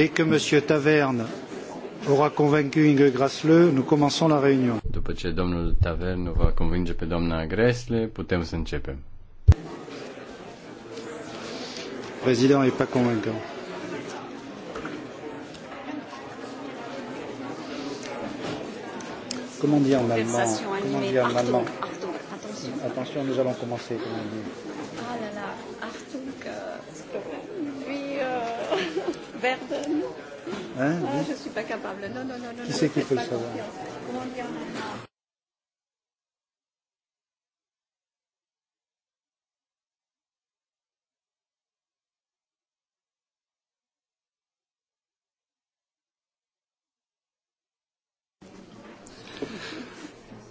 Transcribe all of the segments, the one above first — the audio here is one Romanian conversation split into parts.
Dès que M. Taverne aura convaincu Inge Grasle, nous commençons la réunion. După ce domnul Taverne va convinge pe doamna Grasle, putem să începem. Président n'est pas convaincant. Comment dire en allemand Comment dire en allemand Attention, nous allons commencer. Comment dire Verden. Hein, ah, oui. Je ne suis pas capable. Non, non, non, non. Qui c'est qui peut le savoir Comment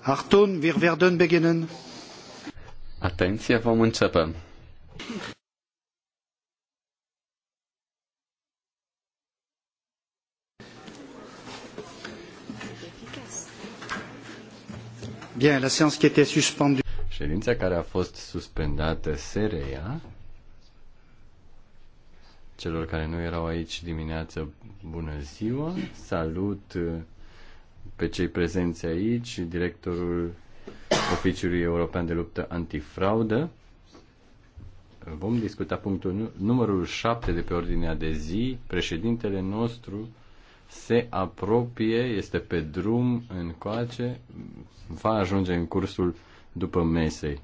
Arton, wir werden beginnen. Atenție, vom începe. Bien, la séance qui était suspendue. Ședința care a fost suspendată se reia. Celor care nu erau aici dimineață, bună ziua. Salut uh, pe cei prezenți aici, directorul Oficiului European de Luptă Antifraudă. Vom discuta punctul numărul 7 de pe ordinea de zi. Președintele nostru se apropie, este pe drum încoace, va ajunge în cursul după mesei.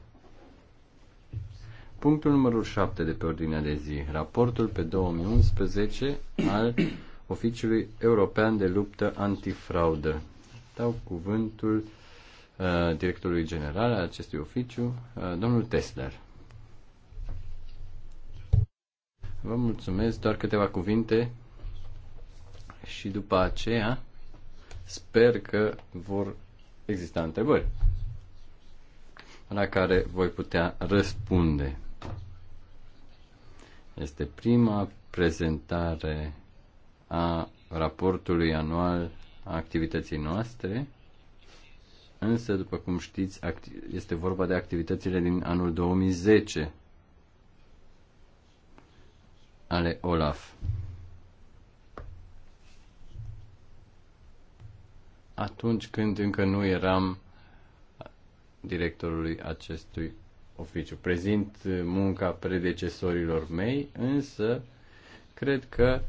Punctul numărul 7 de pe ordinea de zi, raportul pe 2011 al Oficiului European de Luptă Antifraudă. Dau cuvântul uh, directorului general al acestui oficiu, uh, domnul Tesler. Vă mulțumesc, doar câteva cuvinte și după aceea sper că vor exista întrebări la care voi putea răspunde. Este prima prezentare a raportului anual a activității noastre, însă, după cum știți, este vorba de activitățile din anul 2010 ale OLAF. atunci când încă nu eram directorului acestui oficiu. Prezint munca predecesorilor mei, însă cred că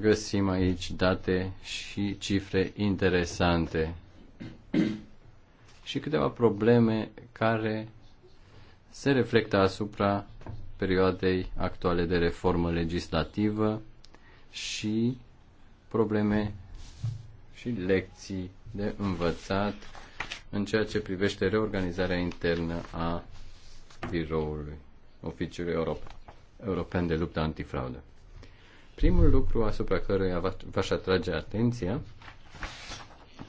găsim aici date și cifre interesante și câteva probleme care se reflectă asupra perioadei actuale de reformă legislativă și probleme și lecții de învățat în ceea ce privește reorganizarea internă a biroului Oficiului European de Luptă Antifraudă. Primul lucru asupra căruia v-aș atrage atenția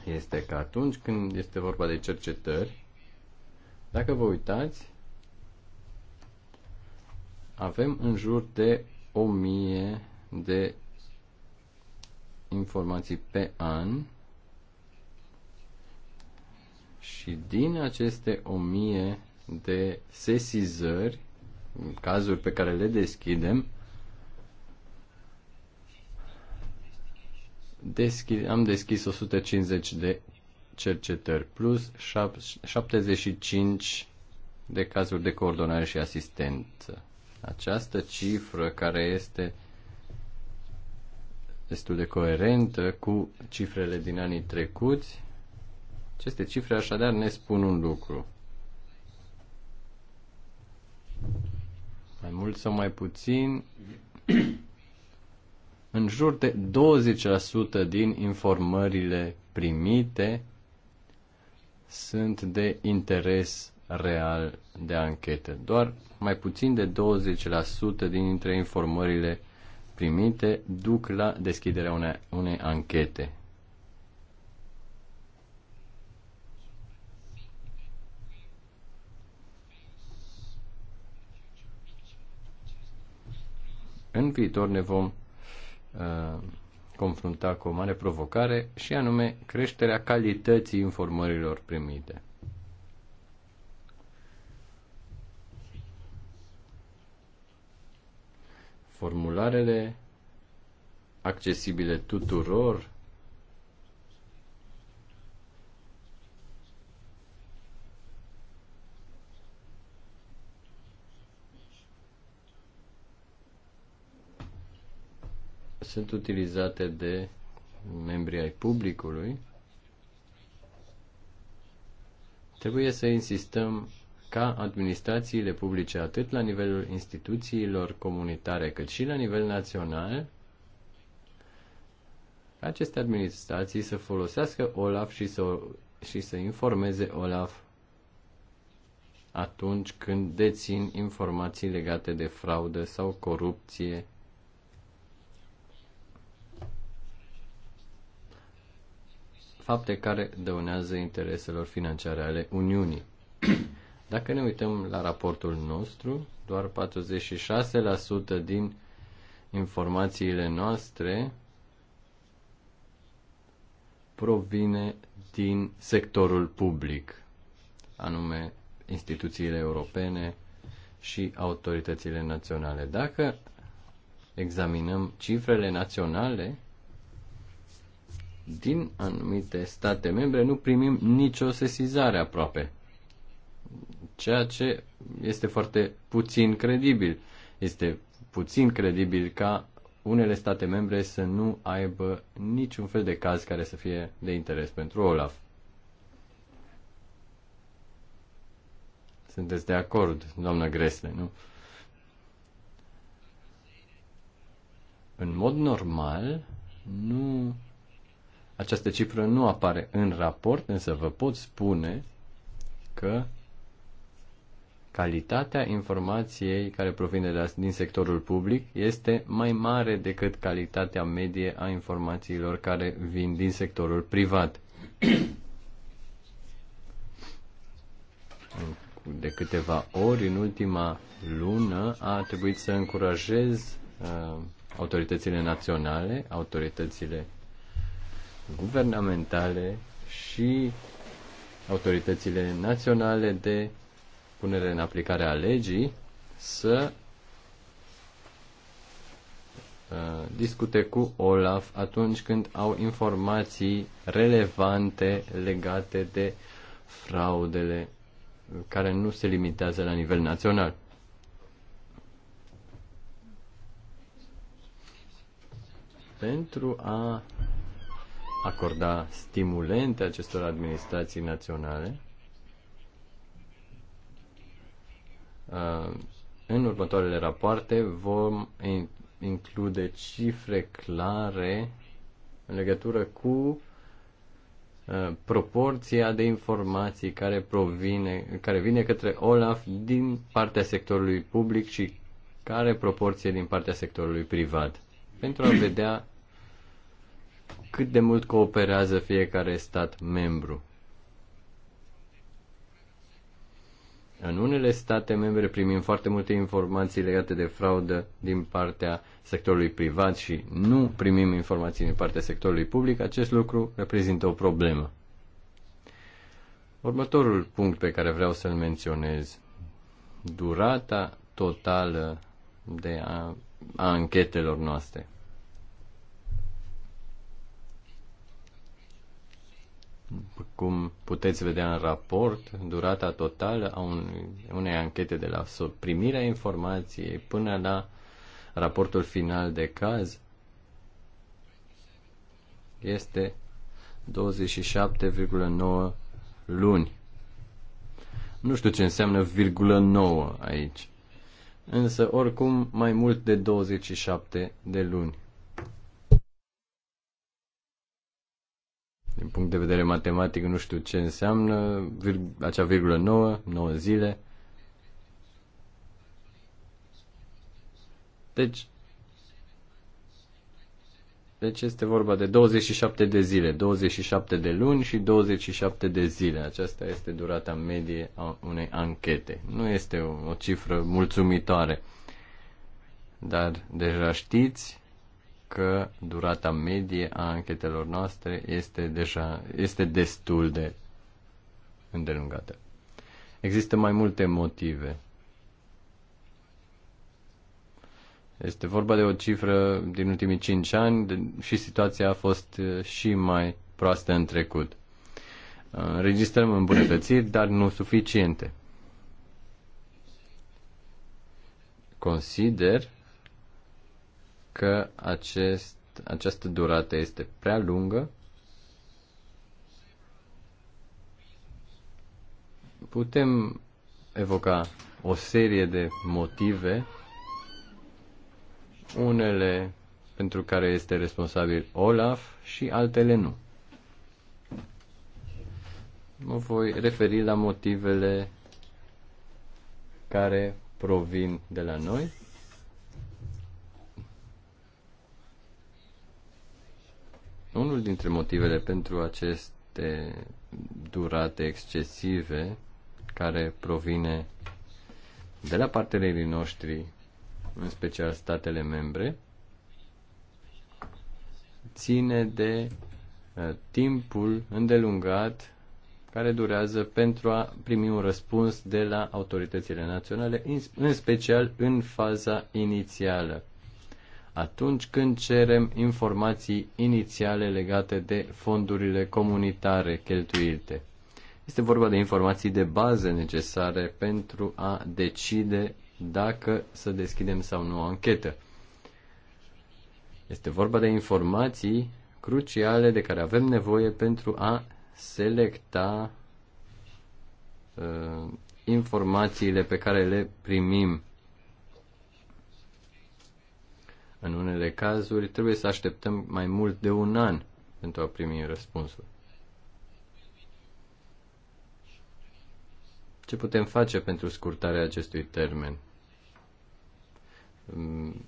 este că atunci când este vorba de cercetări, dacă vă uitați, avem în jur de 1000 de informații pe an și din aceste 1000 de sesizări, cazuri pe care le deschidem, deschid, am deschis 150 de cercetări plus 75 de cazuri de coordonare și asistență. Această cifră care este destul de coerentă cu cifrele din anii trecuți. Aceste cifre așadar ne spun un lucru. Mai mult sau mai puțin, în jur de 20% din informările primite sunt de interes real de anchetă. Doar mai puțin de 20% dintre informările primite duc la deschiderea unei, unei anchete. În viitor ne vom uh, confrunta cu o mare provocare și anume creșterea calității informărilor primite. formularele accesibile tuturor sunt utilizate de membrii ai publicului, trebuie să insistăm ca administrațiile publice, atât la nivelul instituțiilor comunitare, cât și la nivel național, aceste administrații să folosească OLAF și să, și să informeze OLAF atunci când dețin informații legate de fraudă sau corupție. Fapte care dăunează intereselor financiare ale Uniunii. Dacă ne uităm la raportul nostru, doar 46% din informațiile noastre provine din sectorul public, anume instituțiile europene și autoritățile naționale. Dacă examinăm cifrele naționale, din anumite state membre nu primim nicio sesizare aproape ceea ce este foarte puțin credibil. Este puțin credibil ca unele state membre să nu aibă niciun fel de caz care să fie de interes pentru Olaf. Sunteți de acord, doamnă Gresle, nu? În mod normal, nu. Această cifră nu apare în raport, însă vă pot spune că calitatea informației care provine de, din sectorul public este mai mare decât calitatea medie a informațiilor care vin din sectorul privat. De câteva ori în ultima lună a trebuit să încurajez uh, autoritățile naționale, autoritățile guvernamentale și autoritățile naționale de punere în aplicare a legii să uh, discute cu Olaf atunci când au informații relevante legate de fraudele care nu se limitează la nivel național. Pentru a acorda stimulente acestor administrații naționale, Uh, în următoarele rapoarte vom include cifre clare în legătură cu uh, proporția de informații care provine, care vine către OLAF din partea sectorului public și care proporție din partea sectorului privat, pentru a vedea cât de mult cooperează fiecare stat membru. În unele state membre primim foarte multe informații legate de fraudă din partea sectorului privat și nu primim informații din partea sectorului public. Acest lucru reprezintă o problemă. Următorul punct pe care vreau să-l menționez, durata totală de a, a anchetelor noastre. cum puteți vedea în raport, durata totală a unei anchete de la primirea informației până la raportul final de caz este 27,9 luni. Nu știu ce înseamnă virgulă 9 aici. Însă, oricum, mai mult de 27 de luni. punct de vedere matematic nu știu ce înseamnă, vir- acea virgulă 9, 9 zile. Deci, deci este vorba de 27 de zile, 27 de luni și 27 de zile. Aceasta este durata medie a unei anchete. Nu este o, o cifră mulțumitoare. Dar deja știți că durata medie a anchetelor noastre este deja este destul de îndelungată. Există mai multe motive. Este vorba de o cifră din ultimii 5 ani și situația a fost uh, și mai proastă în trecut. Uh, Registrăm îmbunătățiri, dar nu suficiente. Consider că acest, această durată este prea lungă, putem evoca o serie de motive, unele pentru care este responsabil Olaf și altele nu. Mă voi referi la motivele care provin de la noi Unul dintre motivele pentru aceste durate excesive care provine de la partenerii noștri, în special statele membre, ține de uh, timpul îndelungat care durează pentru a primi un răspuns de la autoritățile naționale, în special în faza inițială atunci când cerem informații inițiale legate de fondurile comunitare cheltuite. Este vorba de informații de bază necesare pentru a decide dacă să deschidem sau nu o anchetă. Este vorba de informații cruciale de care avem nevoie pentru a selecta uh, informațiile pe care le primim În unele cazuri trebuie să așteptăm mai mult de un an pentru a primi răspunsul. Ce putem face pentru scurtarea acestui termen? Mm,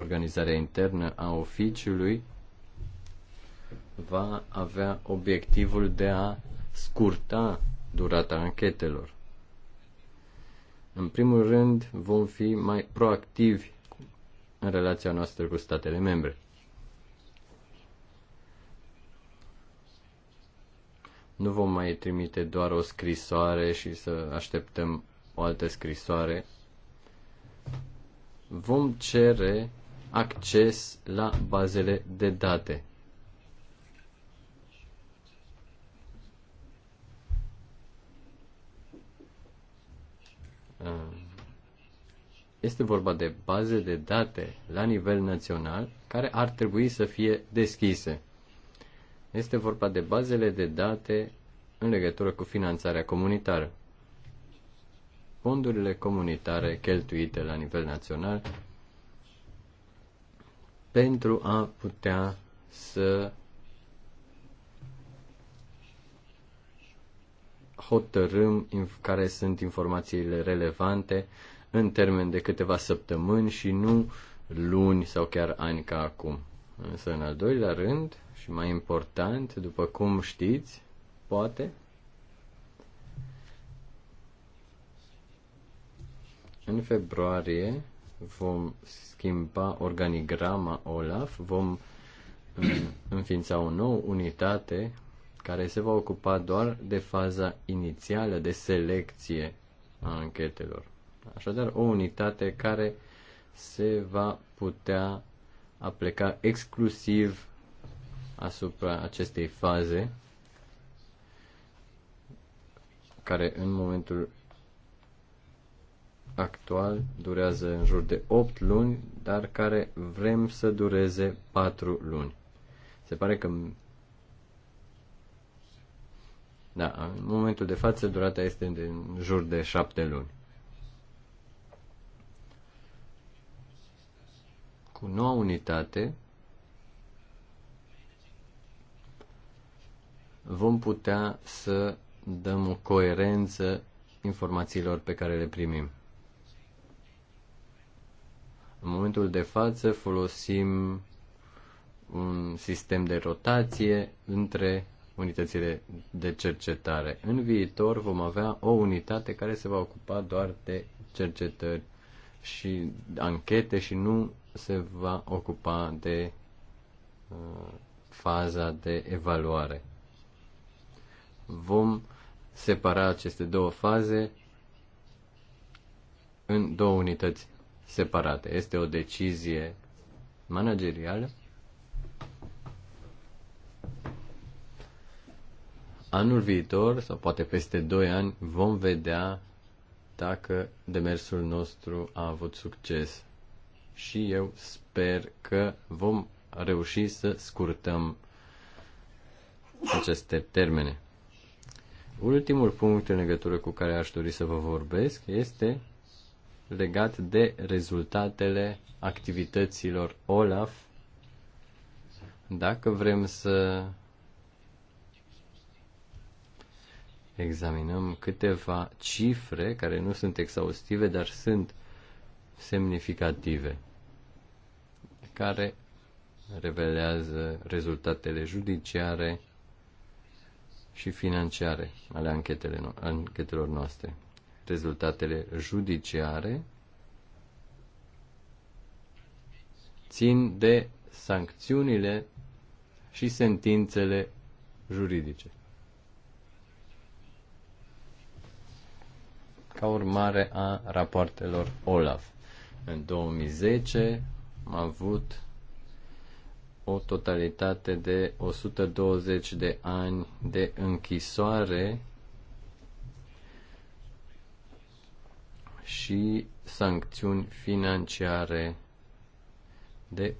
organizarea internă a oficiului va avea obiectivul de a scurta durata anchetelor. În primul rând, vom fi mai proactivi în relația noastră cu statele membre. Nu vom mai trimite doar o scrisoare și să așteptăm o altă scrisoare. Vom cere acces la bazele de date. Uh este vorba de baze de date la nivel național care ar trebui să fie deschise. Este vorba de bazele de date în legătură cu finanțarea comunitară. Fondurile comunitare cheltuite la nivel național pentru a putea să hotărâm care sunt informațiile relevante în termen de câteva săptămâni și nu luni sau chiar ani ca acum. Însă, în al doilea rând, și mai important, după cum știți, poate, în februarie vom schimba organigrama OLAF, vom mm, înființa o nouă unitate care se va ocupa doar de faza inițială de selecție a anchetelor. Așadar, o unitate care se va putea apleca exclusiv asupra acestei faze, care în momentul actual durează în jur de 8 luni, dar care vrem să dureze 4 luni. Se pare că da, în momentul de față durata este în jur de 7 luni. cu noua unitate vom putea să dăm o coerență informațiilor pe care le primim. În momentul de față folosim un sistem de rotație între unitățile de cercetare. În viitor vom avea o unitate care se va ocupa doar de cercetări și anchete și nu se va ocupa de uh, faza de evaluare. Vom separa aceste două faze în două unități separate. Este o decizie managerială. Anul viitor, sau poate peste 2 ani, vom vedea dacă demersul nostru a avut succes și eu sper că vom reuși să scurtăm aceste termene. Ultimul punct în legătură cu care aș dori să vă vorbesc este legat de rezultatele activităților OLAF. Dacă vrem să examinăm câteva cifre care nu sunt exhaustive, dar sunt semnificative care revelează rezultatele judiciare și financiare ale anchetelor noastre. Rezultatele judiciare țin de sancțiunile și sentințele juridice. Ca urmare a rapoartelor OLAF. În 2010 am avut o totalitate de 120 de ani de închisoare și sancțiuni financiare de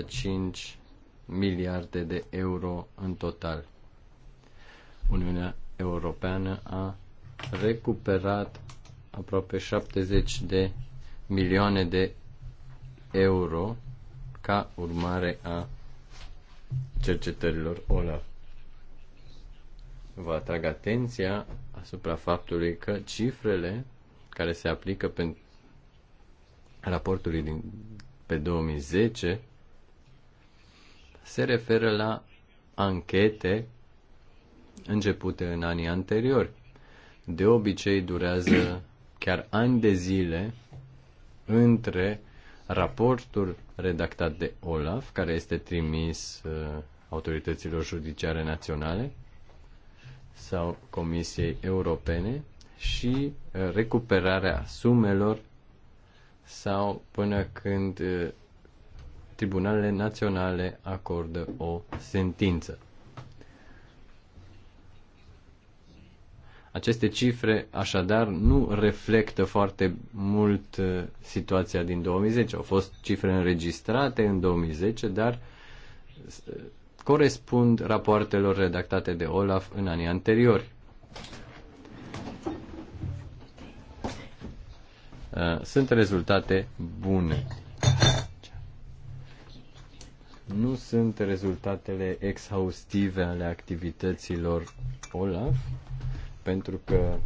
1,5 miliarde de euro în total. Uniunea Europeană a recuperat aproape 70 de milioane de euro ca urmare a cercetărilor OLAF. Vă atrag atenția asupra faptului că cifrele care se aplică pentru raportului din, pe 2010 se referă la anchete începute în anii anteriori. De obicei durează chiar ani de zile între raportul redactat de Olaf, care este trimis uh, autorităților judiciare naționale sau Comisiei Europene și uh, recuperarea sumelor sau până când uh, tribunalele naționale acordă o sentință. Aceste cifre, așadar, nu reflectă foarte mult uh, situația din 2010. Au fost cifre înregistrate în 2010, dar uh, corespund rapoartelor redactate de Olaf în anii anteriori. Uh, sunt rezultate bune. Nu sunt rezultatele exhaustive ale activităților Olaf, pentru că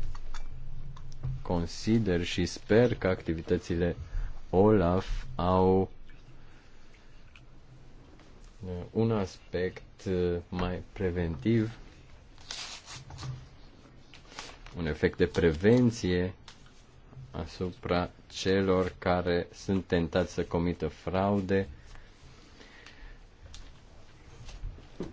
consider și sper că activitățile Olaf au uh, un aspect uh, mai preventiv, un efect de prevenție asupra celor care sunt tentați să comită fraude.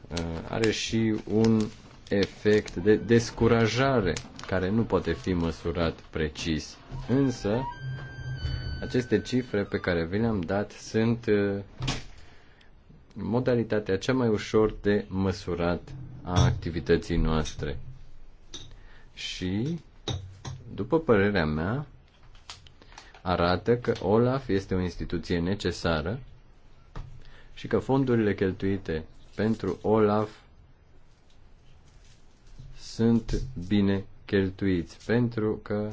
Uh, are și un efect de descurajare care nu poate fi măsurat precis. Însă, aceste cifre pe care vi le-am dat sunt uh, modalitatea cea mai ușor de măsurat a activității noastre. Și, după părerea mea, arată că OLAF este o instituție necesară și că fondurile cheltuite pentru OLAF sunt bine cheltuiți, pentru că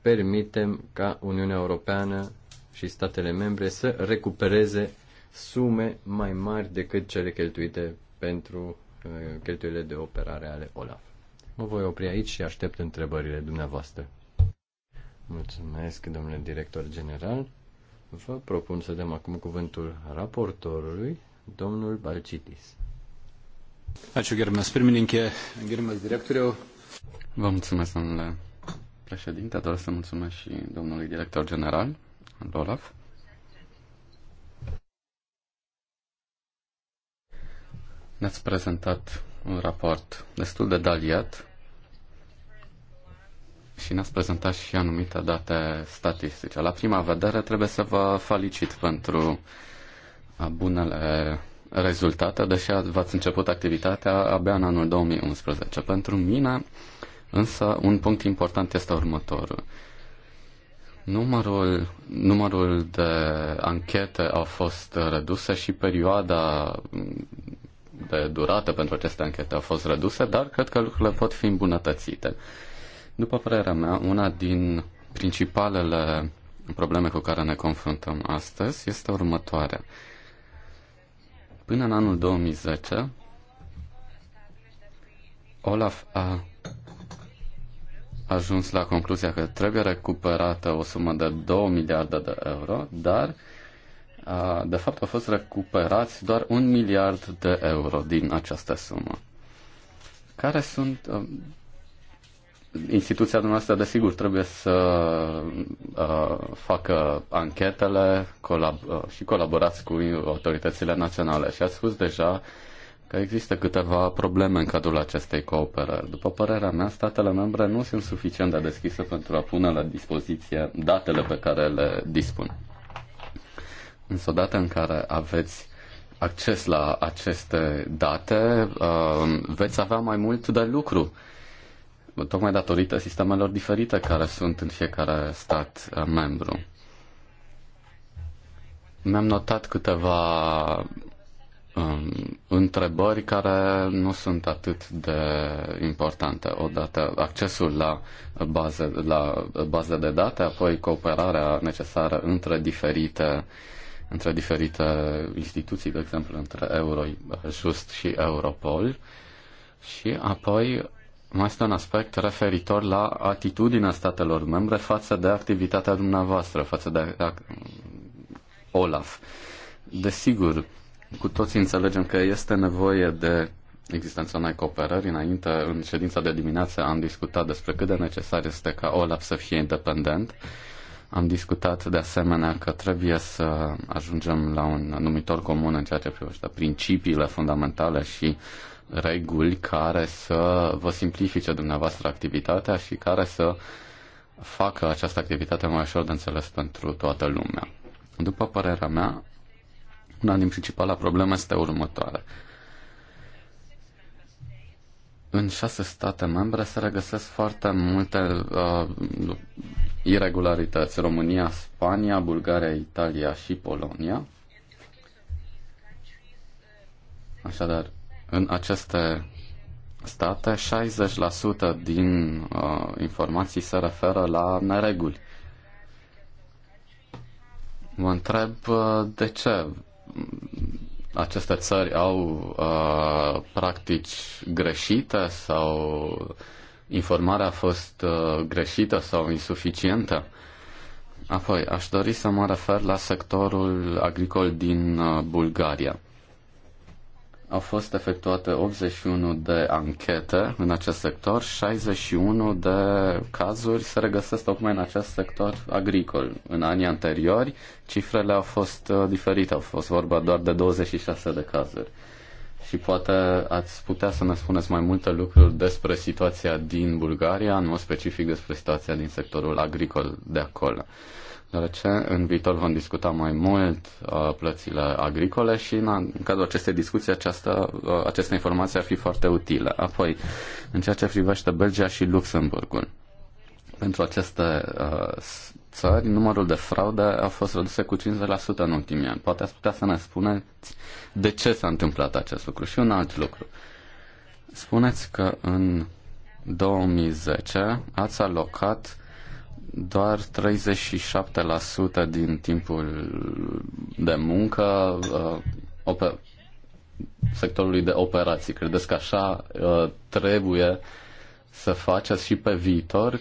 permitem ca Uniunea Europeană și statele membre să recupereze sume mai mari decât cele cheltuite pentru uh, cheltuielile de operare ale OLAF. Mă voi opri aici și aștept întrebările dumneavoastră. Mulțumesc, domnule director general. Vă propun să dăm acum cuvântul raportorului, Domnul Balcitis. Ačiū, gerbiamas pirmininkė, gerbiamas direktoriau. Vă mulțumesc, domnule președinte, doresc să mulțumesc și domnului director general, Olaf. Ne-ați prezentat un raport destul de daliat și ne-ați prezentat și anumite date statistice. La prima vedere trebuie să vă felicit pentru bunele rezultate, deși v-ați început activitatea abia în anul 2011. Pentru mine, însă, un punct important este următorul. Numărul, numărul de anchete a fost redusă și perioada de durată pentru aceste anchete a fost redusă, dar cred că lucrurile pot fi îmbunătățite. După părerea mea, una din principalele probleme cu care ne confruntăm astăzi este următoarea. Până în anul 2010, Olaf a ajuns la concluzia că trebuie recuperată o sumă de 2 miliarde de euro, dar de fapt au fost recuperați doar un miliard de euro din această sumă. Care sunt Instituția dumneavoastră, desigur, trebuie să uh, facă anchetele colab- uh, și colaborați cu autoritățile naționale. Și ați spus deja că există câteva probleme în cadrul acestei cooperări. După părerea mea, statele membre nu sunt suficient de deschise pentru a pune la dispoziție datele pe care le dispun. Însă odată în care aveți acces la aceste date, uh, veți avea mai mult de lucru tocmai datorită sistemelor diferite care sunt în fiecare stat eh, membru. Mi-am notat câteva um, întrebări care nu sunt atât de importante. Odată accesul la baze, la baze de date, apoi cooperarea necesară între diferite între diferite instituții, de exemplu între Eurojust și Europol, și apoi mai este un aspect referitor la atitudinea statelor membre față de activitatea dumneavoastră, față de Olaf. Desigur, cu toții înțelegem că este nevoie de existența unei cooperări. Înainte, în ședința de dimineață, am discutat despre cât de necesar este ca Olaf să fie independent. Am discutat de asemenea că trebuie să ajungem la un numitor comun în ceea ce privește principiile fundamentale și reguli care să vă simplifice dumneavoastră activitatea și care să facă această activitate mai ușor de înțeles pentru toată lumea. După părerea mea, una din principala probleme este următoare. În șase state membre se regăsesc foarte multe uh, irregularități. România, Spania, Bulgaria, Italia și Polonia. Așadar, în aceste state, 60% din uh, informații se referă la nereguli. Mă întreb uh, de ce aceste țări au uh, practici greșite sau informarea a fost uh, greșită sau insuficientă. Apoi, aș dori să mă refer la sectorul agricol din uh, Bulgaria. Au fost efectuate 81 de anchete în acest sector, 61 de cazuri se regăsesc tocmai în acest sector agricol. În anii anteriori, cifrele au fost uh, diferite, au fost vorba doar de 26 de cazuri. Și poate ați putea să ne spuneți mai multe lucruri despre situația din Bulgaria, în mod specific despre situația din sectorul agricol de acolo deoarece în viitor vom discuta mai mult uh, plățile agricole și în, în cadrul acestei discuții această, uh, această informație ar fi foarte utilă. Apoi, în ceea ce privește Belgia și Luxemburgul, pentru aceste uh, țări, numărul de fraude a fost redus cu 50% în ultimii ani. Poate ați putea să ne spuneți de ce s-a întâmplat acest lucru. Și un alt lucru. Spuneți că în 2010 ați alocat doar 37% din timpul de muncă uh, oper- sectorului de operații. Credeți că așa uh, trebuie să faceți și pe viitor?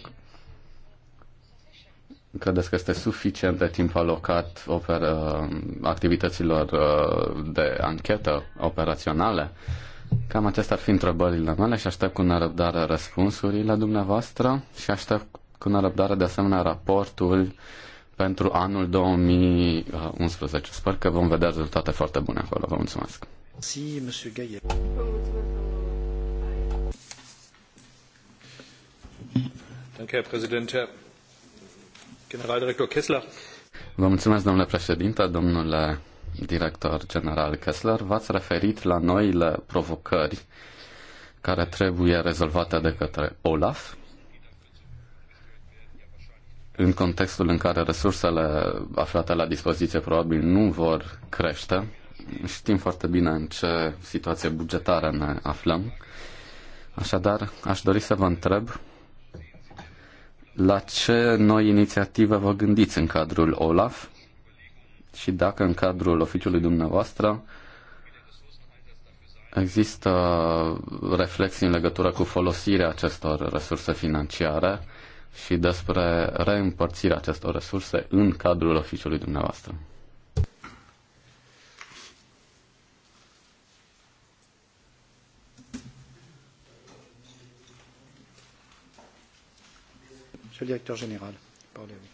Credeți că este suficient de timp alocat oper- uh, activităților de anchetă operaționale? Cam acestea ar fi întrebările mele și aștept cu nerăbdare răspunsurile dumneavoastră și aștept cu nerăbdare de asemenea raportul pentru anul 2011. Sper că vom vedea rezultate foarte bune acolo. Vă mulțumesc. Si, monsieur Gaillet. Danke, Herr Präsident, Herr Generaldirektor Kessler. Vă mulțumesc, domnule președinte, domnule director general Kessler. V-ați referit la noile provocări care trebuie rezolvate de către OLAF, în contextul în care resursele aflate la dispoziție probabil nu vor crește, știm foarte bine în ce situație bugetară ne aflăm. Așadar, aș dori să vă întreb la ce noi inițiative vă gândiți în cadrul OLAF și dacă în cadrul oficiului dumneavoastră există reflexii în legătură cu folosirea acestor resurse financiare și despre reîmpărțirea acestor resurse în cadrul oficiului dumneavoastră. Monsieur le directeur général, parlez-vous.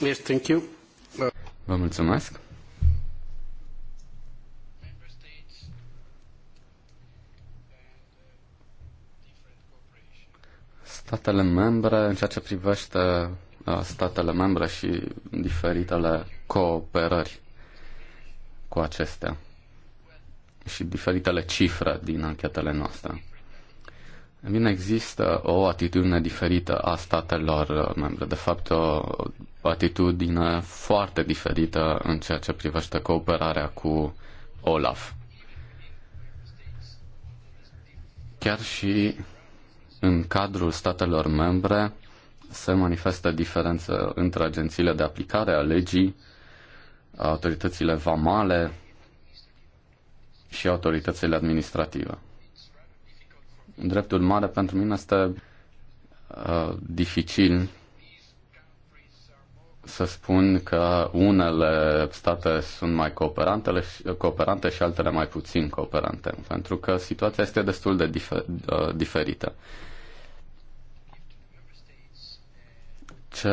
Yes, thank you. Vă mulțumesc. Statele membre, în ceea ce privește uh, statele membre și diferitele cooperări cu acestea și diferitele cifre din anchetele noastre. Bine, există o atitudine diferită a statelor uh, membre, de fapt o atitudine foarte diferită în ceea ce privește cooperarea cu OLAF. Chiar și în cadrul statelor membre se manifestă diferență între agențiile de aplicare a legii, autoritățile vamale și autoritățile administrative. Dreptul mare pentru mine este uh, dificil să spun că unele state sunt mai cooperante, cooperante și altele mai puțin cooperante, pentru că situația este destul de difer, diferită. Ce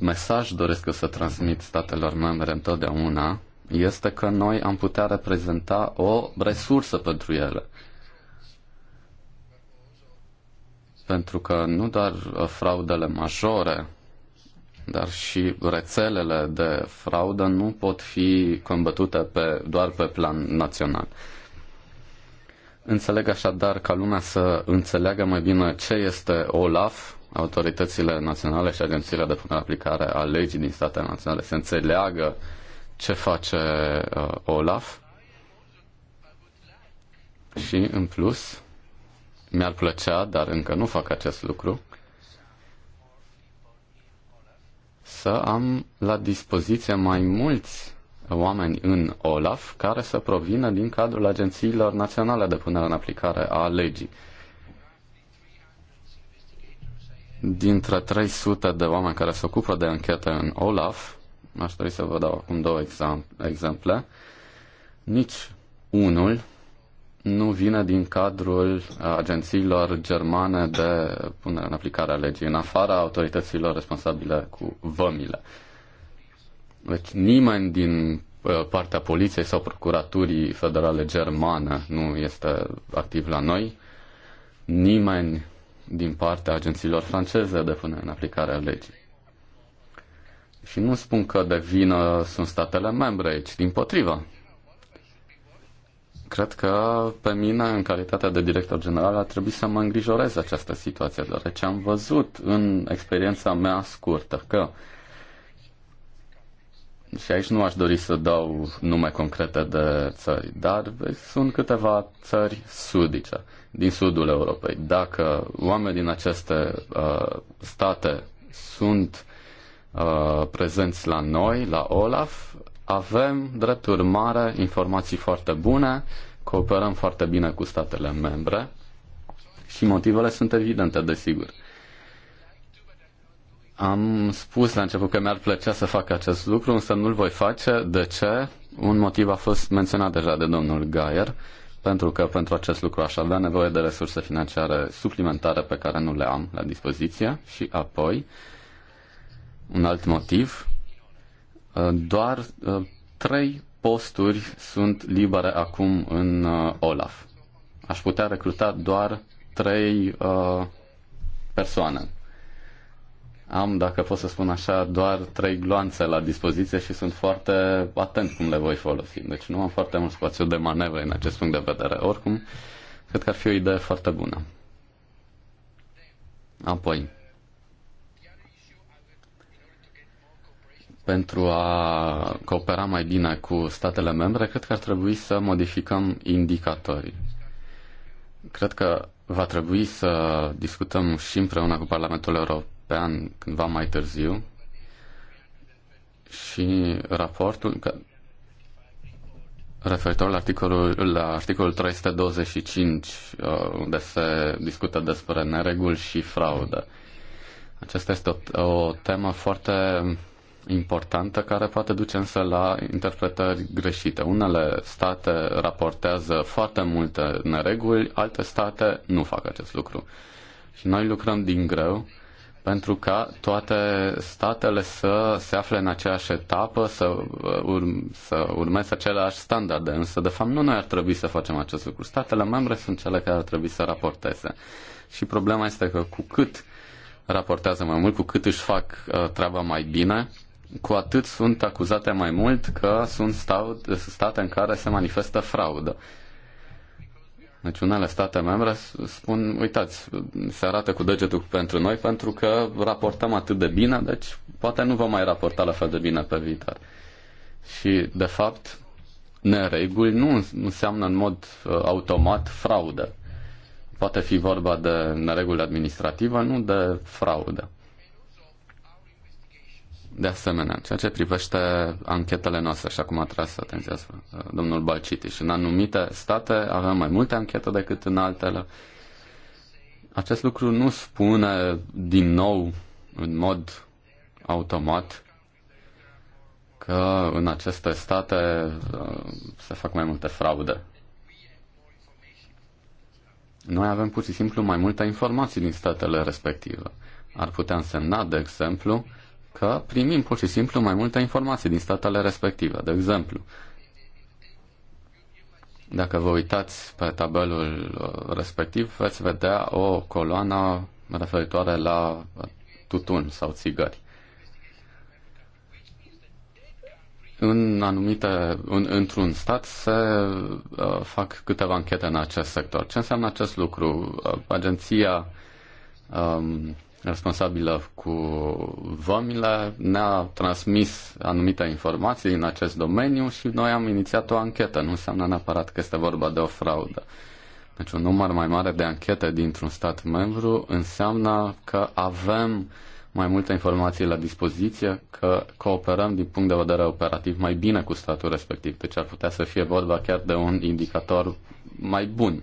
mesaj doresc să transmit statelor membre întotdeauna este că noi am putea reprezenta o resursă pentru ele. Pentru că nu doar uh, fraudele majore dar și rețelele de fraudă nu pot fi combătute pe, doar pe plan național. Înțeleg așadar ca lumea să înțeleagă mai bine ce este OLAF, autoritățile naționale și agențiile de punere aplicare a legii din statele naționale, să înțeleagă ce face uh, OLAF și, în plus, mi-ar plăcea, dar încă nu fac acest lucru, să am la dispoziție mai mulți oameni în OLAF care să provină din cadrul agențiilor naționale de punere în aplicare a legii. Dintre 300 de oameni care se ocupă de închete în OLAF, aș dori să vă dau acum două exemple, nici unul nu vine din cadrul uh, agențiilor germane de punere în aplicare a legii, în afara autorităților responsabile cu vămile. Deci nimeni din uh, partea poliției sau procuraturii federale germane nu este activ la noi, nimeni din partea agențiilor franceze de punere în aplicare a legii. Și nu spun că de vină sunt statele membre aici, din potriva. Cred că pe mine, în calitatea de director general, ar trebui să mă îngrijorez această situație, deoarece am văzut în experiența mea scurtă că și aici nu aș dori să dau nume concrete de țări, dar sunt câteva țări sudice din sudul Europei. Dacă oameni din aceste uh, state sunt uh, prezenți la noi, la Olaf, avem, drept urmare, informații foarte bune, cooperăm foarte bine cu statele membre și motivele sunt evidente, desigur. Am spus la început că mi-ar plăcea să fac acest lucru, însă nu-l voi face. De ce? Un motiv a fost menționat deja de domnul Gaier, pentru că pentru acest lucru aș avea nevoie de resurse financiare suplimentare pe care nu le am la dispoziție și apoi un alt motiv Uh, doar uh, trei posturi sunt libere acum în uh, Olaf. Aș putea recruta doar trei persoane. Am, dacă pot să spun așa, doar trei gloanțe la dispoziție și sunt foarte atent cum le voi folosi. Deci nu am foarte mult spațiu de manevră în acest punct de vedere. Oricum, cred că ar fi o idee foarte bună. Apoi, pentru a coopera mai bine cu statele membre, cred că ar trebui să modificăm indicatorii. Cred că va trebui să discutăm și împreună cu Parlamentul European cândva mai târziu și raportul că referitor la articolul, la articolul 325 uh, unde se discută despre nereguli și fraudă. Aceasta este o, o temă foarte importantă care poate duce însă la interpretări greșite. Unele state raportează foarte multe nereguli, alte state nu fac acest lucru. Și noi lucrăm din greu pentru ca toate statele să se afle în aceeași etapă, să, uh, urm- să urmeze aceleași standarde. Însă, de fapt, nu noi ar trebui să facem acest lucru. Statele membre sunt cele care ar trebui să raporteze. Și problema este că cu cât raportează mai mult, cu cât își fac uh, treaba mai bine, cu atât sunt acuzate mai mult că sunt state în care se manifestă fraudă. Deci unele state membre spun, uitați, se arată cu degetul pentru noi pentru că raportăm atât de bine, deci poate nu vom mai raporta la fel de bine pe viitor. Și, de fapt, nereguli nu înseamnă în mod uh, automat fraudă. Poate fi vorba de nereguli administrativă, nu de fraudă. De asemenea, ceea ce privește anchetele noastre, așa cum a tras atenția uh, domnul Balcitis, în anumite state avem mai multe anchete decât în altele. Acest lucru nu spune din nou, în mod automat, că în aceste state uh, se fac mai multe fraude. Noi avem pur și simplu mai multe informații din statele respective. Ar putea însemna, de exemplu, că primim pur și simplu mai multe informații din statele respective. De exemplu, dacă vă uitați pe tabelul uh, respectiv, veți vedea o coloană referitoare la tutun sau țigări. În anumite, în, într-un stat se uh, fac câteva închete în acest sector. Ce înseamnă acest lucru? Uh, agenția um, responsabilă cu vămile ne-a transmis anumite informații în acest domeniu și noi am inițiat o anchetă. Nu înseamnă neapărat că este vorba de o fraudă. Deci un număr mai mare de anchete dintr-un stat membru înseamnă că avem mai multe informații la dispoziție, că cooperăm din punct de vedere operativ mai bine cu statul respectiv. Deci ar putea să fie vorba chiar de un indicator mai bun.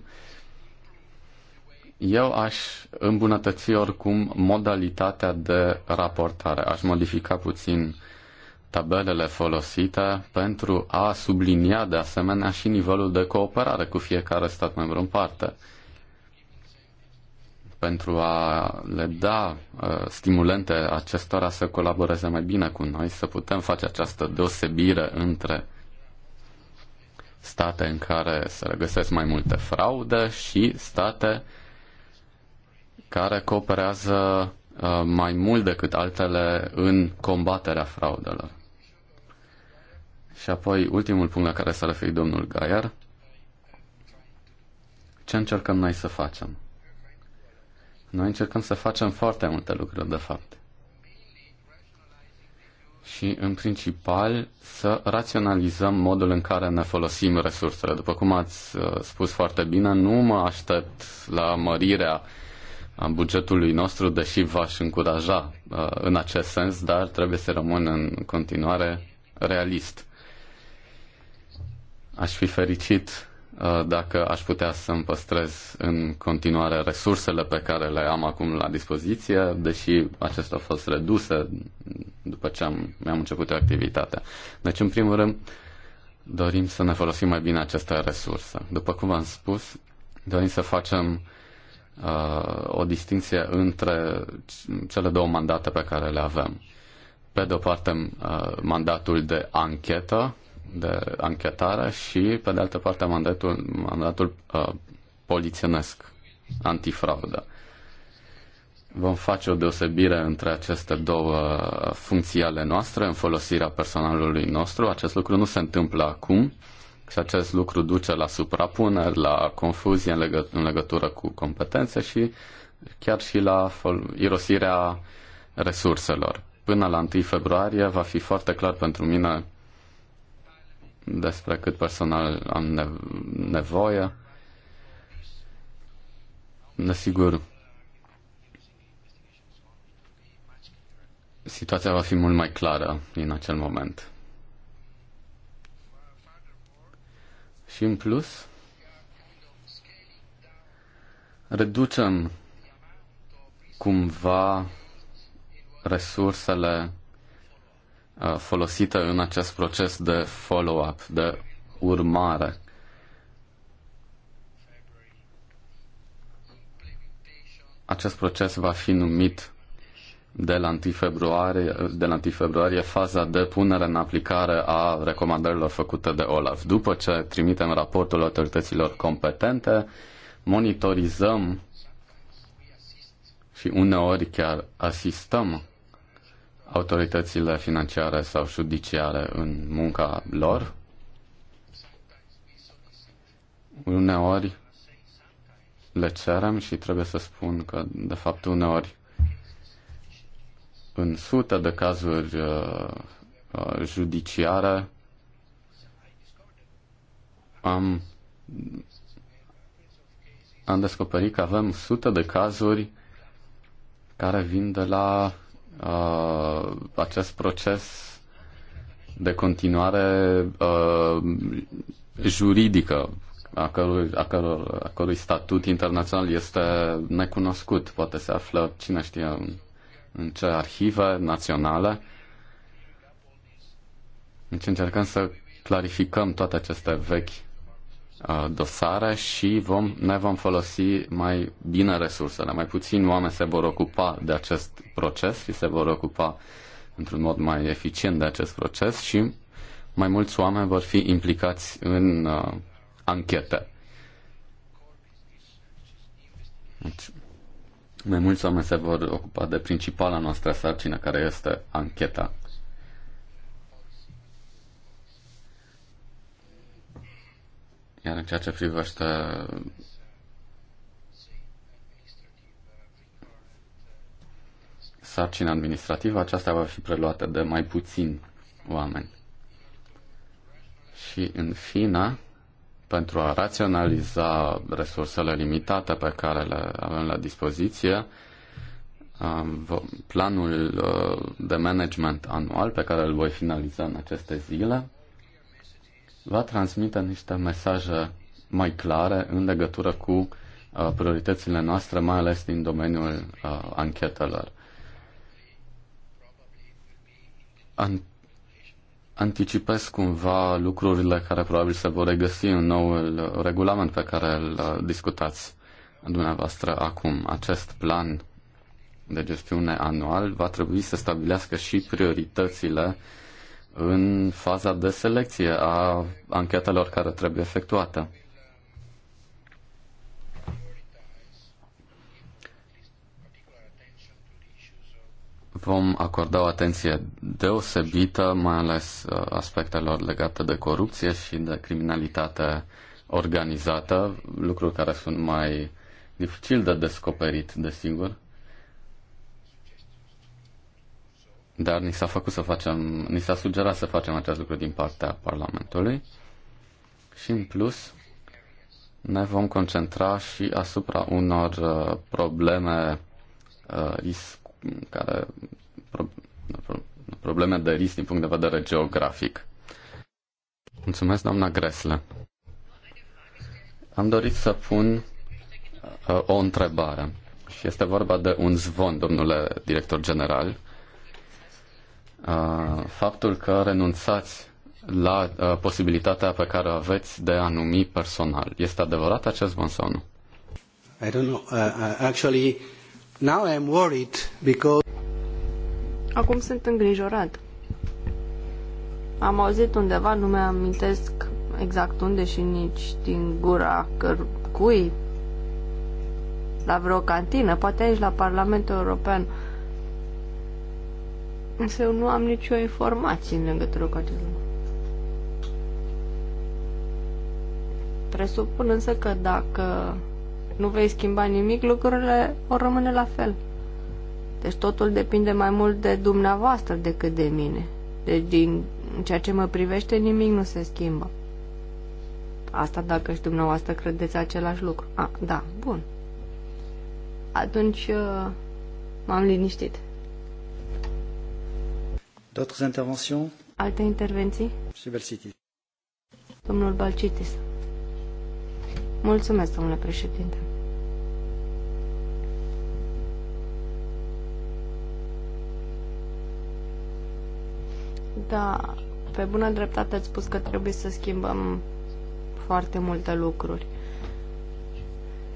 Eu aș îmbunătăți oricum modalitatea de raportare. Aș modifica puțin tabelele folosite pentru a sublinia de asemenea și nivelul de cooperare cu fiecare stat membru în parte pentru a le da uh, stimulente acestora să colaboreze mai bine cu noi, să putem face această deosebire între state în care se regăsesc mai multe fraude și state uh, care cooperează uh, mai mult decât altele în combaterea fraudelor. Și apoi, ultimul punct la care s-a referit domnul Gaier, ce încercăm noi să facem? Noi încercăm să facem foarte multe lucruri, de fapt. Și, în principal, să raționalizăm modul în care ne folosim resursele. După cum ați uh, spus foarte bine, nu mă aștept la mărirea uh, bugetului nostru, deși v-aș încuraja uh, în acest sens, dar trebuie să rămân în continuare realist. Aș fi fericit uh, dacă aș putea să-mi păstrez în continuare resursele pe care le am acum la dispoziție, deși acestea au fost reduse după ce am, mi-am început activitatea. Deci, în primul rând, dorim să ne folosim mai bine aceste resurse. După cum am spus, dorim să facem Uh, o distinție între cele două mandate pe care le avem. Pe de o parte, uh, mandatul de anchetă, de anchetare și, pe de altă parte, mandatul, mandatul uh, polițienesc, antifraudă. Vom face o deosebire între aceste două uh, funcții ale noastre în folosirea personalului nostru. Acest lucru nu se întâmplă acum. Uh, și acest lucru duce la suprapuneri, la confuzie în, legă- în legătură cu competențe și chiar și la irosirea resurselor. Până la 1 februarie va fi foarte clar pentru mine despre cât personal am nevoie. Desigur, situația va fi mult mai clară din acel moment. Și în plus, reducem cumva resursele uh, folosite în acest proces de follow-up, de urmare. Acest proces va fi numit de la 1 februarie, de la 1 februarie faza de punere în aplicare a recomandărilor făcute de OLAF. După ce trimitem raportul autorităților competente, monitorizăm și uneori chiar asistăm autoritățile financiare sau judiciare în munca lor. Uneori le cerem și trebuie să spun că, de fapt, uneori în sute de cazuri uh, uh, judiciare am, am descoperit că avem sute de cazuri care vin de la uh, acest proces de continuare uh, juridică, a cărui, a, cărui, a cărui statut internațional este necunoscut. Poate se află, cine știe, în în ce arhivă naționale. Deci încercăm să clarificăm toate aceste vechi dosare și vom, ne vom folosi mai bine resursele. Mai puțin oameni se vor ocupa de acest proces și se vor ocupa într-un mod mai eficient de acest proces și mai mulți oameni vor fi implicați în uh, anchete. Deci, mai mulți oameni se vor ocupa de principala noastră sarcină, care este ancheta. Iar în ceea ce privește sarcina administrativă, aceasta va fi preluată de mai puțini oameni. Și în fina, pentru a raționaliza resursele limitate pe care le avem la dispoziție, planul uh, de management anual pe care îl voi finaliza în aceste zile va transmite niște mesaje mai clare în legătură cu uh, prioritățile noastre, mai ales din domeniul uh, anchetelor anticipez cumva lucrurile care probabil se vor regăsi în noul regulament pe care îl uh, discutați dumneavoastră acum. Acest plan de gestiune anual va trebui să stabilească și prioritățile în faza de selecție a anchetelor care trebuie efectuată. vom acorda o atenție deosebită, mai ales uh, aspectelor legate de corupție și de criminalitate organizată, lucruri care sunt mai dificil de descoperit, desigur. Dar ni s-a făcut să facem, ni s-a sugerat să facem acest lucru din partea Parlamentului și în plus ne vom concentra și asupra unor uh, probleme uh, care probleme de risc din punct de vedere geografic. Mulțumesc, doamna Gresle. Am dorit să pun uh, o întrebare și este vorba de un zvon, domnule director general. Uh, faptul că renunțați la uh, posibilitatea pe care o aveți de a numi personal. Este adevărat acest zvon sau nu? I don't know. Uh, actually, Now I'm worried because... Acum sunt îngrijorat. Am auzit undeva, nu mi-amintesc exact unde și nici din gura cărcui, la vreo cantină, poate aici la Parlamentul European. Însă eu nu am nicio informație în legătură cu acest lucru. Presupun însă că dacă nu vei schimba nimic, lucrurile vor rămâne la fel. Deci totul depinde mai mult de dumneavoastră decât de mine. Deci din ceea ce mă privește nimic nu se schimbă. Asta dacă și dumneavoastră credeți același lucru. A, da, bun. Atunci uh, m-am liniștit. D'autres interventions? Alte intervenții? Balcitis. Domnul Balcitis. Mulțumesc, domnule președinte. Da, pe bună dreptate ați spus că trebuie să schimbăm foarte multe lucruri.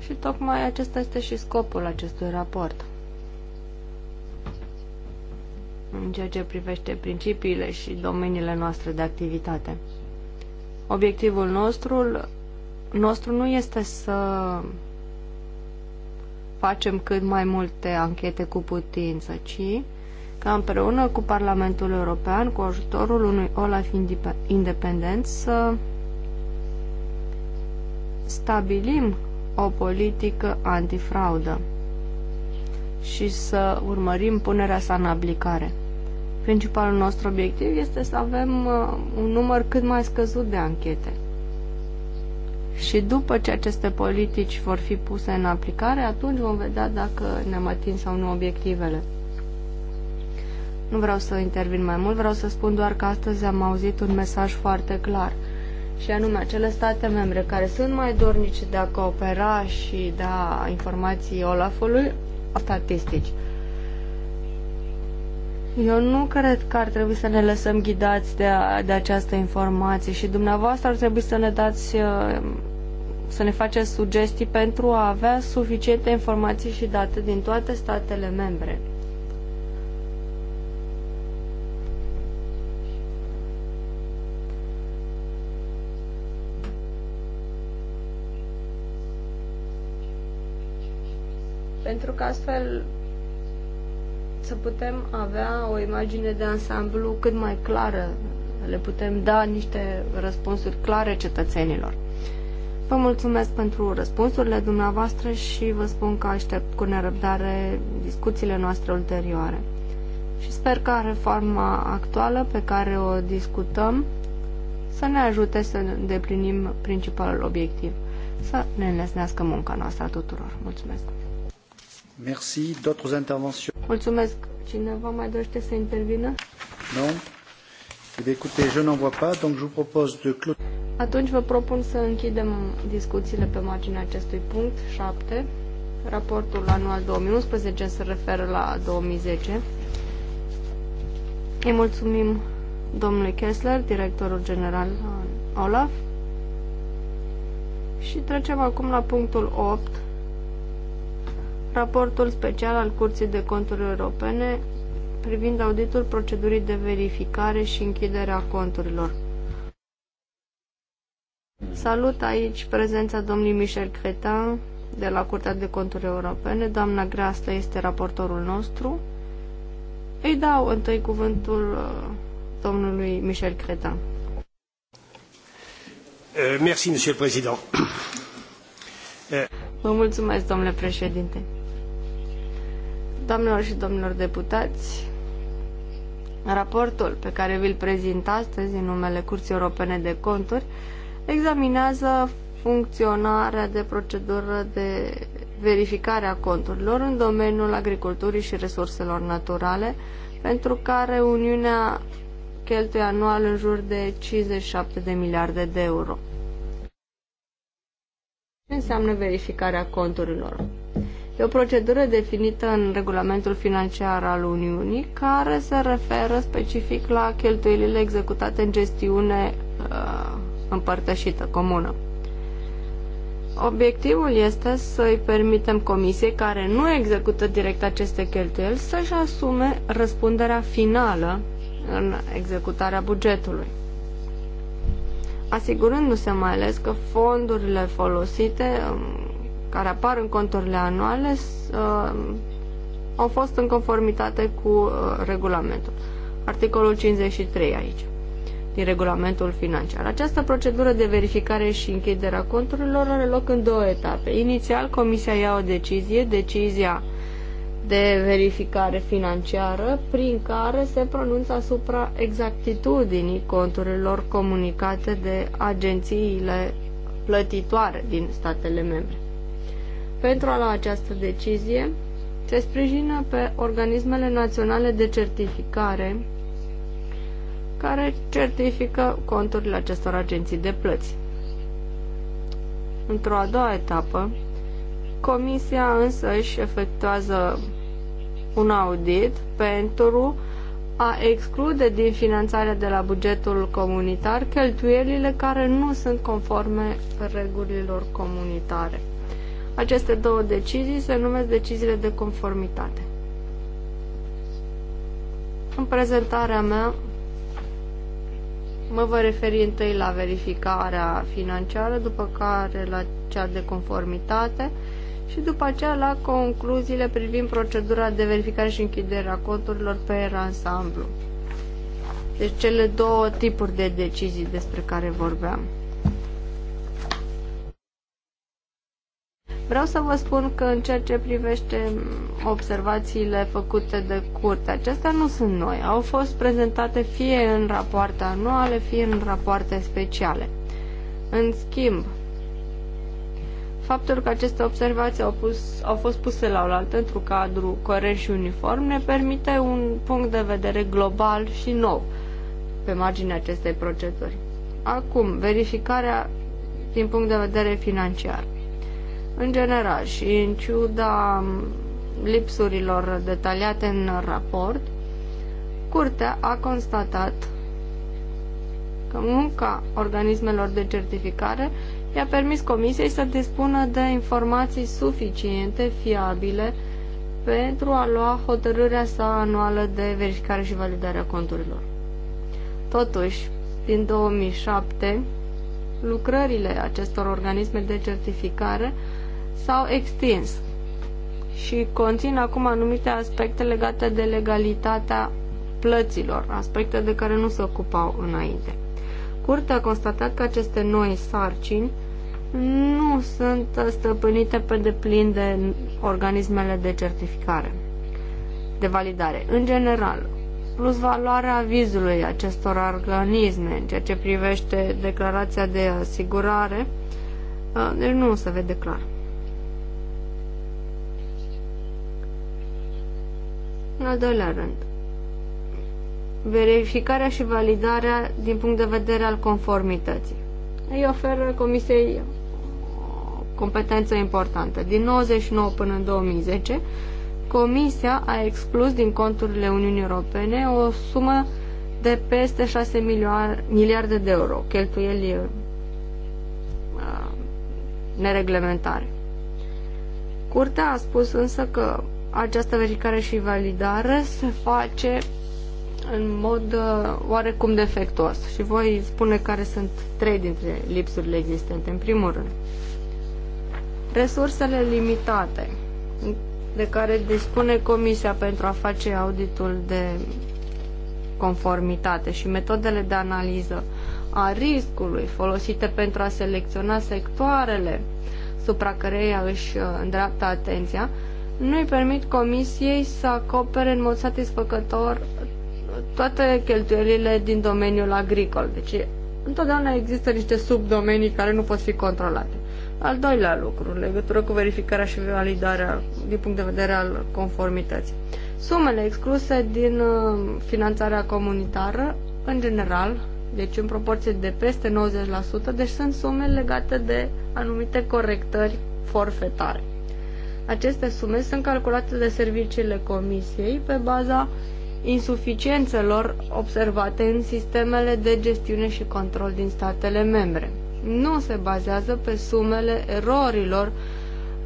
Și tocmai acesta este și scopul acestui raport. În ceea ce privește principiile și domeniile noastre de activitate. Obiectivul nostru, nostru nu este să facem cât mai multe anchete cu putință, ci ca împreună cu Parlamentul European, cu ajutorul unui OLAF independent, să stabilim o politică antifraudă și să urmărim punerea sa în aplicare. Principalul nostru obiectiv este să avem uh, un număr cât mai scăzut de anchete. Și după ce aceste politici vor fi puse în aplicare, atunci vom vedea dacă ne-am atins sau nu obiectivele. Nu vreau să intervin mai mult, vreau să spun doar că astăzi am auzit un mesaj foarte clar. Și anume, acele state membre care sunt mai dornice de a coopera și de a informații Olafului, statistici. Eu nu cred că ar trebui să ne lăsăm ghidați de, de această informație și dumneavoastră ar trebui să ne dați, uh, să ne faceți sugestii pentru a avea suficiente informații și date din toate statele membre. pentru că astfel să putem avea o imagine de ansamblu cât mai clară, le putem da niște răspunsuri clare cetățenilor. Vă mulțumesc pentru răspunsurile dumneavoastră și vă spun că aștept cu nerăbdare discuțiile noastre ulterioare. Și sper că reforma actuală pe care o discutăm să ne ajute să îndeplinim principalul obiectiv, să ne înlesnească munca noastră a tuturor. Mulțumesc! Merci. D'autres interventions Mulțumesc. Cineva mai dorește să intervină? Non. Eh bien, écoutez, je n'en vois pas, donc je vous propose de clôt... Atunci vă propun să închidem discuțiile pe marginea acestui punct 7. Raportul anual 2011 se referă la 2010. Îi mulțumim domnului Kessler, directorul general OLAF. Și trecem acum la punctul 8, raportul special al Curții de Conturi Europene privind auditul procedurii de verificare și închiderea conturilor. Salut aici prezența domnului Michel Cretin de la Curtea de Conturi Europene. Doamna Grasta este raportorul nostru. Îi dau întâi cuvântul uh, domnului Michel Cretin. Uh, merci, monsieur le président. Vă mulțumesc, domnule președinte. Doamnelor și domnilor deputați, raportul pe care vi-l prezint astăzi în numele Curții Europene de Conturi examinează funcționarea de procedură de verificare a conturilor în domeniul agriculturii și resurselor naturale, pentru care Uniunea cheltuie anual în jur de 57 de miliarde de euro. Ce înseamnă verificarea conturilor? E o procedură definită în regulamentul financiar al Uniunii care se referă specific la cheltuielile executate în gestiune uh, împărtășită, comună. Obiectivul este să-i permitem comisiei care nu execută direct aceste cheltuieli să-și asume răspunderea finală în executarea bugetului, asigurându-se mai ales că fondurile folosite care apar în conturile anuale uh, au fost în conformitate cu uh, regulamentul. Articolul 53 aici din regulamentul financiar. Această procedură de verificare și închidere a conturilor are loc în două etape. Inițial, Comisia ia o decizie, decizia de verificare financiară, prin care se pronunță asupra exactitudinii conturilor comunicate de agențiile plătitoare din statele membre. Pentru a lua această decizie, se sprijină pe organismele naționale de certificare care certifică conturile acestor agenții de plăți. Într-o a doua etapă, Comisia însă își efectuează un audit pentru a exclude din finanțarea de la bugetul comunitar cheltuielile care nu sunt conforme regulilor comunitare. Aceste două decizii se numesc deciziile de conformitate. În prezentarea mea mă voi referi întâi la verificarea financiară, după care la cea de conformitate și după aceea la concluziile privind procedura de verificare și închidere a conturilor pe ansamblu. Deci cele două tipuri de decizii despre care vorbeam. Vreau să vă spun că în ceea ce privește observațiile făcute de curte, acestea nu sunt noi. Au fost prezentate fie în rapoarte anuale, fie în rapoarte speciale. În schimb, faptul că aceste observații au, pus, au fost puse la oaltă într-un cadru corect și uniform ne permite un punct de vedere global și nou pe marginea acestei proceduri. Acum, verificarea din punct de vedere financiar în general și în ciuda lipsurilor detaliate în raport, Curtea a constatat că munca organismelor de certificare i-a permis Comisiei să dispună de informații suficiente, fiabile, pentru a lua hotărârea sa anuală de verificare și validare a conturilor. Totuși, din 2007, lucrările acestor organisme de certificare s-au extins și conțin acum anumite aspecte legate de legalitatea plăților, aspecte de care nu se ocupau înainte. Curtea a constatat că aceste noi sarcini nu sunt stăpânite pe deplin de organismele de certificare, de validare. În general, plus valoarea vizului acestor organisme în ceea ce privește declarația de asigurare, uh, deci nu se vede clar. În al doilea rând, verificarea și validarea din punct de vedere al conformității. Ei oferă Comisiei competență importantă. Din 99 până în 2010, Comisia a exclus din conturile Uniunii Europene o sumă de peste 6 miliarde de euro, cheltuieli uh, nereglementare. Curtea a spus însă că această verificare și validare se face în mod uh, oarecum defectuos și voi spune care sunt trei dintre lipsurile existente. În primul rând, resursele limitate de care dispune Comisia pentru a face auditul de conformitate și metodele de analiză a riscului folosite pentru a selecționa sectoarele supra căreia își uh, îndreaptă atenția, uh, nu îi permit comisiei să acopere în mod satisfăcător toate cheltuielile din domeniul agricol. Deci întotdeauna există niște subdomenii care nu pot fi controlate. Al doilea lucru, în legătură cu verificarea și validarea din punct de vedere al conformității. Sumele excluse din uh, finanțarea comunitară, în general, deci în proporție de peste 90%, deci sunt sume legate de anumite corectări forfetare. Aceste sume sunt calculate de serviciile comisiei pe baza insuficiențelor observate în sistemele de gestiune și control din statele membre. Nu se bazează pe sumele erorilor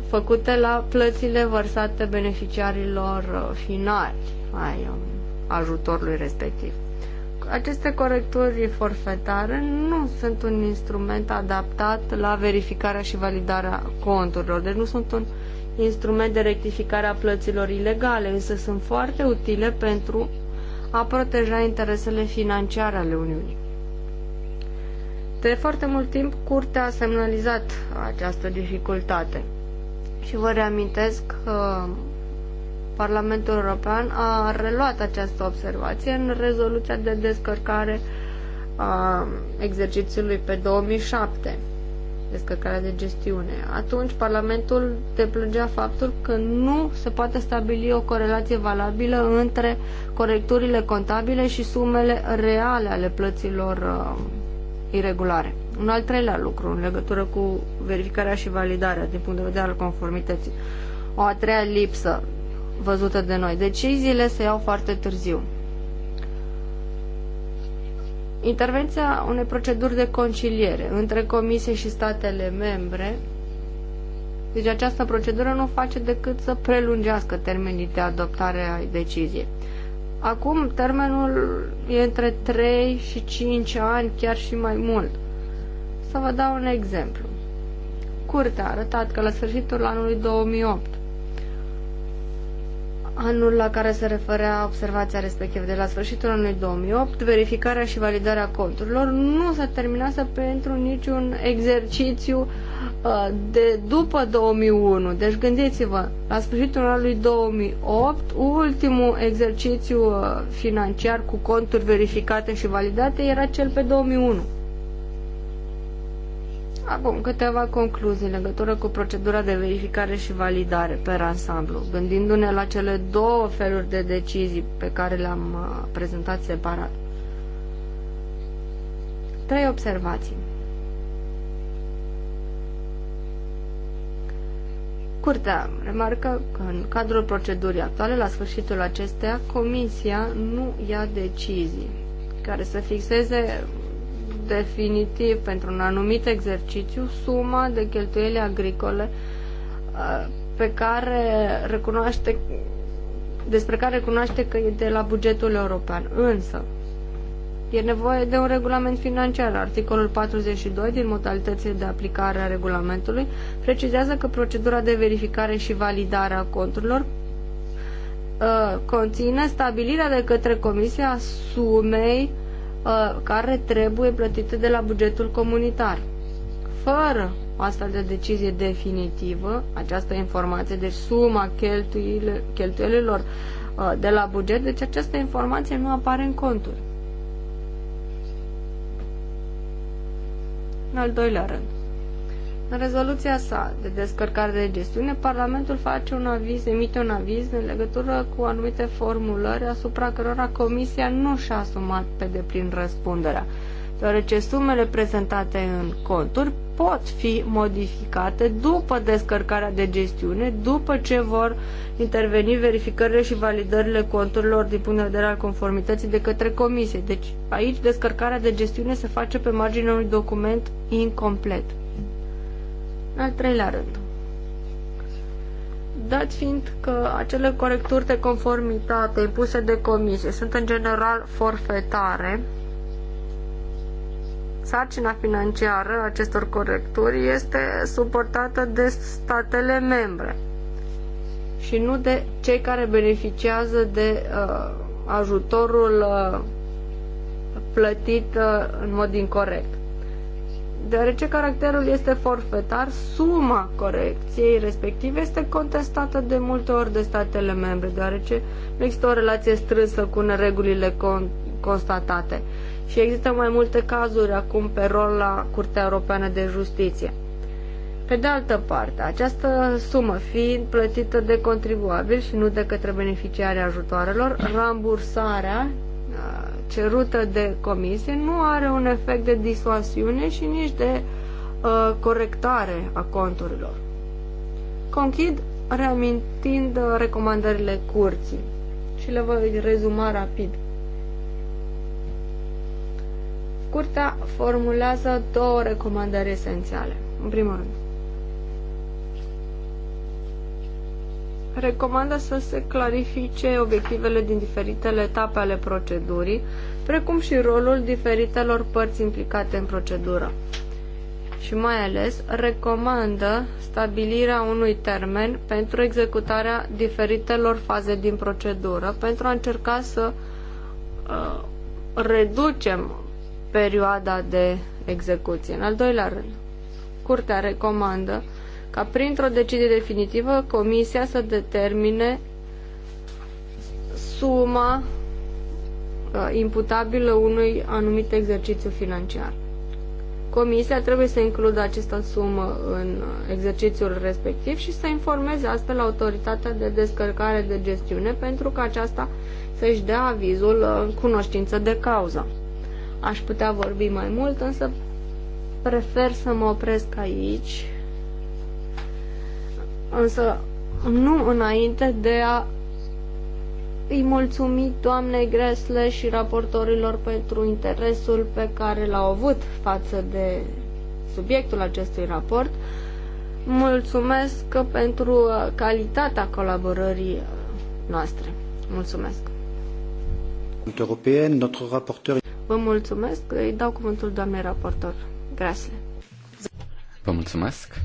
făcute la plățile vărsate beneficiarilor uh, finali ai um, ajutorului respectiv. Aceste corecturi forfetare nu sunt un instrument adaptat la verificarea și validarea conturilor, deci nu sunt un uh, instrument de rectificare a plăților ilegale, însă sunt foarte utile pentru a proteja interesele financiare ale Uniunii. De foarte mult timp, Curtea a semnalizat această dificultate. Și vă reamintesc că Parlamentul European a reluat această observație în rezoluția de descărcare a exercițiului pe 2007 descărcarea de gestiune. Atunci Parlamentul deplângea faptul că nu se poate stabili o corelație valabilă între corecturile contabile și sumele reale ale plăților uh, iregulare. Un al treilea lucru în legătură cu verificarea și validarea din punct de vedere al conformității. O a treia lipsă văzută de noi. Deciziile se iau foarte târziu intervenția unei proceduri de conciliere între Comisie și statele membre. Deci această procedură nu face decât să prelungească termenii de adoptare a deciziei. Acum termenul e între 3 și 5 ani, chiar și mai mult. Să vă dau un exemplu. Curtea a arătat că la sfârșitul anului 2008 anul la care se referea observația respectivă de la sfârșitul anului 2008, verificarea și validarea conturilor nu s-a terminat pentru niciun exercițiu uh, de după 2001. Deci gândiți-vă, la sfârșitul anului 2008, ultimul exercițiu uh, financiar cu conturi verificate și validate era cel pe 2001. Acum, da, câteva concluzii în legătură cu procedura de verificare și validare pe ansamblu, gândindu-ne la cele două feluri de decizii pe care le-am uh, prezentat separat. Trei observații. Curtea remarcă că în cadrul procedurii actuale, la sfârșitul acesteia, Comisia nu ia decizii care să fixeze definitiv pentru un anumit exercițiu suma de cheltuieli agricole uh, pe care recunoaște, despre care recunoaște că e de la bugetul european. Însă, e nevoie de un regulament financiar. Articolul 42 din modalitățile de aplicare a regulamentului precizează că procedura de verificare și validare a conturilor uh, conține stabilirea de către Comisia sumei Uh, care trebuie plătite de la bugetul comunitar. Fără o astfel de decizie definitivă, această informație, de deci suma cheltuielilor uh, de la buget, deci această informație nu apare în conturi. În al doilea rând, în rezoluția sa de descărcare de gestiune, Parlamentul face un aviz, emite un aviz în legătură cu anumite formulări asupra cărora Comisia nu și-a asumat pe deplin răspunderea, deoarece sumele prezentate în conturi pot fi modificate după descărcarea de gestiune, după ce vor interveni verificările și validările conturilor din punct de vedere al conformității de către Comisie. Deci aici descărcarea de gestiune se face pe marginea unui document incomplet. În al treilea rând, dat fiind că acele corecturi de conformitate impuse de comisie sunt în general forfetare, sarcina financiară acestor corecturi este suportată de statele membre și nu de cei care beneficiază de uh, ajutorul uh, plătit uh, în mod incorrect. Deoarece caracterul este forfetar, suma corecției respective este contestată de multe ori de statele membre, deoarece nu există o relație strânsă cu neregulile con- constatate. Și există mai multe cazuri acum pe rol la Curtea Europeană de Justiție. Pe de altă parte, această sumă fiind plătită de contribuabil și nu de către beneficiarii ajutoarelor, rambursarea cerută de comisie nu are un efect de disuasiune și nici de uh, corectare a conturilor. Conchid reamintind uh, recomandările curții și le voi rezuma rapid. Curtea formulează două recomandări esențiale. În primul rând, recomandă să se clarifice obiectivele din diferitele etape ale procedurii, precum și rolul diferitelor părți implicate în procedură. Și mai ales recomandă stabilirea unui termen pentru executarea diferitelor faze din procedură, pentru a încerca să uh, reducem perioada de execuție. În al doilea rând, Curtea recomandă ca printr-o decizie definitivă Comisia să determine suma uh, imputabilă unui anumit exercițiu financiar. Comisia trebuie să includă această sumă în uh, exercițiul respectiv și să informeze astfel autoritatea de descărcare de gestiune pentru că aceasta să-și dea avizul uh, în cunoștință de cauză. Aș putea vorbi mai mult, însă prefer să mă opresc aici însă nu înainte de a îi mulțumi doamnei Gresle și raportorilor pentru interesul pe care l-au avut față de subiectul acestui raport. Mulțumesc pentru calitatea colaborării noastre. Mulțumesc. Vă mulțumesc. Îi dau cuvântul doamnei raportor. Grasle. Vă mulțumesc.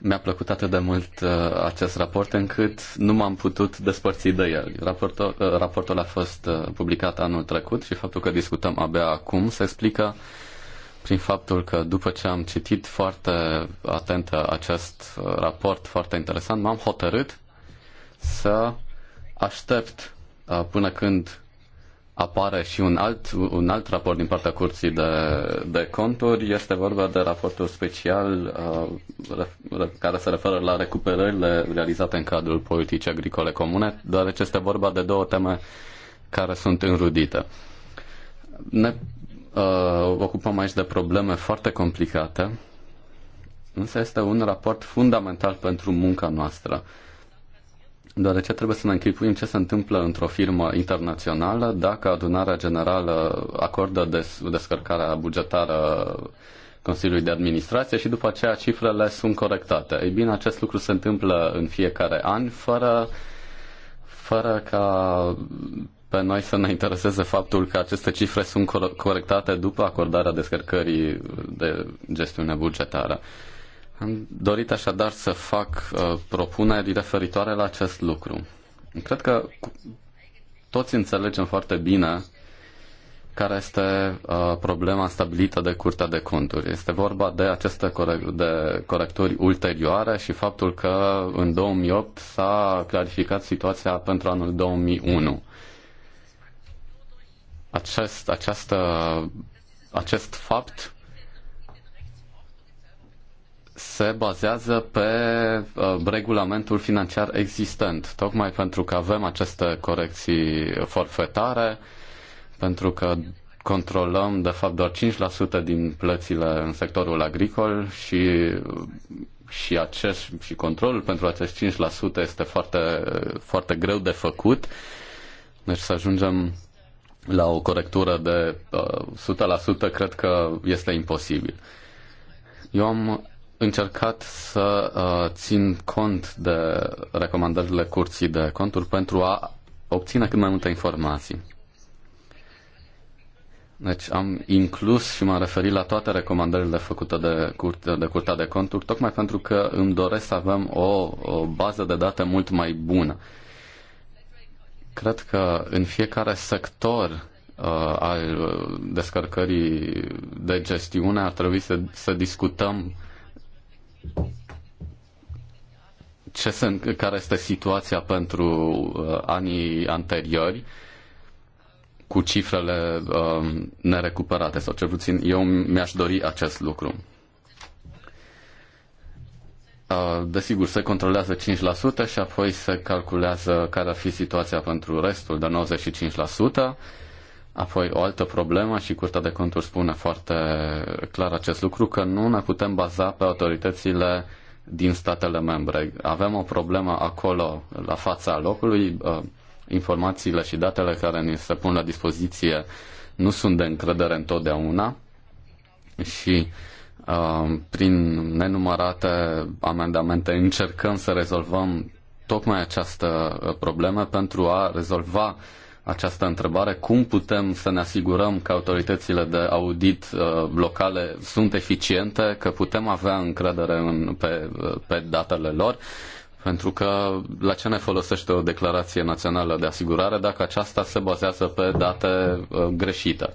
Mi-a plăcut atât de mult uh, acest raport încât nu m-am putut despărți de el. Raportul, uh, raportul a fost uh, publicat anul trecut și faptul că discutăm abia acum se explică prin faptul că după ce am citit foarte atent acest uh, raport foarte interesant, m-am hotărât să aștept uh, până când apare și un alt, un alt raport din partea Curții de, de Conturi. Este vorba de raportul special uh, care se referă la recuperările realizate în cadrul politicii agricole comune, deoarece este vorba de două teme care sunt înrudite. Ne uh, ocupăm aici de probleme foarte complicate, însă este un raport fundamental pentru munca noastră. Uh, deoarece trebuie să ne închipuim ce se întâmplă într-o firmă internațională dacă adunarea generală acordă des, descărcarea bugetară Consiliului de Administrație și după aceea cifrele sunt corectate. Ei bine, acest lucru se întâmplă în fiecare an fără, fără ca pe noi să ne intereseze faptul că aceste cifre sunt corectate după acordarea descărcării de gestiune bugetară. Am dorit așadar să fac uh, propuneri referitoare la acest lucru. Cred că toți înțelegem foarte bine care este uh, problema stabilită de Curtea de Conturi. Este vorba de aceste core- de corecturi ulterioare și faptul că în 2008 s-a clarificat situația pentru anul 2001. Acest, această, acest fapt se bazează pe uh, regulamentul financiar existent, tocmai pentru că avem aceste corecții forfetare, pentru că controlăm de fapt doar 5% din plățile în sectorul agricol și și acest și controlul pentru acest 5% este foarte, foarte greu de făcut. Deci să ajungem la o corectură de uh, 100% cred că este imposibil. Eu am încercat să uh, țin cont de recomandările curții de conturi pentru a obține cât mai multe informații. Deci am inclus și m-am referit la toate recomandările făcute de, curte, de Curtea de Conturi, tocmai pentru că îmi doresc să avem o, o bază de date mult mai bună. Cred că în fiecare sector uh, al descărcării de gestiune ar trebui să, să discutăm ce sunt care este situația pentru uh, anii anteriori cu cifrele uh, nerecuperate sau cel puțin eu mi-aș dori acest lucru. Uh, desigur, se controlează 5% și apoi se calculează care ar fi situația pentru restul de 95%. Apoi o altă problemă și Curtea de Conturi spune foarte clar acest lucru, că nu ne putem baza pe autoritățile din statele membre. Avem o problemă acolo, la fața locului, ă, informațiile și datele care ni se pun la dispoziție nu sunt de încredere întotdeauna și ă, prin nenumărate amendamente încercăm să rezolvăm tocmai această ă, problemă pentru a rezolva uh, această întrebare, cum putem să ne asigurăm că autoritățile de audit uh, locale sunt eficiente, că putem avea încredere în, pe, uh, pe datele lor, pentru că la ce ne folosește o declarație națională de asigurare dacă aceasta se bazează pe date uh, greșite?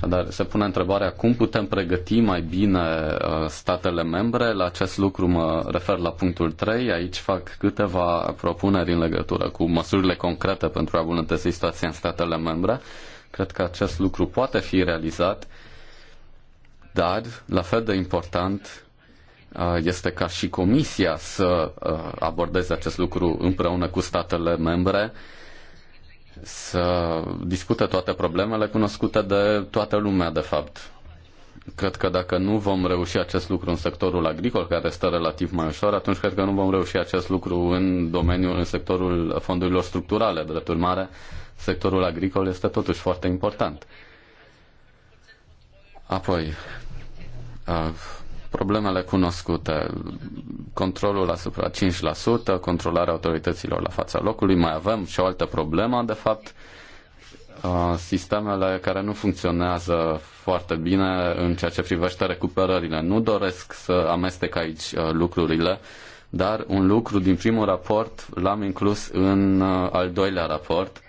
Dar se pune întrebarea cum putem pregăti mai bine uh, statele membre. La acest lucru mă refer la punctul 3. Aici fac câteva propuneri în legătură cu măsurile concrete pentru a bunătăți situația în statele membre. Cred că acest lucru poate fi realizat, dar la fel de important uh, este ca și Comisia să uh, abordeze acest lucru împreună cu statele membre să discute toate problemele cunoscute de toată lumea, de fapt. Cred că dacă nu vom reuși acest lucru în sectorul agricol, care stă relativ mai ușor, atunci cred că nu vom reuși acest lucru în domeniul, în sectorul fondurilor structurale. Drept urmare, sectorul agricol este totuși foarte important. Apoi, problemele cunoscute, controlul asupra 5%, controlarea autorităților la fața locului, mai avem și o altă problemă, de fapt, uh, sistemele care nu funcționează foarte bine în ceea ce privește recuperările. Nu doresc să amestec aici uh, lucrurile, dar un lucru din primul raport l-am inclus în uh, al doilea raport,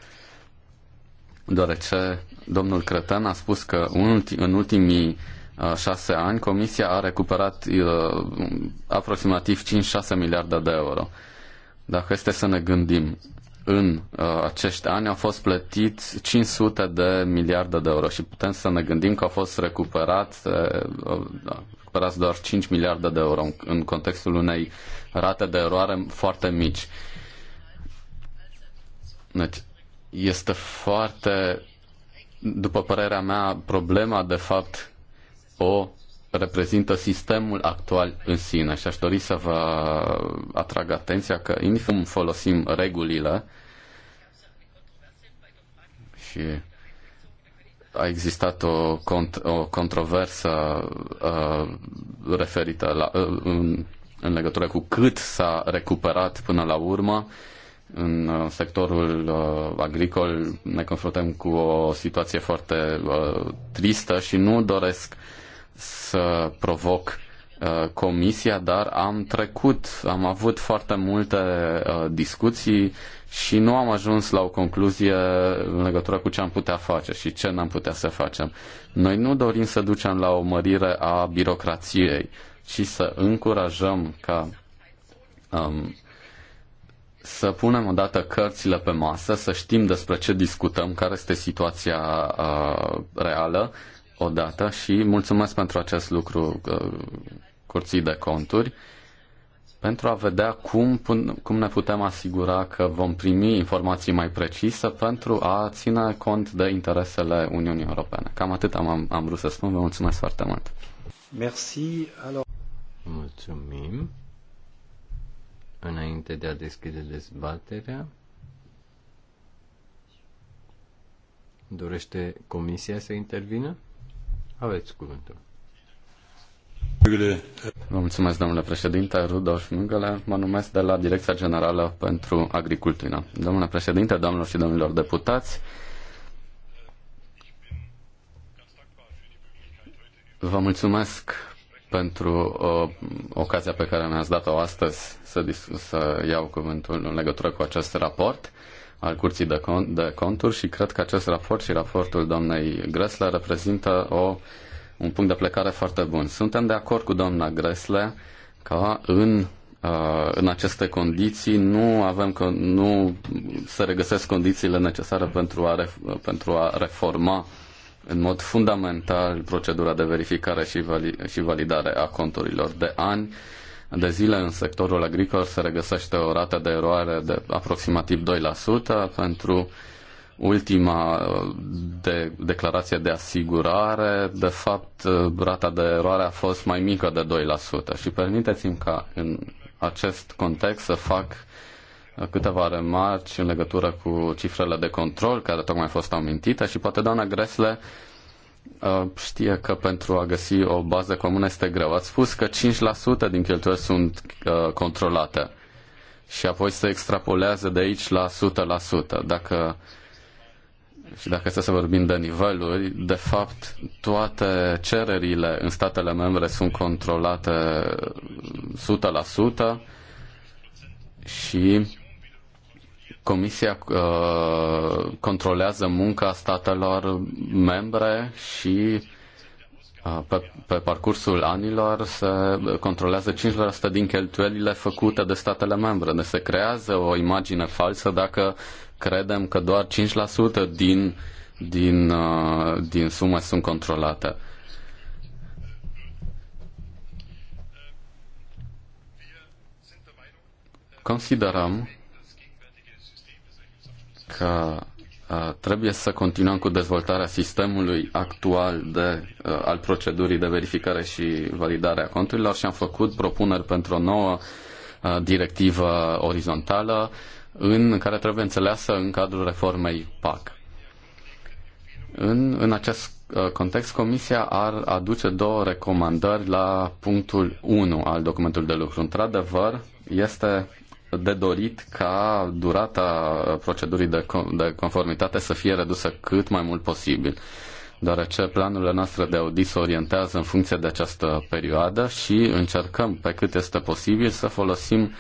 deoarece domnul Cretan a spus că în ultimii Uh, șase ani, Comisia a recuperat uh, aproximativ 5-6 miliarde de euro. Dacă este să ne gândim, în uh, acești ani au fost plătiți 500 de miliarde de euro și putem să ne gândim că au fost recuperat, uh, uh da, recuperați doar 5 miliarde de euro în, în contextul unei rate de eroare foarte mici. Deci, este foarte, după părerea mea, problema de fapt o reprezintă sistemul actual în sine și aș dori să vă atrag atenția că indiferent folosim regulile și a existat o, cont, o controversă uh, referită la, uh, în, în legătură cu cât s-a recuperat până la urmă. În uh, sectorul uh, agricol ne confruntăm cu o situație foarte uh, tristă și nu doresc uh, să provoc uh, comisia, dar am trecut, am avut foarte multe uh, discuții și nu am ajuns la o concluzie în legătură cu ce am putea face și ce n-am putea să facem. Noi nu dorim să ducem la o mărire a birocrației, ci să încurajăm ca um, să punem odată cărțile pe masă, să știm despre ce discutăm, care este situația uh, reală odată și mulțumesc pentru acest lucru uh, curții de conturi pentru a vedea cum, cum ne putem asigura că vom primi informații mai precise pentru a ține cont de interesele Uniunii Europene. Cam atât am, am vrut să spun. Vă mulțumesc foarte mult. Merci. Alors... Mulțumim. Înainte de a deschide dezbaterea, dorește Comisia să intervină? Aveți cuvântul. Vă mulțumesc, domnule președinte. Rudolf Mângăle, mă numesc de la Direcția Generală pentru Agricultură. Domnule președinte, domnilor și domnilor deputați, vă mulțumesc pentru o, ocazia pe care mi-ați dat-o astăzi să, să iau cuvântul în legătură cu acest raport. Uh, al Curții de, con- de Conturi și cred că acest raport și raportul doamnei Gresle reprezintă o, un punct de plecare foarte bun. Suntem de acord cu doamna Gresle că în uh, în aceste condiții nu avem nu se regăsesc condițiile necesare pentru a, pentru a reforma în mod fundamental procedura de verificare și, vali, și validare a conturilor de ani de zile în sectorul agricol se regăsește o rată de eroare de aproximativ 2% pentru ultima uh, de declarație de asigurare, de fapt, uh, rata de eroare a fost mai mică de 2%. Și permiteți-mi ca în acest context să fac uh, câteva remarci în legătură cu cifrele de control care tocmai au fost amintite și poate doamna Gresle știe că pentru a găsi o bază comună este greu. Ați spus că 5% din cheltuieli sunt controlate și apoi se extrapolează de aici la 100%. Dacă și dacă să vorbim de niveluri, de fapt toate cererile în statele membre sunt controlate 100% și Comisia uh, controlează munca statelor membre și uh, pe, pe parcursul anilor se controlează 5% din cheltuielile făcute de statele membre. Ne deci se creează o imagine falsă dacă credem că doar 5% din, din, uh, din sume sunt controlate. Considerăm că uh, trebuie să continuăm cu dezvoltarea sistemului actual de, uh, al procedurii de verificare și validare a conturilor și am făcut propuneri pentru o nouă uh, directivă orizontală în care trebuie înțeleasă în cadrul reformei PAC. În, în acest context, Comisia ar aduce două recomandări la punctul 1 al documentului de lucru. Într-adevăr, este de dorit ca durata procedurii de, de conformitate să fie redusă cât mai mult posibil deoarece planurile noastre de audit se orientează în funcție de această perioadă și încercăm pe cât este posibil să folosim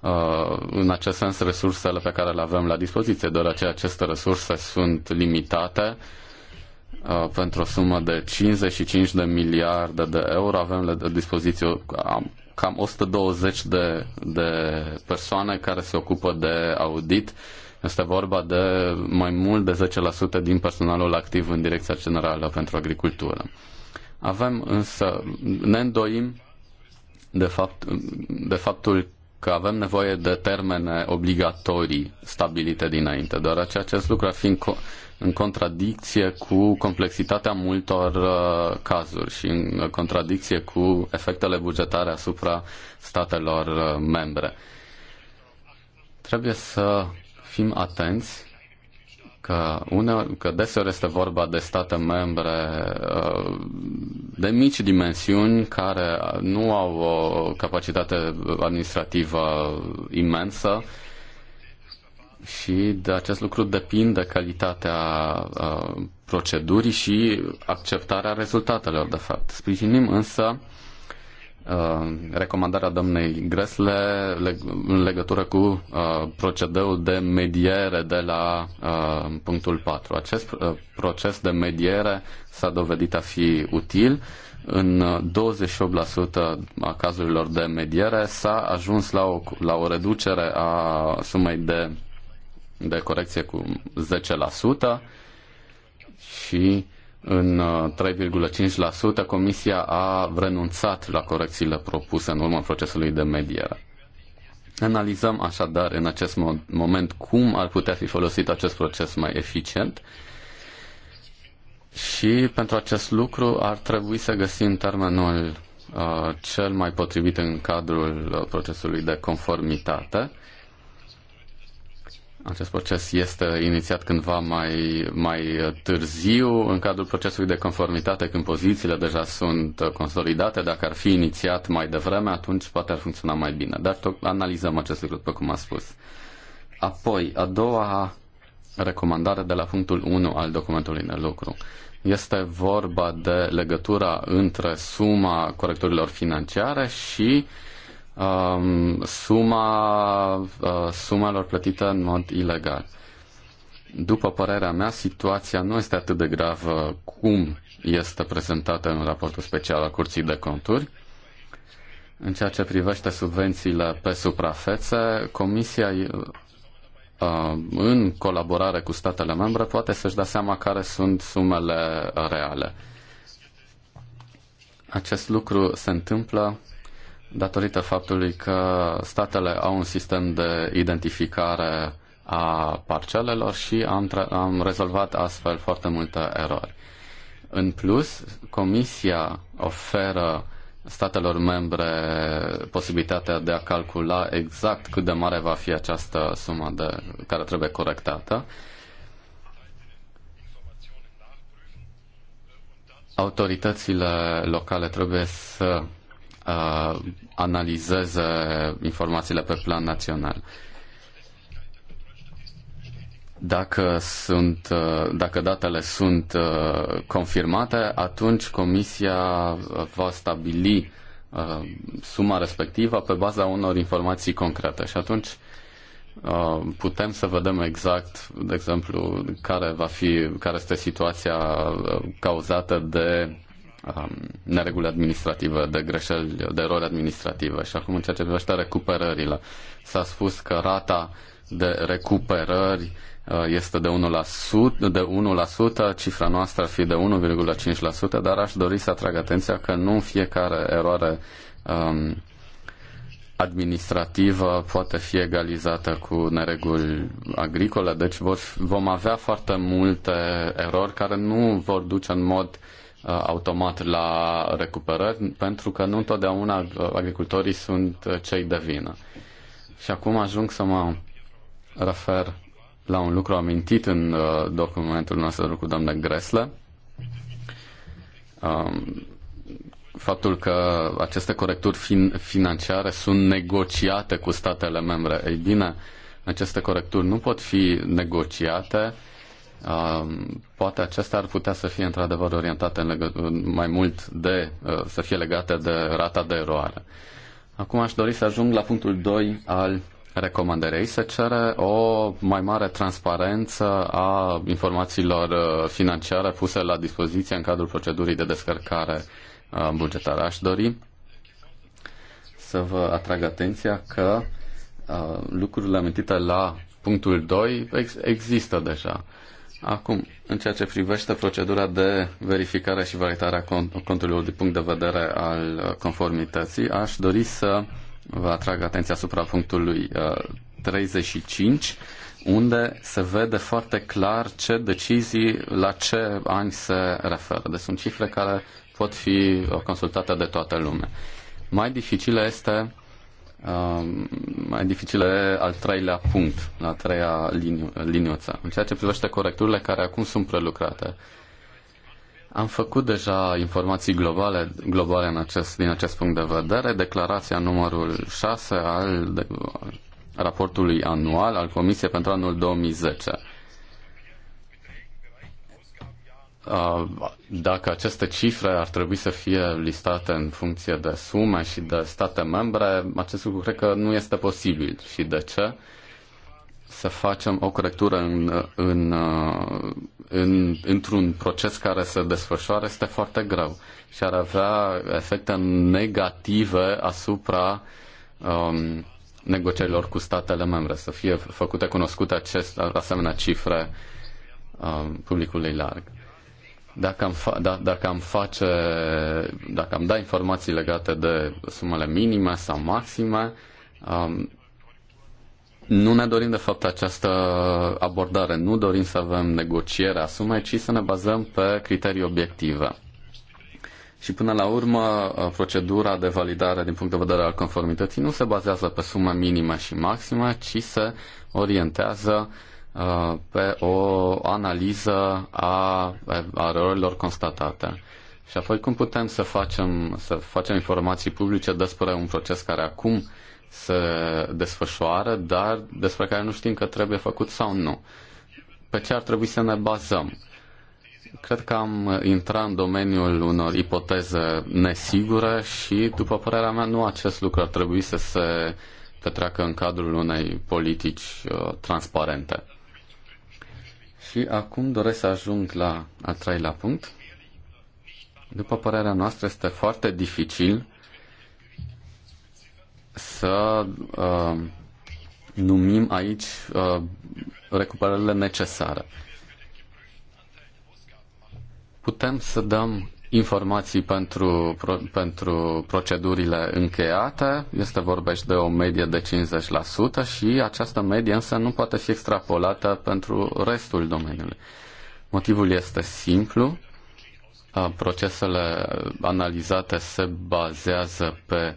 uh, în acest sens resursele pe care le avem la dispoziție, deoarece aceste resurse sunt limitate uh, pentru o sumă de 55 de miliarde de euro avem la dispoziție cam 120 de, de persoane care se ocupă de audit. Este vorba de mai mult de 10% din personalul activ în Direcția Generală pentru Agricultură. Avem însă, ne îndoim de, fapt, de faptul că avem nevoie de termene obligatorii stabilite dinainte, deoarece acest lucru ar fi în contradicție cu complexitatea multor uh, cazuri și în contradicție cu efectele bugetare asupra statelor uh, membre. Trebuie să fim atenți că, uneori, că deseori este vorba de state membre uh, de mici dimensiuni care nu au o capacitate administrativă imensă, și de acest lucru depinde calitatea uh, procedurii și acceptarea rezultatelor, de fapt. Sprijinim însă uh, recomandarea domnei Gresle leg- în legătură cu uh, procedeul de mediere de la uh, punctul 4. Acest uh, proces de mediere s-a dovedit a fi util. În 28% a cazurilor de mediere s-a ajuns la o, la o reducere a sumei de de corecție cu 10% și în 3,5% uh, Comisia a renunțat la corecțiile propuse în urma procesului de mediere. Analizăm așadar în acest moment cum ar putea fi folosit acest proces mai eficient și pentru acest lucru ar trebui să găsim termenul uh, cel mai potrivit în cadrul uh, procesului de conformitate acest proces este inițiat cândva mai, mai târziu, în cadrul procesului de conformitate, când pozițiile deja sunt consolidate. Dacă ar fi inițiat mai devreme, atunci poate ar funcționa mai bine. Dar tot analizăm acest lucru, după cum am spus. Apoi, a doua recomandare de la punctul 1 al documentului de lucru. Este vorba de legătura între suma corectorilor financiare și uh, um, suma uh, sumelor plătite în mod ilegal. După părerea mea, situația nu este atât de gravă cum este prezentată în raportul special al Curții de Conturi. În ceea ce privește subvențiile pe suprafețe, Comisia uh, în colaborare cu statele membre poate să-și dea seama care sunt sumele reale. Acest lucru se întâmplă datorită faptului că statele au un sistem de identificare a parcelelor și am, am rezolvat astfel foarte multe erori. În plus, Comisia oferă statelor membre posibilitatea de a calcula exact cât de mare va fi această sumă de, care trebuie corectată. Autoritățile locale trebuie să uh, analizeze informațiile pe plan național. Dacă, sunt, uh, dacă datele sunt uh, confirmate, atunci Comisia va stabili uh, suma respectivă pe baza unor informații concrete și atunci putem să vedem exact, de exemplu, care va fi, care este situația cauzată de Um, nereguli administrative, de greșeli, de erori administrative. Și acum, în ceea ce privește recuperările, s-a spus că rata de recuperări uh, este de 1%, de 1%, cifra noastră ar fi de 1,5%, dar aș dori să atrag atenția că nu fiecare eroare um, administrativă poate fi egalizată cu nereguli agricole, deci vor, vom avea foarte multe erori care nu vor duce în mod uh, Uh, automat la recuperări, pentru că nu întotdeauna uh, agricultorii sunt uh, cei de vină. Și acum ajung să mă refer la un lucru amintit în documentul nostru cu doamna Gresle. Um, faptul că aceste corecturi fin- financiare sunt negociate cu statele membre. Ei bine, aceste corecturi nu pot fi negociate Um, poate acestea ar putea să fie într-adevăr orientate în legă- mai mult de, uh, să fie legate de rata de eroare. Acum aș dori să ajung la punctul 2 al recomandării. Se cere o mai mare transparență a informațiilor uh, financiare puse la dispoziție în cadrul procedurii de descărcare uh, bugetară. Aș dori să vă atrag atenția că lucrurile amintite la punctul 2 există deja. Acum, în ceea ce privește procedura de verificare și validare a contului din punct de vedere al uh, conformității, aș dori să vă atrag atenția asupra punctului 35, uh, unde se vede foarte clar ce decizii, la ce ani se referă. Deci sunt cifre care pot fi uh, consultate de toată lumea. Mai dificilă este Um, mai dificile al treilea punct, la treia liniu, liniuță, în ceea ce privește corecturile care acum sunt prelucrate. Am făcut deja informații globale, globale în acest, din acest punct de vedere. Declarația numărul 6 al de, raportului anual al Comisiei pentru anul 2010. Uh, dacă aceste cifre ar trebui să fie listate în funcție de sume și de state membre, acest lucru cred că nu este posibil. Și de ce? Să facem o corectură în, în, uh, în, într-un proces care se desfășoară este foarte greu și ar avea efecte negative asupra um, negocierilor cu statele membre, să fie făcute cunoscute acest, asemenea cifre um, publicului larg. Dacă am, fa- da, dacă am face, dacă am da informații legate de sumele minime sau maxime, um, nu ne dorim de fapt această abordare, nu dorim să avem negocierea sumei, ci să ne bazăm pe criterii obiective. Și până la urmă, procedura de validare din punct de vedere al conformității nu se bazează pe sume minime și maxime, ci se orientează Uh, pe o analiză a erorilor constatate. Și apoi cum putem să facem, să facem informații publice despre un proces care acum se desfășoară, dar despre care nu știm că trebuie făcut sau nu. Pe ce ar trebui să ne bazăm? Cred că am intrat în domeniul unor ipoteze nesigure și, după părerea mea, nu acest lucru ar trebui să se petreacă în cadrul unei politici uh, transparente. Și acum doresc să ajung la al treilea punct. După părerea noastră, este foarte dificil să uh, numim aici uh, recuperările necesare. Putem să dăm informații pentru, pro, pentru procedurile încheiate, este vorbește de o medie de 50% și această medie însă nu poate fi extrapolată pentru restul domeniului. Motivul este simplu, procesele analizate se bazează pe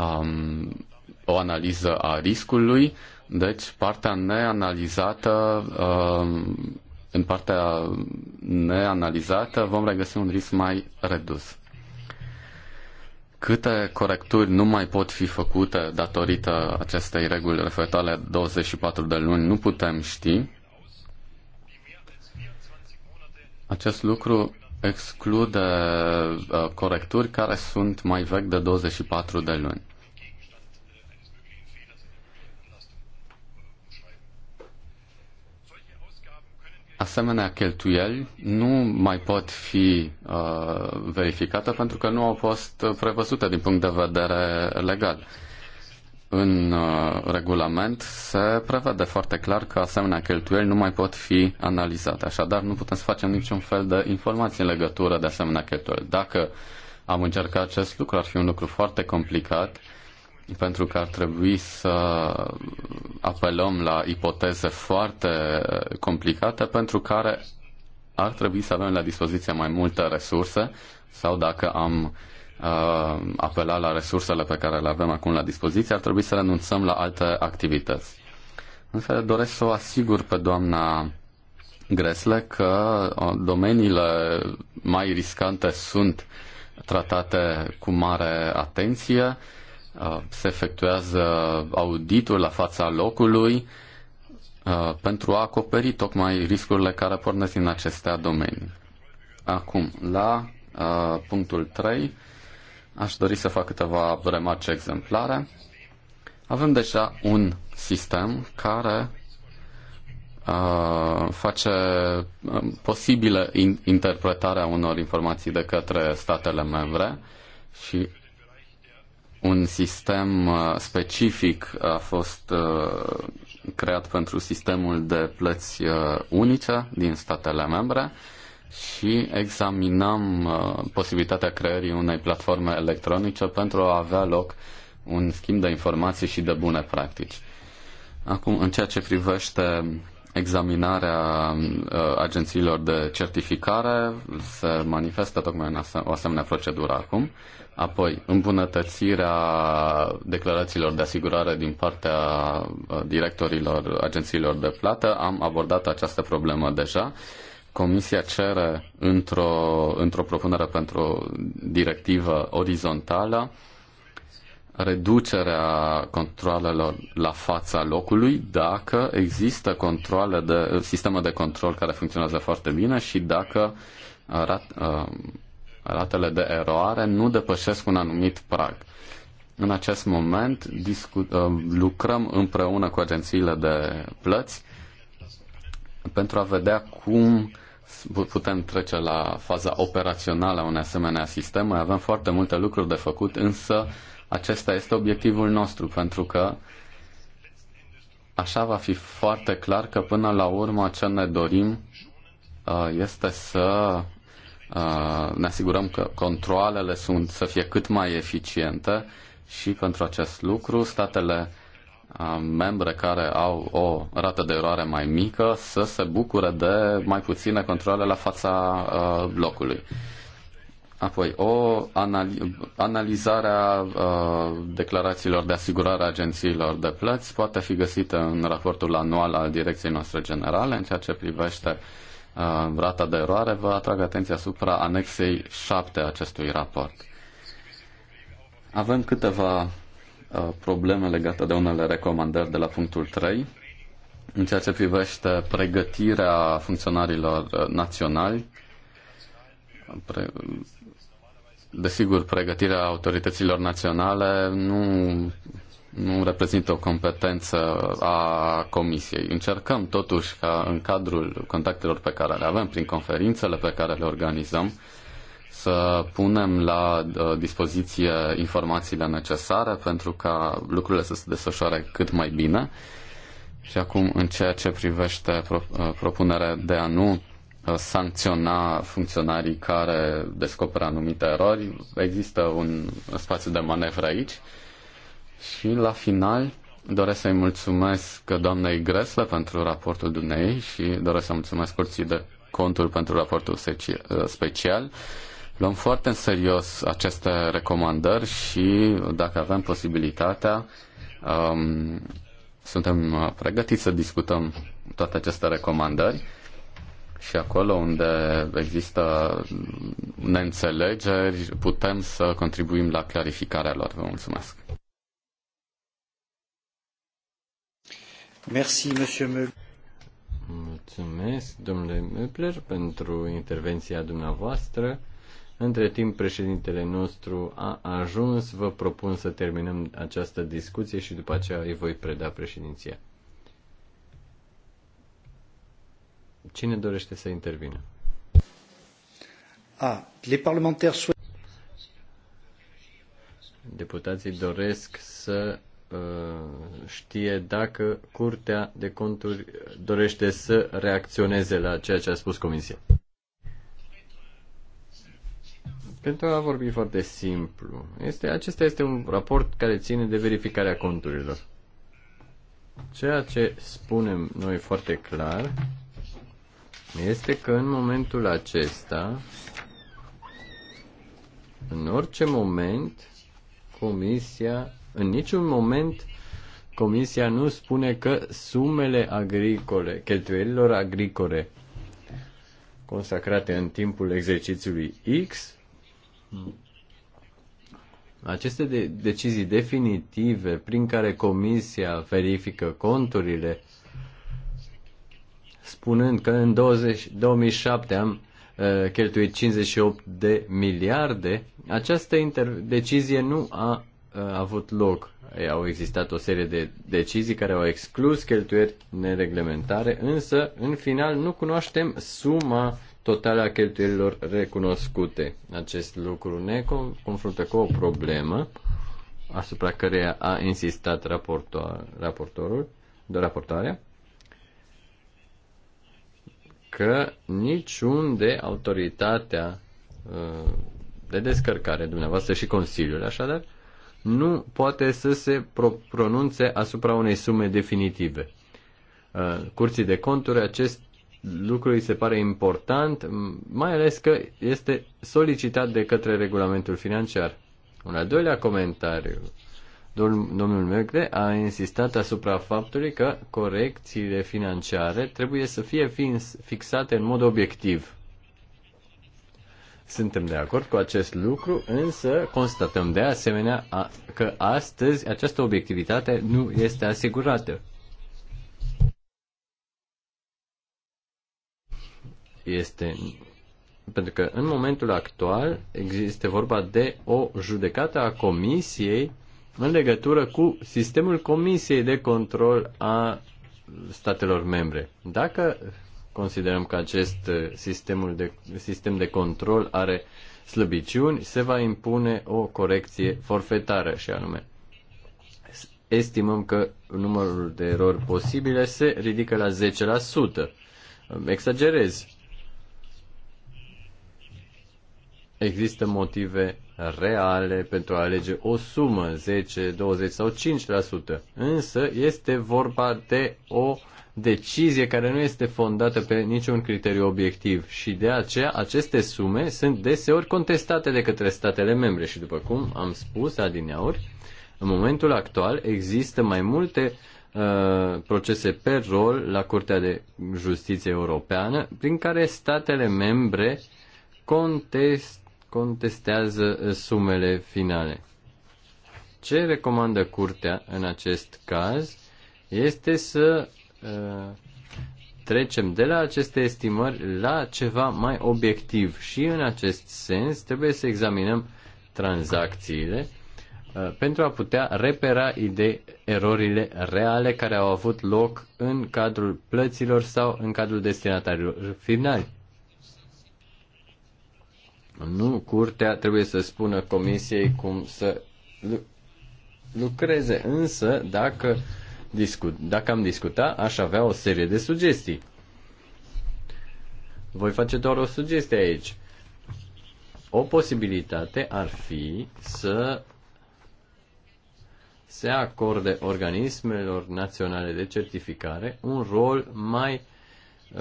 um, o analiză a riscului, deci partea neanalizată um, în partea neanalizată vom regăsi un risc mai redus. Câte corecturi nu mai pot fi făcute datorită acestei reguli referitoare la 24 de luni, nu putem ști. Acest lucru exclude uh, corecturi care sunt mai vechi de 24 de luni. asemenea cheltuieli nu mai pot fi uh, verificate pentru că nu au fost uh, prevăzute din punct de vedere legal. În uh, regulament se prevede foarte clar că asemenea cheltuieli nu mai pot fi analizate. Așadar, nu putem să facem niciun fel de informații în legătură de asemenea cheltuieli. Dacă am încercat acest lucru, ar fi un lucru foarte complicat pentru că ar trebui să apelăm la ipoteze foarte complicate pentru care ar trebui să avem la dispoziție mai multe resurse sau dacă am uh, apelat la resursele pe care le avem acum la dispoziție, ar trebui să renunțăm la alte activități. Însă doresc să o asigur pe doamna Gresle că uh, domeniile mai riscante sunt tratate cu mare atenție Uh, se efectuează auditul la fața locului uh, pentru a acoperi tocmai riscurile care pornesc din aceste domenii. Acum, la uh, punctul 3, aș dori să fac câteva remarce exemplare. Avem deja un sistem care face posibilă interpretarea unor informații de către statele membre și un sistem uh, specific a fost uh, creat pentru sistemul de plăți uh, unice din statele membre și examinăm posibilitatea creării unei platforme electronice pentru a avea loc un schimb de informații și de bune practici. Acum, în ceea ce privește examinarea agențiilor de certificare, se manifestă tocmai o asemenea procedură acum Apoi, îmbunătățirea declarațiilor de asigurare din partea uh, directorilor agențiilor de plată. Am abordat această problemă deja. Comisia cere într-o, într-o propunere pentru directivă orizontală reducerea controlelor la fața locului dacă există controle de, sistemă de control care funcționează foarte bine și dacă rat, uh, ratele de eroare nu depășesc un anumit prag. În acest moment discu- uh, lucrăm împreună cu agențiile de plăți pentru a vedea cum putem trece la faza operațională a unei asemenea sisteme. Avem foarte multe lucruri de făcut, însă acesta este obiectivul nostru, pentru că așa va fi foarte clar că până la urmă ce ne dorim uh, este să Uh, ne asigurăm că controlele sunt să fie cât mai eficiente și pentru acest lucru statele uh, membre care au o rată de eroare mai mică să se bucure de mai puține controle la fața uh, locului. Apoi, o analizarea uh, declarațiilor de asigurare a agențiilor de plăți poate fi găsită în raportul anual al direcției noastre generale în ceea ce privește uh, Uh, rata de eroare, vă atrag atenția asupra anexei 7 a acestui raport. Avem câteva uh, probleme legate de unele recomandări de la punctul 3 în ceea ce privește pregătirea funcționarilor uh, naționali, pre... desigur, pregătirea autorităților naționale nu nu reprezintă o competență a Comisiei. Încercăm totuși ca în cadrul contactelor pe care le avem, prin conferințele pe care le organizăm, să punem la uh, dispoziție informațiile necesare pentru ca lucrurile să se desfășoare cât mai bine. Și acum, în ceea ce privește uh, propunerea de a nu uh, sancționa funcționarii care descoperă anumite erori, există un spațiu de manevră aici și la final doresc să-i mulțumesc doamnei Gresle pentru raportul dumnei și doresc să mulțumesc curții de conturi pentru raportul special. Luăm foarte în serios aceste recomandări și dacă avem posibilitatea, um, suntem pregătiți să discutăm toate aceste recomandări și acolo unde există neînțelegeri putem să contribuim la clarificarea lor. Vă mulțumesc! Merci, Monsieur Mulțumesc, domnule Möbler, pentru intervenția dumneavoastră. Între timp, președintele nostru a ajuns. Vă propun să terminăm această discuție și după aceea îi voi preda președinția. Cine dorește să intervină? A, ah, les parlementaires Deputații doresc să știe dacă Curtea de Conturi dorește să reacționeze la ceea ce a spus Comisia. Pentru a vorbi foarte simplu, este, acesta este un raport care ține de verificarea conturilor. Ceea ce spunem noi foarte clar este că în momentul acesta, în orice moment, Comisia în niciun moment Comisia nu spune că sumele agricole, cheltuielilor agricole consacrate în timpul exercițiului X, aceste de- decizii definitive prin care Comisia verifică conturile, spunând că în 20, 2007 am uh, cheltuit 58 de miliarde, această decizie nu a Uh, avut loc. Au existat o serie de decizii care au exclus cheltuieri nereglementare, însă, în final, nu cunoaștem suma totală a cheltuielilor recunoscute. Acest lucru ne confruntă cu o problemă asupra căreia a insistat raportorul, de raportoarea, că niciunde autoritatea uh, de descărcare, dumneavoastră și Consiliul, așadar, nu poate să se pronunțe asupra unei sume definitive. Uh, curții de conturi acest lucru îi se pare important, mai ales că este solicitat de către regulamentul financiar. Un al doilea comentariu. Domnul Mercle a insistat asupra faptului că corecțiile financiare trebuie să fie fixate în mod obiectiv. Suntem de acord cu acest lucru, însă constatăm de asemenea că astăzi această obiectivitate nu este asigurată. Este pentru că în momentul actual există vorba de o judecată a comisiei în legătură cu sistemul comisiei de control a statelor membre. Dacă considerăm că acest uh, sistemul de, sistem de control are slăbiciuni, se va impune o corecție forfetară și anume. Estimăm că numărul de erori posibile se ridică la 10%. Exagerez. Există motive reale pentru a alege o sumă, 10, 20 sau 5%. Însă este vorba de o uh, decizie care nu este fondată pe niciun criteriu obiectiv și de aceea aceste sume sunt deseori contestate de către statele membre și după cum am spus adineauri, în momentul actual există mai multe uh, procese pe rol la Curtea de Justiție Europeană prin care statele membre contest, contestează uh, sumele finale. Ce recomandă Curtea în acest caz este să Uh, trecem de la aceste estimări la ceva mai obiectiv și în acest sens trebuie să examinăm tranzacțiile uh, pentru a putea repera idei erorile reale care au avut loc în cadrul plăților sau în cadrul destinatarilor finali. Nu curtea trebuie să spună comisiei cum să lucreze, însă dacă uh, discut, dacă am discuta, aș avea o serie de sugestii. Voi face doar o sugestie aici. O posibilitate ar fi să se acorde organismelor naționale de certificare un rol mai uh,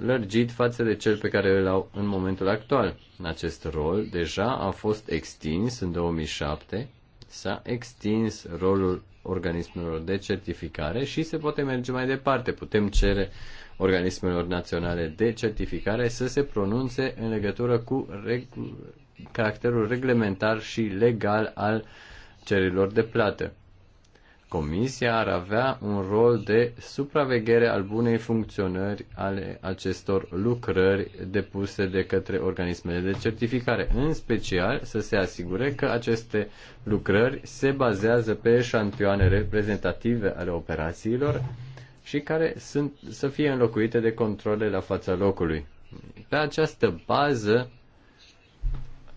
lărgit față de cel pe care îl au în momentul actual. Acest rol deja a fost extins în 2007, s-a extins rolul organismelor de certificare și se poate merge mai departe. Putem cere organismelor naționale de certificare să se pronunțe în legătură cu reg- caracterul reglementar și legal al cererilor de plată. Comisia ar avea un rol de supraveghere al bunei funcționări ale acestor lucrări depuse de către organismele de certificare, în special să se asigure că aceste lucrări se bazează pe eșantioane reprezentative ale operațiilor și care sunt, să fie înlocuite de controle la fața locului. Pe această bază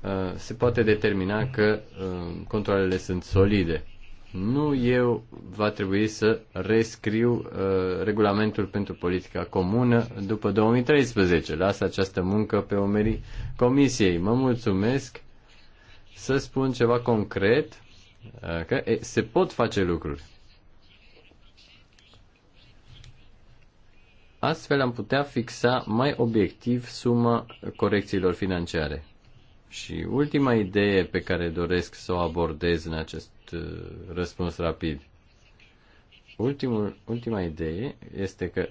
uh, se poate determina că uh, controlele sunt solide nu eu va trebui să rescriu uh, regulamentul pentru politica comună după 2013. Las această muncă pe omerii comisiei. Mă mulțumesc să spun ceva concret, uh, că e, se pot face lucruri. Astfel am putea fixa mai obiectiv suma corecțiilor financiare. Și ultima idee pe care doresc să o abordez în acest uh, răspuns rapid. Ultimul, ultima idee este că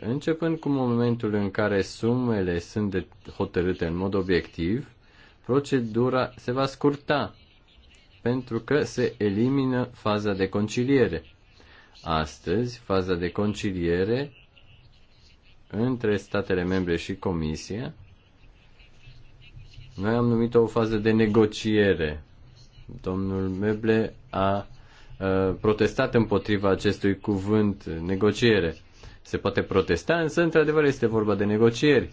începând cu momentul în care sumele sunt de hotărâte în mod obiectiv, procedura se va scurta pentru că se elimină faza de conciliere. Astăzi, faza de conciliere între statele membre și Comisia noi am numit-o o fază de negociere. Domnul Meble a protestat împotriva acestui cuvânt, negociere. Se poate protesta, însă, într-adevăr, este vorba de negocieri.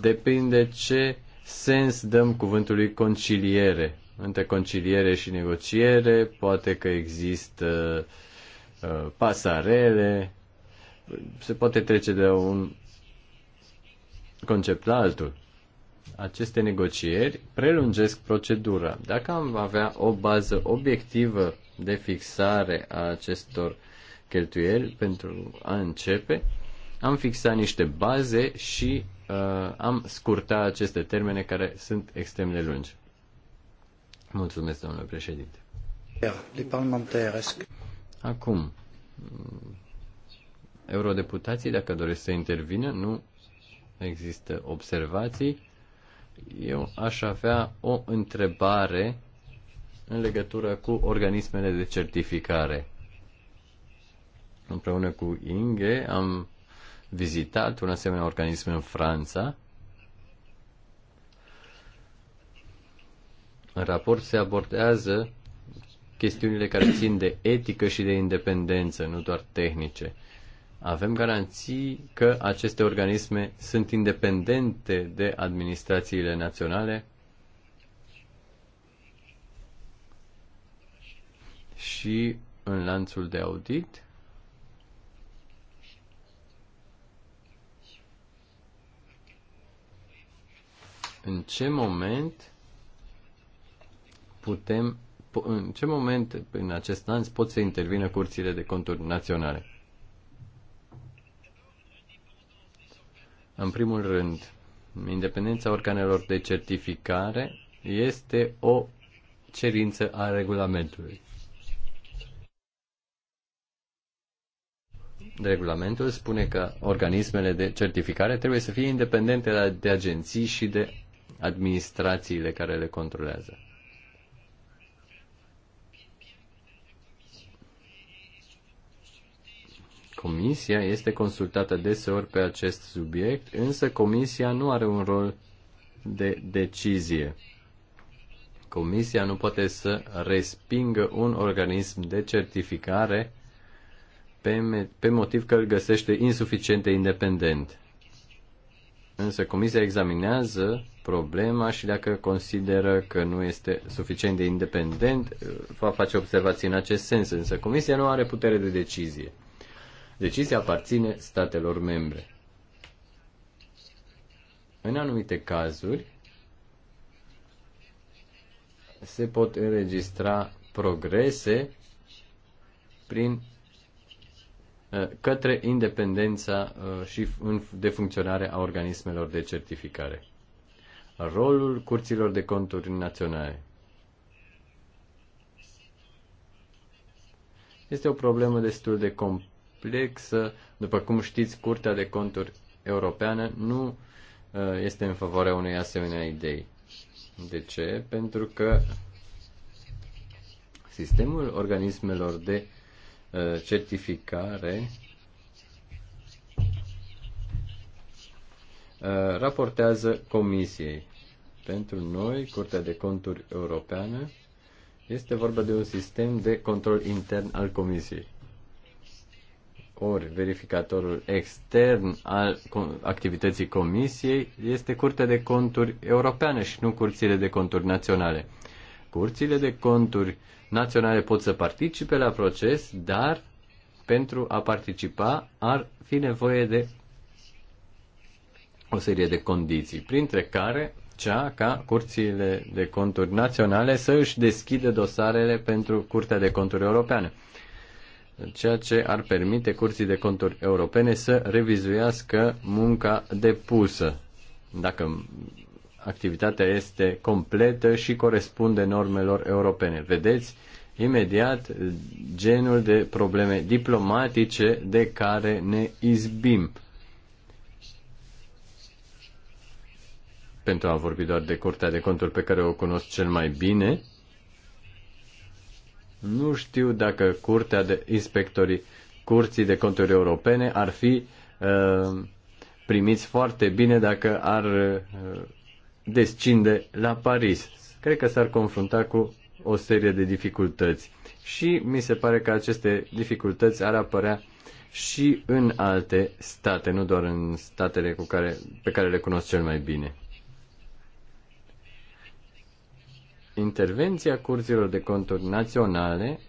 Depinde ce sens dăm cuvântului conciliere. Între conciliere și negociere, poate că există uh, pasarele, se poate trece de un concept la altul. Aceste negocieri prelungesc procedura. Dacă am avea o bază obiectivă de fixare a acestor cheltuieli pentru a începe, am fixat niște baze și uh, am scurtat aceste termene care sunt extrem de lungi. Mulțumesc, domnule președinte. Acum, mm, eurodeputații, dacă doresc să intervină, nu există observații. Eu aș avea o întrebare în legătură cu organismele de certificare. Împreună cu Inge am vizitat un asemenea organism în Franța. În raport se abordează chestiunile care țin de etică și de independență, nu doar tehnice avem garanții că aceste organisme sunt independente de administrațiile naționale și în lanțul de audit în ce moment putem în ce moment în acest lanț pot să intervină curțile de conturi naționale În primul rând, independența organelor de certificare este o cerință a regulamentului. Regulamentul spune că organismele de certificare trebuie să fie independente de agenții și de administrațiile care le controlează. Comisia este consultată deseori pe acest subiect, însă Comisia nu are un rol de decizie. Comisia nu poate să respingă un organism de certificare pe, pe motiv că îl găsește insuficient de independent. Însă Comisia examinează problema și dacă consideră că nu este suficient de independent, va face observații în acest sens. Însă Comisia nu are putere de decizie. Decizia aparține statelor membre. În anumite cazuri, se pot înregistra progrese prin uh, către independența uh, și de funcționare a organismelor de certificare. Rolul curților de conturi naționale. Este o problemă destul de complexă. După cum știți, Curtea de Conturi Europeană nu uh, este în favoarea unei asemenea idei. De ce? Pentru că sistemul organismelor de uh, certificare uh, raportează comisiei. Pentru noi, Curtea de Conturi Europeană, este vorba de un sistem de control intern al comisiei ori verificatorul extern al activității comisiei este Curtea de Conturi Europeană și nu Curțile de Conturi Naționale. Curțile de Conturi Naționale pot să participe la proces, dar pentru a participa ar fi nevoie de o serie de condiții, printre care cea ca curțile de conturi naționale să își deschidă dosarele pentru Curtea de Conturi Europeană ceea ce ar permite curții de conturi europene să revizuiască munca depusă, dacă activitatea este completă și corespunde normelor europene. Vedeți imediat genul de probleme diplomatice de care ne izbim. Pentru a vorbi doar de Curtea de Conturi pe care o cunosc cel mai bine, nu știu dacă curtea de inspectorii curții de conturi europene ar fi uh, primiți foarte bine dacă ar uh, descinde la Paris. Cred că s-ar confrunta cu o serie de dificultăți. Și mi se pare că aceste dificultăți ar apărea și în alte state, nu doar în statele cu care, pe care le cunosc cel mai bine. intervenția curților de conturi naționale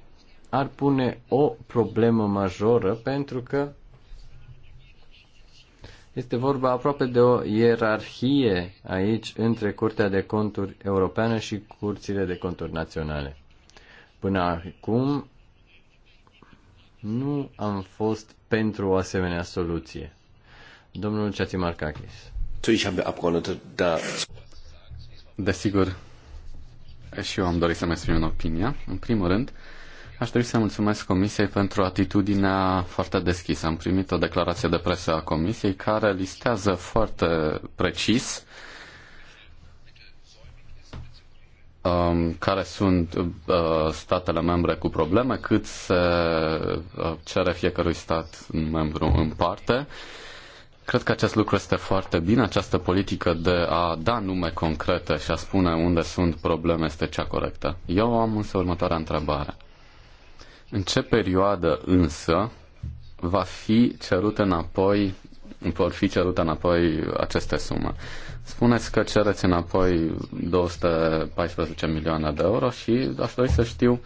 ar pune o problemă majoră pentru că este vorba aproape de o ierarhie aici între Curtea de Conturi Europeană și Curțile de Conturi Naționale. Până acum nu am fost pentru o asemenea soluție. Domnul Ceațimarcachis. Desigur, și eu am dorit să-mi exprim opinia. În primul rând, aș dori să mulțumesc Comisiei pentru atitudinea foarte deschisă. Am primit o declarație de presă a Comisiei care listează foarte precis um, care sunt uh, statele membre cu probleme, cât se uh, cere fiecărui stat membru în parte. Uh, Cred că acest lucru este foarte bine. Această politică de a da nume concrete și a spune unde sunt probleme este cea corectă. Eu am însă următoarea întrebare. În ce perioadă însă va fi cerut înapoi, vor fi cerute înapoi aceste sume? Spuneți că cereți înapoi 214 milioane de euro și aș dori să știu uh,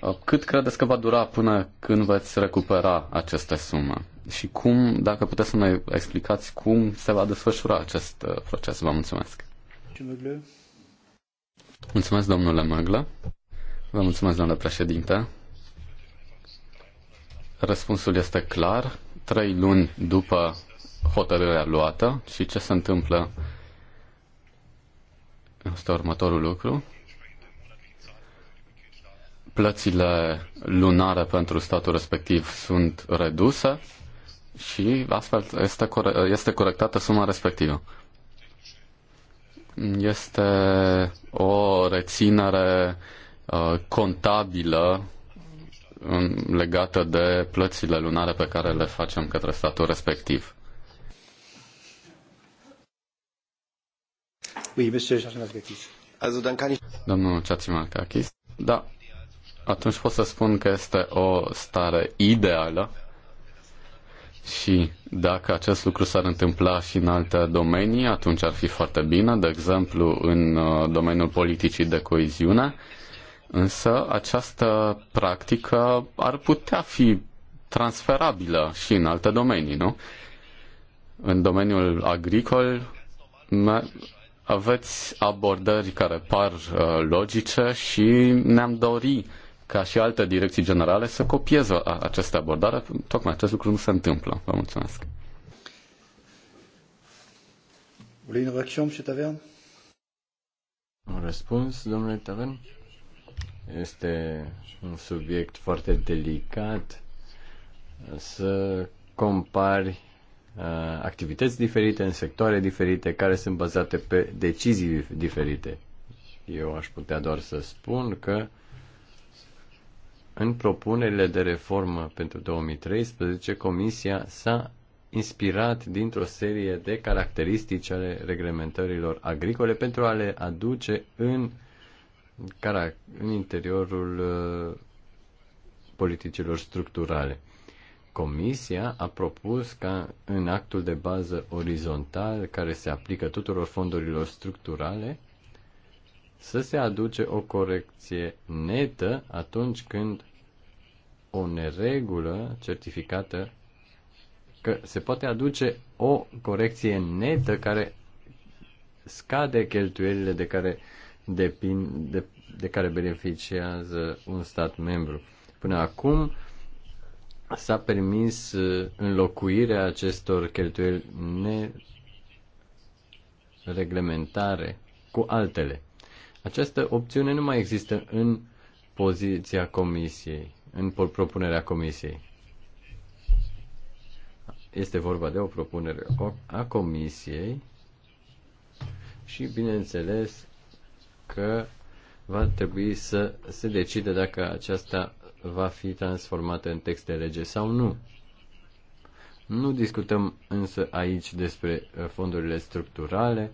Uh, cât credeți că va dura până când veți recupera aceste sume? Și cum, dacă puteți să ne explicați cum se va desfășura acest uh, proces? Vă mulțumesc. Mulțumesc, domnule Măglă. Vă mulțumesc, domnule președinte. Răspunsul este clar. Trei luni după hotărârea luată și ce se întâmplă este următorul lucru plățile lunare pentru statul respectiv sunt reduse și astfel este, core- este corectată suma respectivă. Este o reținere uh, contabilă legată de plățile lunare pe care le facem către statul respectiv. Oui, monsieur Domnul Chachimarkakis. Da, atunci pot să spun că este o stare ideală și dacă acest lucru s-ar întâmpla și în alte domenii, atunci ar fi foarte bine, de exemplu în uh, domeniul politicii de coeziune, însă această practică ar putea fi transferabilă și în alte domenii, nu? În domeniul agricol aveți abordări care par uh, logice și ne-am dorit ca și alte direcții generale să copieze această abordare. Tocmai acest lucru nu se întâmplă. Vă mulțumesc. o reacție, M. Tavern? Un răspuns, domnule Tavern? Este un subiect foarte delicat să compari uh, activități diferite în sectoare diferite care sunt bazate pe decizii diferite. Eu aș putea doar să spun că uh, în propunerile de reformă pentru 2013, Comisia s-a inspirat dintr-o serie de caracteristici ale reglementărilor agricole pentru a le aduce în, în interiorul uh, politicilor structurale. Comisia a propus ca în actul de bază orizontal care se aplică tuturor fondurilor structurale să se aduce o corecție netă atunci când o neregulă certificată că se poate aduce o corecție netă care scade cheltuielile de care depind, de, de care beneficiază un stat membru. Până acum s-a permis uh, înlocuirea acestor cheltuieli nereglementare cu altele. Această opțiune nu mai există în poziția Comisiei în propunerea comisiei. Este vorba de o propunere a comisiei și, bineînțeles, că va trebui să se decide dacă aceasta va fi transformată în text de lege sau nu. Nu discutăm însă aici despre uh, fondurile structurale.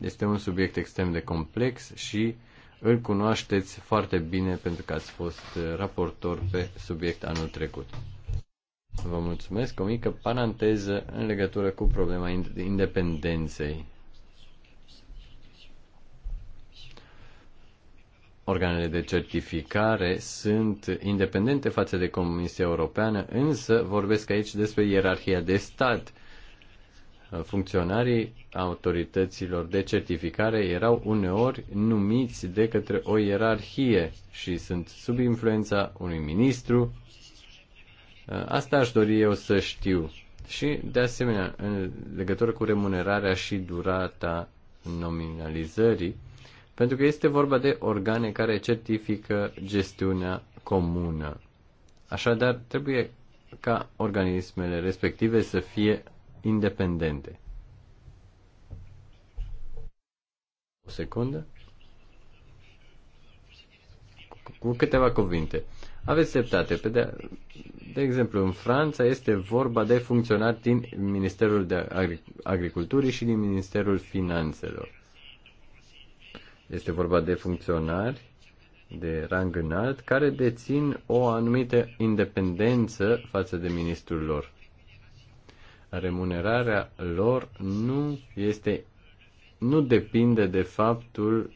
Este un subiect extrem de complex și îl cunoașteți foarte bine pentru că ați fost uh, raportor pe subiect anul trecut. Vă mulțumesc. O mică paranteză în legătură cu problema independenței. Organele de certificare sunt independente față de Comisia Europeană, însă vorbesc aici despre ierarhia de stat funcționarii autorităților de certificare erau uneori numiți de către o ierarhie și sunt sub influența unui ministru. Asta aș dori eu să știu. Și, de asemenea, în legătură cu remunerarea și durata nominalizării, pentru că este vorba de organe care certifică gestiunea comună. Așadar, trebuie ca organismele respective să fie independente. O secundă. Cu câteva cuvinte. Aveți dreptate. de, de exemplu, în Franța este vorba de funcționari din Ministerul de Agriculturii și din Ministerul Finanțelor. Este vorba de funcționari de rang înalt care dețin o anumită independență față de ministrul lor remunerarea lor nu este nu depinde de faptul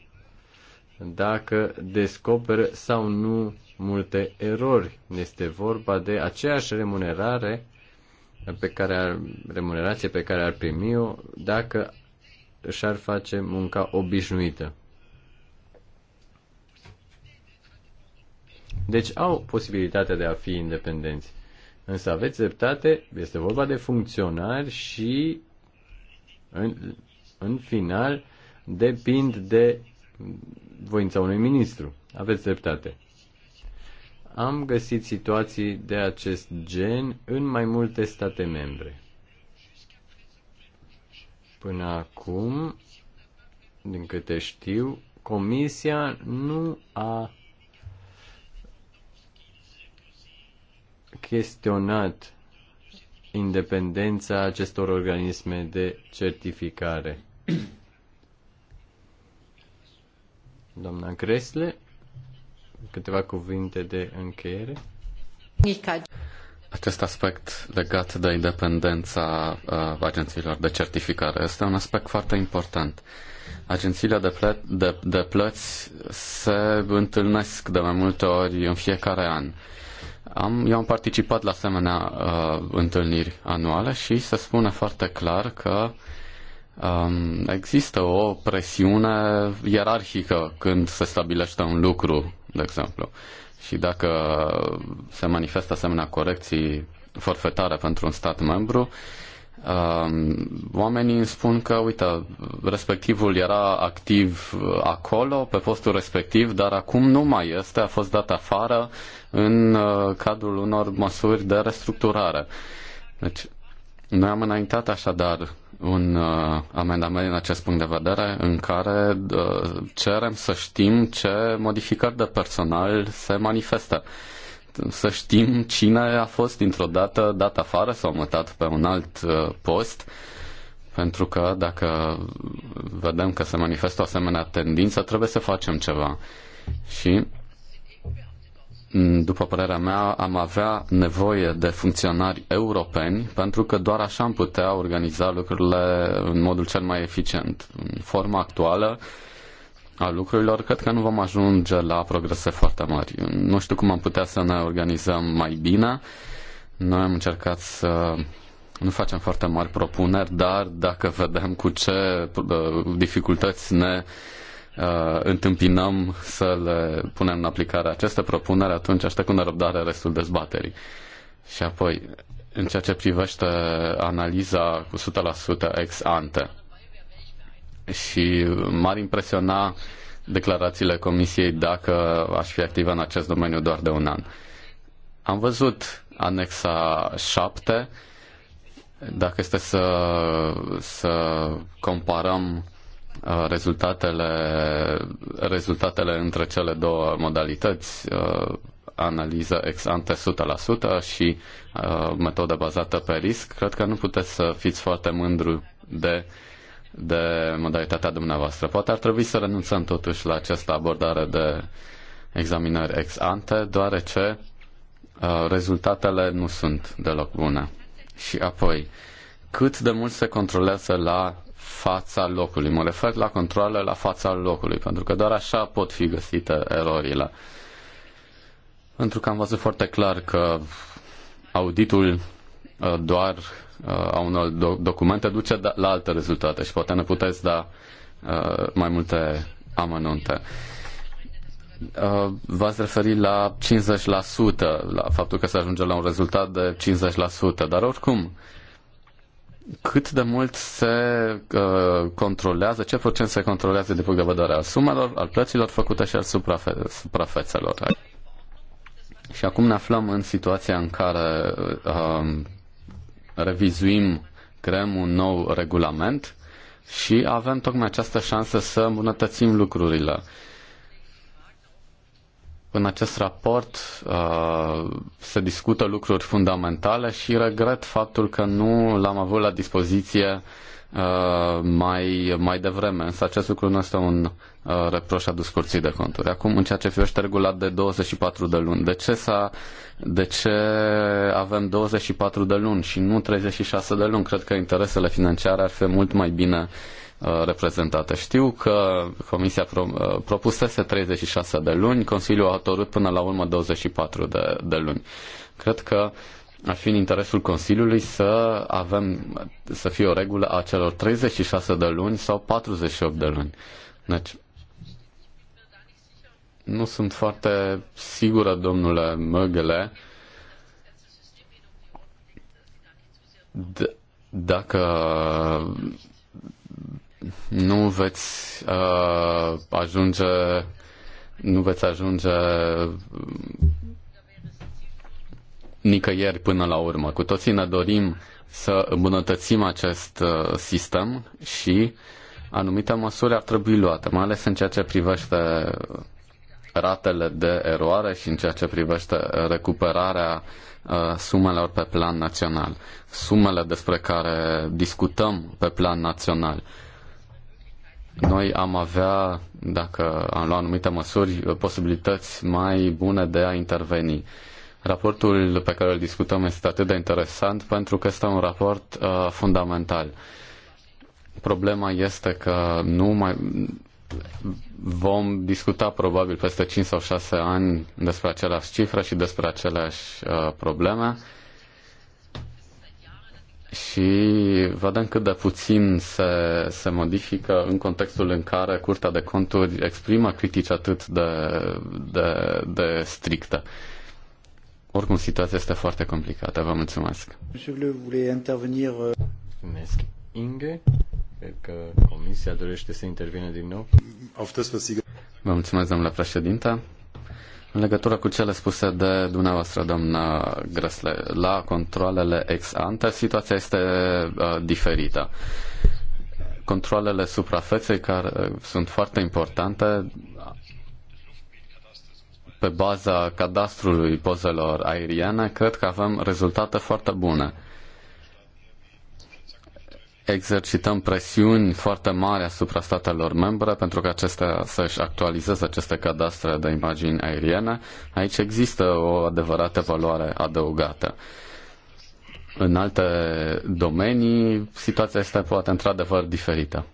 dacă descoperă sau nu multe erori. Este vorba de aceeași remunerare pe care ar, remunerație pe care ar primi-o dacă și-ar face munca obișnuită. Deci au posibilitatea de a fi independenți. Însă aveți dreptate, este vorba de funcționari și în, în final depind de voința unui ministru. Aveți dreptate. Am găsit situații de acest gen în mai multe state membre. Până acum, din câte știu, Comisia nu a chestionat independența acestor organisme de certificare. Doamna Cresle, câteva cuvinte de încheiere. Acest aspect legat de independența uh, agențiilor de certificare este un aspect foarte important. Agențiile de, plă- de, de plăți se întâlnesc de mai multe ori în fiecare an. Uh, am, eu am participat la asemenea uh, întâlniri anuale și se spune foarte clar că um, există o presiune ierarhică când se stabilește un lucru, de exemplu. Și dacă se manifestă asemenea corecții forfetare pentru un stat membru, uh, Um, oamenii îmi spun că, uite, respectivul era activ uh, acolo, pe postul respectiv, dar acum nu mai este, a fost dat afară în uh, cadrul unor măsuri de restructurare. Deci, noi am înaintat așadar un uh, amendament în acest punct de vedere în care uh, cerem să știm ce modificări de personal se manifestă. Uh, să știm cine a fost dintr-o dată dat afară sau mutat pe un alt uh, post, pentru că dacă vedem că se manifestă o asemenea tendință, trebuie să facem ceva. Și mm, după părerea mea, am avea nevoie de funcționari europeni, pentru că doar așa am putea organiza lucrurile în modul cel mai eficient. În forma actuală, a lucrurilor, cred că nu vom ajunge la progrese foarte mari. Nu știu cum am putea să ne organizăm mai bine. Noi am încercat să nu facem foarte mari propuneri, dar dacă vedem cu ce uh, dificultăți ne uh, întâmpinăm să le punem în aplicare aceste propuneri, atunci aștept cu nerăbdare restul dezbaterii. Și apoi, în ceea ce privește analiza cu 100% ex ante, și m-ar impresiona declarațiile Comisiei dacă aș fi activ în acest domeniu doar de un an. Am văzut anexa 7. Dacă este să, să comparăm uh, rezultatele, rezultatele între cele două modalități, uh, analiză ex ante 100% și uh, metodă bazată pe risc, cred că nu puteți să fiți foarte mândru de uh, de modalitatea dumneavoastră. Poate ar trebui să renunțăm totuși la această abordare de examinări ex ante, deoarece uh, rezultatele nu sunt deloc bune. Și apoi, cât de mult se controlează la fața locului? Mă refer la controlele la fața locului, pentru că doar așa pot fi găsite erorile. Pentru că am văzut foarte clar că auditul uh, doar Uh, a unor documente duce da- la alte rezultate și poate ne puteți da uh, mai multe amănunte. Uh, v-ați referit la 50%, la faptul că se ajunge la un rezultat de 50%, dar oricum, cât de mult se uh, controlează, ce procent se controlează din punct de vedere al sumelor, al plăților făcute și al suprafe- suprafețelor. Și acum ne aflăm în situația în care uh, revizuim, creăm un nou regulament și avem tocmai această șansă să îmbunătățim lucrurile. În acest raport uh, se discută lucruri fundamentale și regret faptul că nu l-am avut la dispoziție uh, mai, mai devreme, însă acest lucru nu este un Uh, reproș adus curții de conturi. Acum, în ceea ce privește regulat de 24 de luni, de ce, s-a, de ce avem 24 de luni și nu 36 de luni? Cred că interesele financiare ar fi mult mai bine uh, reprezentate. Știu că Comisia pro, uh, propusese 36 de luni, Consiliul a hotărât până la urmă 24 de, de luni. Cred că ar fi în interesul Consiliului să avem, să fie o regulă a celor 36 de luni sau 48 de luni. Deci, nu sunt foarte sigură, domnule Măgele, dacă nu veți uh, ajunge nu veți ajunge nicăieri până la urmă. Cu toții ne dorim să îmbunătățim acest uh, sistem și anumite măsuri ar trebui luate, mai ales în ceea ce privește ratele de eroare și în ceea ce privește recuperarea uh, sumelor pe plan național. Sumele despre care discutăm pe plan național. Noi am avea, dacă am luat anumite măsuri, posibilități mai bune de a interveni. Raportul pe care îl discutăm este atât de interesant pentru că este un raport uh, fundamental. Problema este că nu mai, vom discuta probabil peste 5 sau 6 ani despre aceleași cifre și despre aceleași uh, probleme și vedem cât de puțin se, se modifică în contextul în care Curtea de Conturi exprimă critici atât de, de, de strictă. Oricum, situația este foarte complicată. Vă mulțumesc. Monsieur voulez intervenir? Euh? Mulțumesc. Inge? Cred că Comisia dorește să intervine din nou. Vă mulțumesc, doamna președinte. În legătură cu cele spuse de dumneavoastră, doamna Grăsle, la controlele ex ante, situația este uh, diferită. Controlele suprafeței, care uh, sunt foarte importante, pe baza cadastrului pozelor aeriene, cred că avem rezultate foarte bune exercităm presiuni foarte mari asupra statelor membre pentru că acestea să-și actualizeze aceste cadastre de imagini aeriene. Aici există o adevărată valoare adăugată. În alte domenii, situația este poate într-adevăr diferită.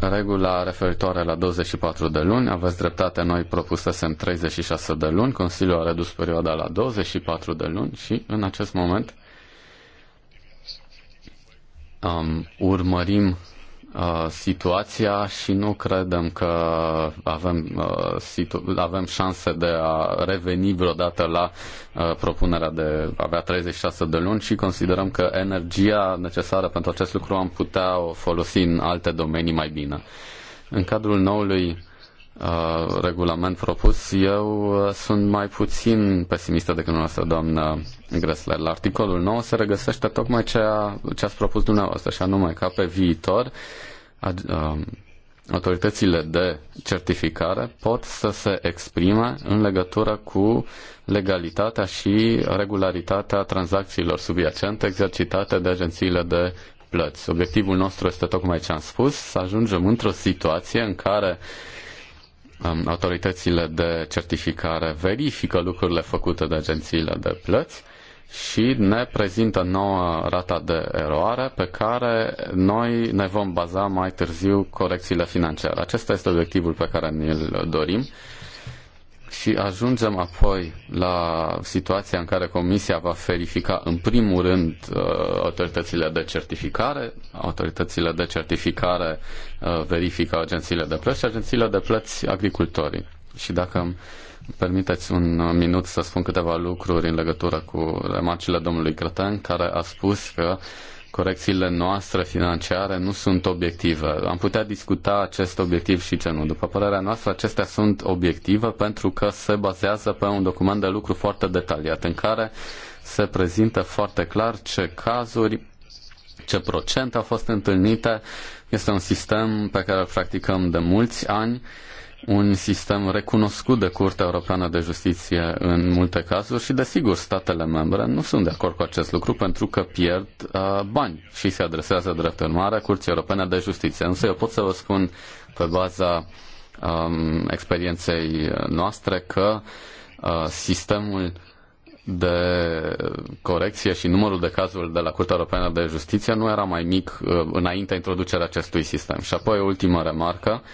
Regula referitoare la 24 de luni, aveți dreptate, noi propusesem 36 de luni, Consiliul a redus perioada la 24 de luni și în acest moment um, urmărim uh, situația și nu credem că avem, uh, situ- avem șanse de a reveni vreodată la uh, propunerea de a avea 36 de luni și considerăm că energia necesară pentru acest lucru am putea o folosi în alte domenii mai bine. În cadrul noului Uh, regulament propus, eu uh, sunt mai puțin pesimistă decât noastră, doamnă Gresler. La articolul 9 se regăsește tocmai ceea ce ați propus dumneavoastră, și anume ca pe viitor uh, autoritățile de certificare pot să se exprime în legătură cu legalitatea și regularitatea tranzacțiilor subiacente exercitate de agențiile de plăți. Obiectivul nostru este tocmai ce am spus, să ajungem într-o situație în care uh, Um, autoritățile de certificare verifică lucrurile făcute de agențiile de plăți și ne prezintă nouă rata de eroare pe care noi ne vom baza mai târziu corecțiile financiare. Acesta este obiectivul pe care ne-l dorim și ajungem apoi la situația în care Comisia va verifica în primul rând uh, autoritățile de certificare. Autoritățile de certificare uh, verifică agențiile de plăți și agențiile de plăți agricultorii. Și dacă îmi permiteți un minut să spun câteva lucruri în legătură cu remarcile domnului Cretan, care a spus că uh, corecțiile noastre financiare nu sunt obiective. Am putea discuta acest obiectiv și ce nu. După părerea noastră, acestea sunt obiective pentru că se bazează pe un document de lucru foarte detaliat în care se prezintă foarte clar ce cazuri, ce procent au fost întâlnite. Este un sistem pe care îl practicăm de mulți ani un sistem recunoscut de Curtea Europeană de Justiție în multe cazuri și, desigur, statele membre nu sunt de acord cu acest lucru pentru că pierd uh, bani și se adresează drept urmare Curții Europene de Justiție. Însă eu pot să vă spun pe baza um, experienței noastre că uh, sistemul de corecție și numărul de cazuri de la Curtea Europeană de Justiție nu era mai mic uh, înainte introducerea acestui sistem. Și apoi o ultimă remarcă. Uh,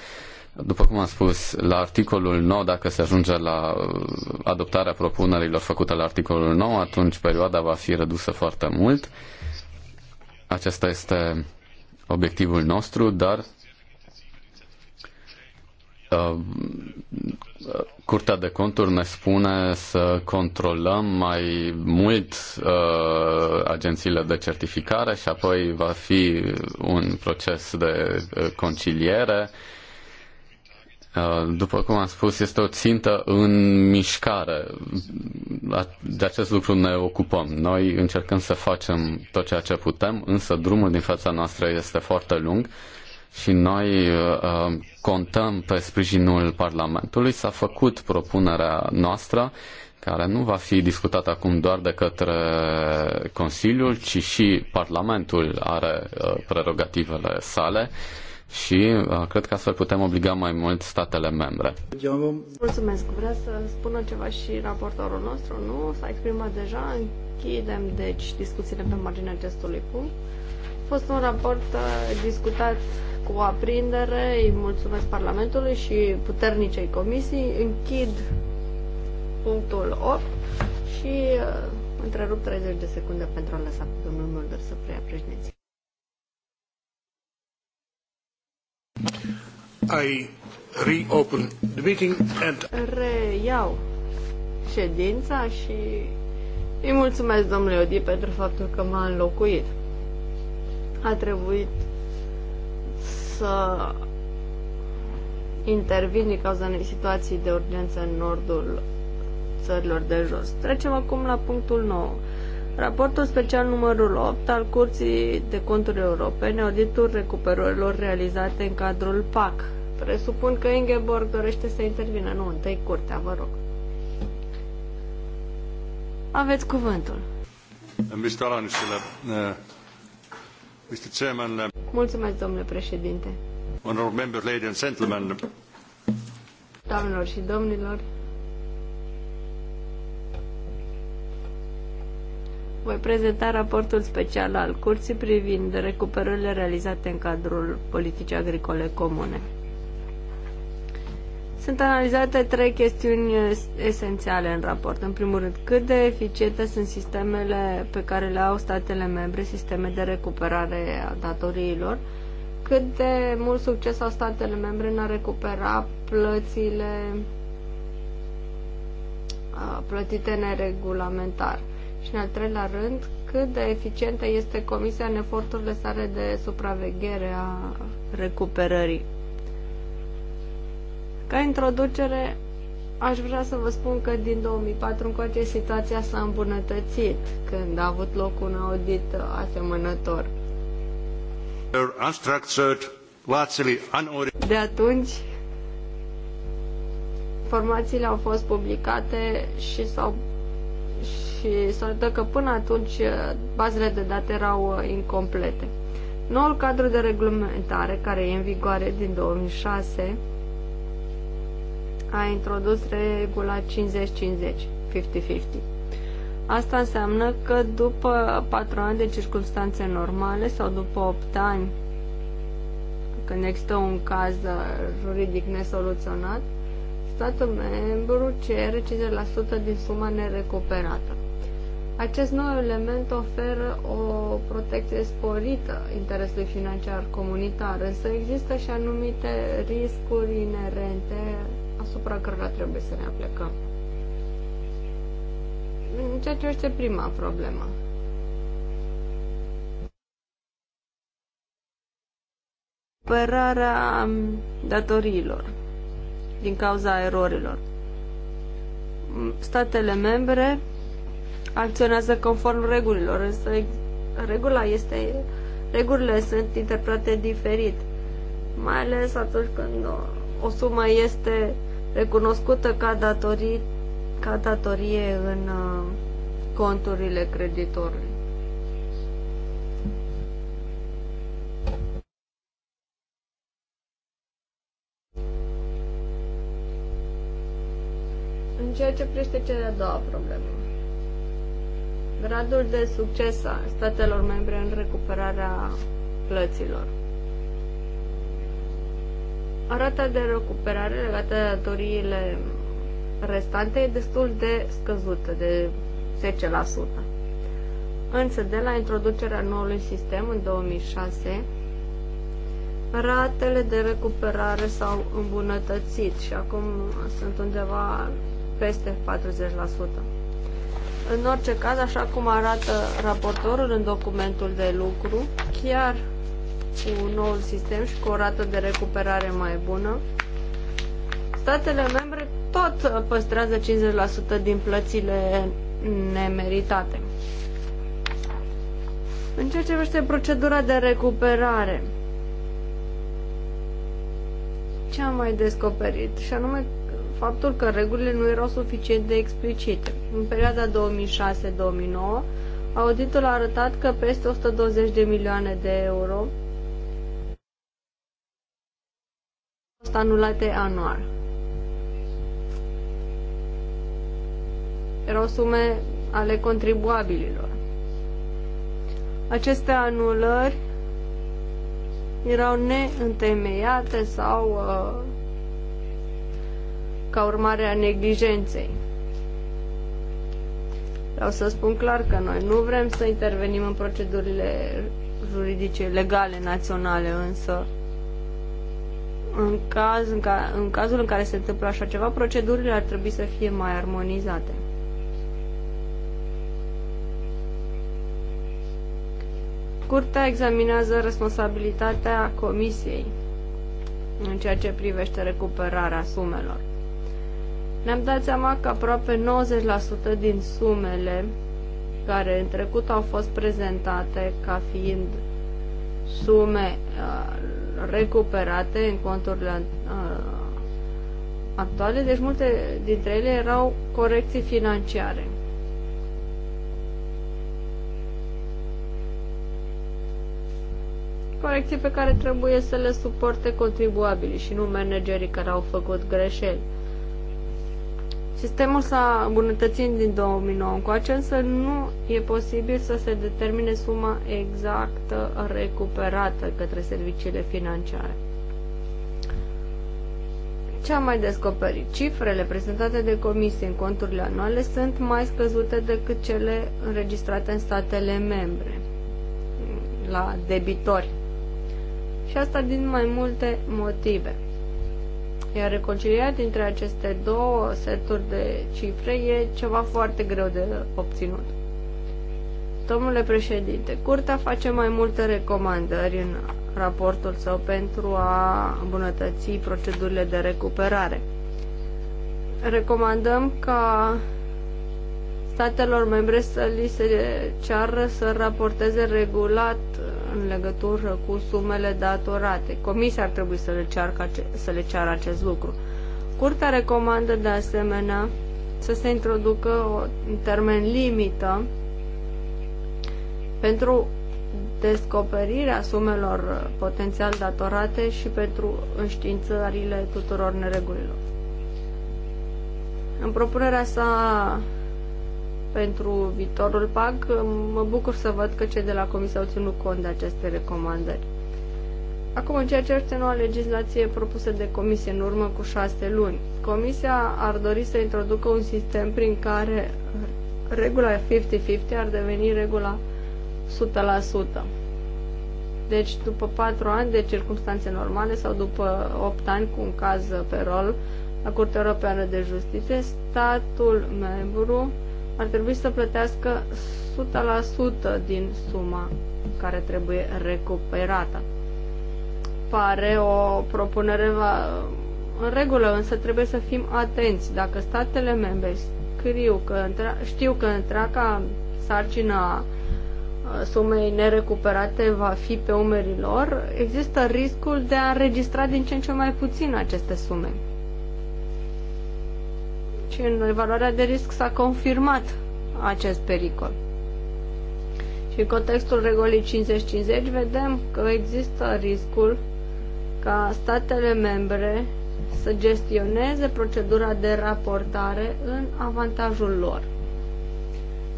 după cum am spus, la articolul 9, dacă se ajunge la uh, adoptarea propunerilor făcute la articolul 9, atunci perioada va fi redusă foarte mult. Acesta este obiectivul nostru, dar uh, Curtea de Conturi ne spune să controlăm mai mult uh, agențiile de certificare și apoi va fi un proces de uh, conciliere. Uh, Uh, după cum am spus, este o țintă în mișcare. De acest lucru ne ocupăm. Noi încercăm să facem tot ceea ce putem, însă drumul din fața noastră este foarte lung și noi uh, uh, contăm pe sprijinul Parlamentului. S-a făcut propunerea noastră care nu va fi discutată acum doar de către Consiliul, ci și Parlamentul are prerogativele sale. Uh, și uh, cred că astfel putem obliga mai mult statele membre. Mulțumesc. Vreau să spună ceva și raportorul nostru, nu? S-a exprimat deja. Închidem, deci, discuțiile pe marginea acestui punct. A fost un raport uh, discutat cu aprindere. Îi mulțumesc Parlamentului și puternicei comisii. Închid punctul 8 și uh, întrerup 30 de secunde pentru a lăsa pe domnul Mulder să preia președinția. I reopen the meeting and... Reiau ședința și îi mulțumesc domnului Odi pentru faptul că m-a înlocuit. A trebuit să intervin din cauza unei situații de urgență în nordul țărilor de jos. Trecem acum la punctul 9. Raportul special numărul 8 al Curții de Conturi Europene, auditul recuperărilor realizate în cadrul PAC Presupun că Ingeborg dorește să intervină. Nu, întâi curtea, vă rog. Aveți cuvântul. Uh, Mulțumesc, domnule președinte. Honorable members, ladies and gentlemen. Doamnelor și domnilor, voi prezenta raportul special al Curții privind recuperările realizate în cadrul politicii agricole comune. Sunt analizate trei chestiuni eh, esențiale în raport. În primul rând, cât de eficiente sunt sistemele pe care le au statele membre, sisteme de recuperare a datoriilor, cât de mult succes au statele membre în a recupera plățile plătite neregulamentar. Și în al treilea rând, cât de eficientă este Comisia în eforturile sale de supraveghere a recuperării. Ca introducere, aș vrea să vă spun că din 2004 încoace situația s-a îmbunătățit când a avut loc un audit asemănător. De atunci, informațiile au fost publicate și s-au și s că până atunci uh, bazele de date erau uh, incomplete. Noul cadru de reglementare, care e în vigoare din 2006, a introdus regula 50-50, 50-50. Asta înseamnă că după 4 ani de circunstanțe normale sau după 8 ani, când există un caz juridic nesoluționat, statul membru cere 50% din suma nerecuperată. Acest nou element oferă o protecție sporită interesului financiar comunitar, însă există și anumite riscuri inerente asupra cărora trebuie să ne aplecăm. În ceea ce este prima problemă. Recuperarea datoriilor din cauza erorilor. Statele membre acționează conform regulilor, însă regula este, regulile sunt interpretate diferit, mai ales atunci când o, o sumă este recunoscută ca datorie, ca datorie în uh, conturile creditorului. În ceea ce privește cea de-a doua problemă, gradul de succes a statelor membre în recuperarea plăților rata de recuperare legată de datoriile restante e destul de scăzută, de 10%. Însă, de la introducerea noului sistem în 2006, ratele de recuperare s-au îmbunătățit și acum sunt undeva peste 40%. În orice caz, așa cum arată raportorul în documentul de lucru, chiar cu noul sistem și cu o rată de recuperare mai bună, statele membre tot păstrează 50% din plățile nemeritate. În ceea ce vește procedura de recuperare, ce am mai descoperit? Și anume faptul că regulile nu erau suficient de explicite. În perioada 2006-2009, auditul a arătat că peste 120 de milioane de euro anulate anual. Erau sume ale contribuabililor. Aceste anulări erau neîntemeiate sau uh, ca urmare a neglijenței. Vreau să spun clar că noi nu vrem să intervenim în procedurile juridice legale naționale, însă în, caz, în, ca, în cazul în care se întâmplă așa ceva, procedurile ar trebui să fie mai armonizate. Curtea examinează responsabilitatea comisiei în ceea ce privește recuperarea sumelor. Ne-am dat seama că aproape 90% din sumele care în trecut au fost prezentate ca fiind sume uh, recuperate în conturile uh, actuale, deci multe dintre ele erau corecții financiare. Corecții pe care trebuie să le suporte contribuabilii și nu managerii care au făcut greșeli. Sistemul s-a îmbunătățit din 2009 încoace, însă nu e posibil să se determine suma exactă recuperată către serviciile financiare. Ce am mai descoperit? Cifrele prezentate de comisie în conturile anuale sunt mai scăzute decât cele înregistrate în statele membre la debitori. Și asta din mai multe motive. Iar reconcilierea dintre aceste două seturi de cifre e ceva foarte greu de obținut. Domnule președinte, Curtea face mai multe recomandări în raportul său pentru a îmbunătăți procedurile de recuperare. Recomandăm ca statelor membre să li se ceară să raporteze regulat în legătură cu sumele datorate. Comisia ar trebui să le, cearcă, să le ceară acest lucru. Curtea recomandă de asemenea să se introducă un termen limită pentru descoperirea sumelor potențial datorate și pentru înștiințările tuturor neregulilor. În propunerea sa pentru viitorul PAC, mă bucur să văd că cei de la Comisie au ținut cont de aceste recomandări. Acum, în ceea ce este noua legislație propusă de Comisie în urmă cu șase luni, Comisia ar dori să introducă un sistem prin care regula 50-50 ar deveni regula 100%. Deci, după 4 ani de circunstanțe normale sau după 8 ani cu un caz pe rol la Curtea Europeană de Justiție, statul membru ar trebui să plătească 100% din suma care trebuie recuperată. Pare o propunere va... în regulă, însă trebuie să fim atenți. Dacă statele membre scriu că între... știu că întreaga sarcina sumei nerecuperate va fi pe umerii lor, există riscul de a înregistra din ce în ce mai puțin aceste sume și în evaluarea de risc s-a confirmat acest pericol. Și în contextul regulii 50-50 vedem că există riscul ca statele membre să gestioneze procedura de raportare în avantajul lor.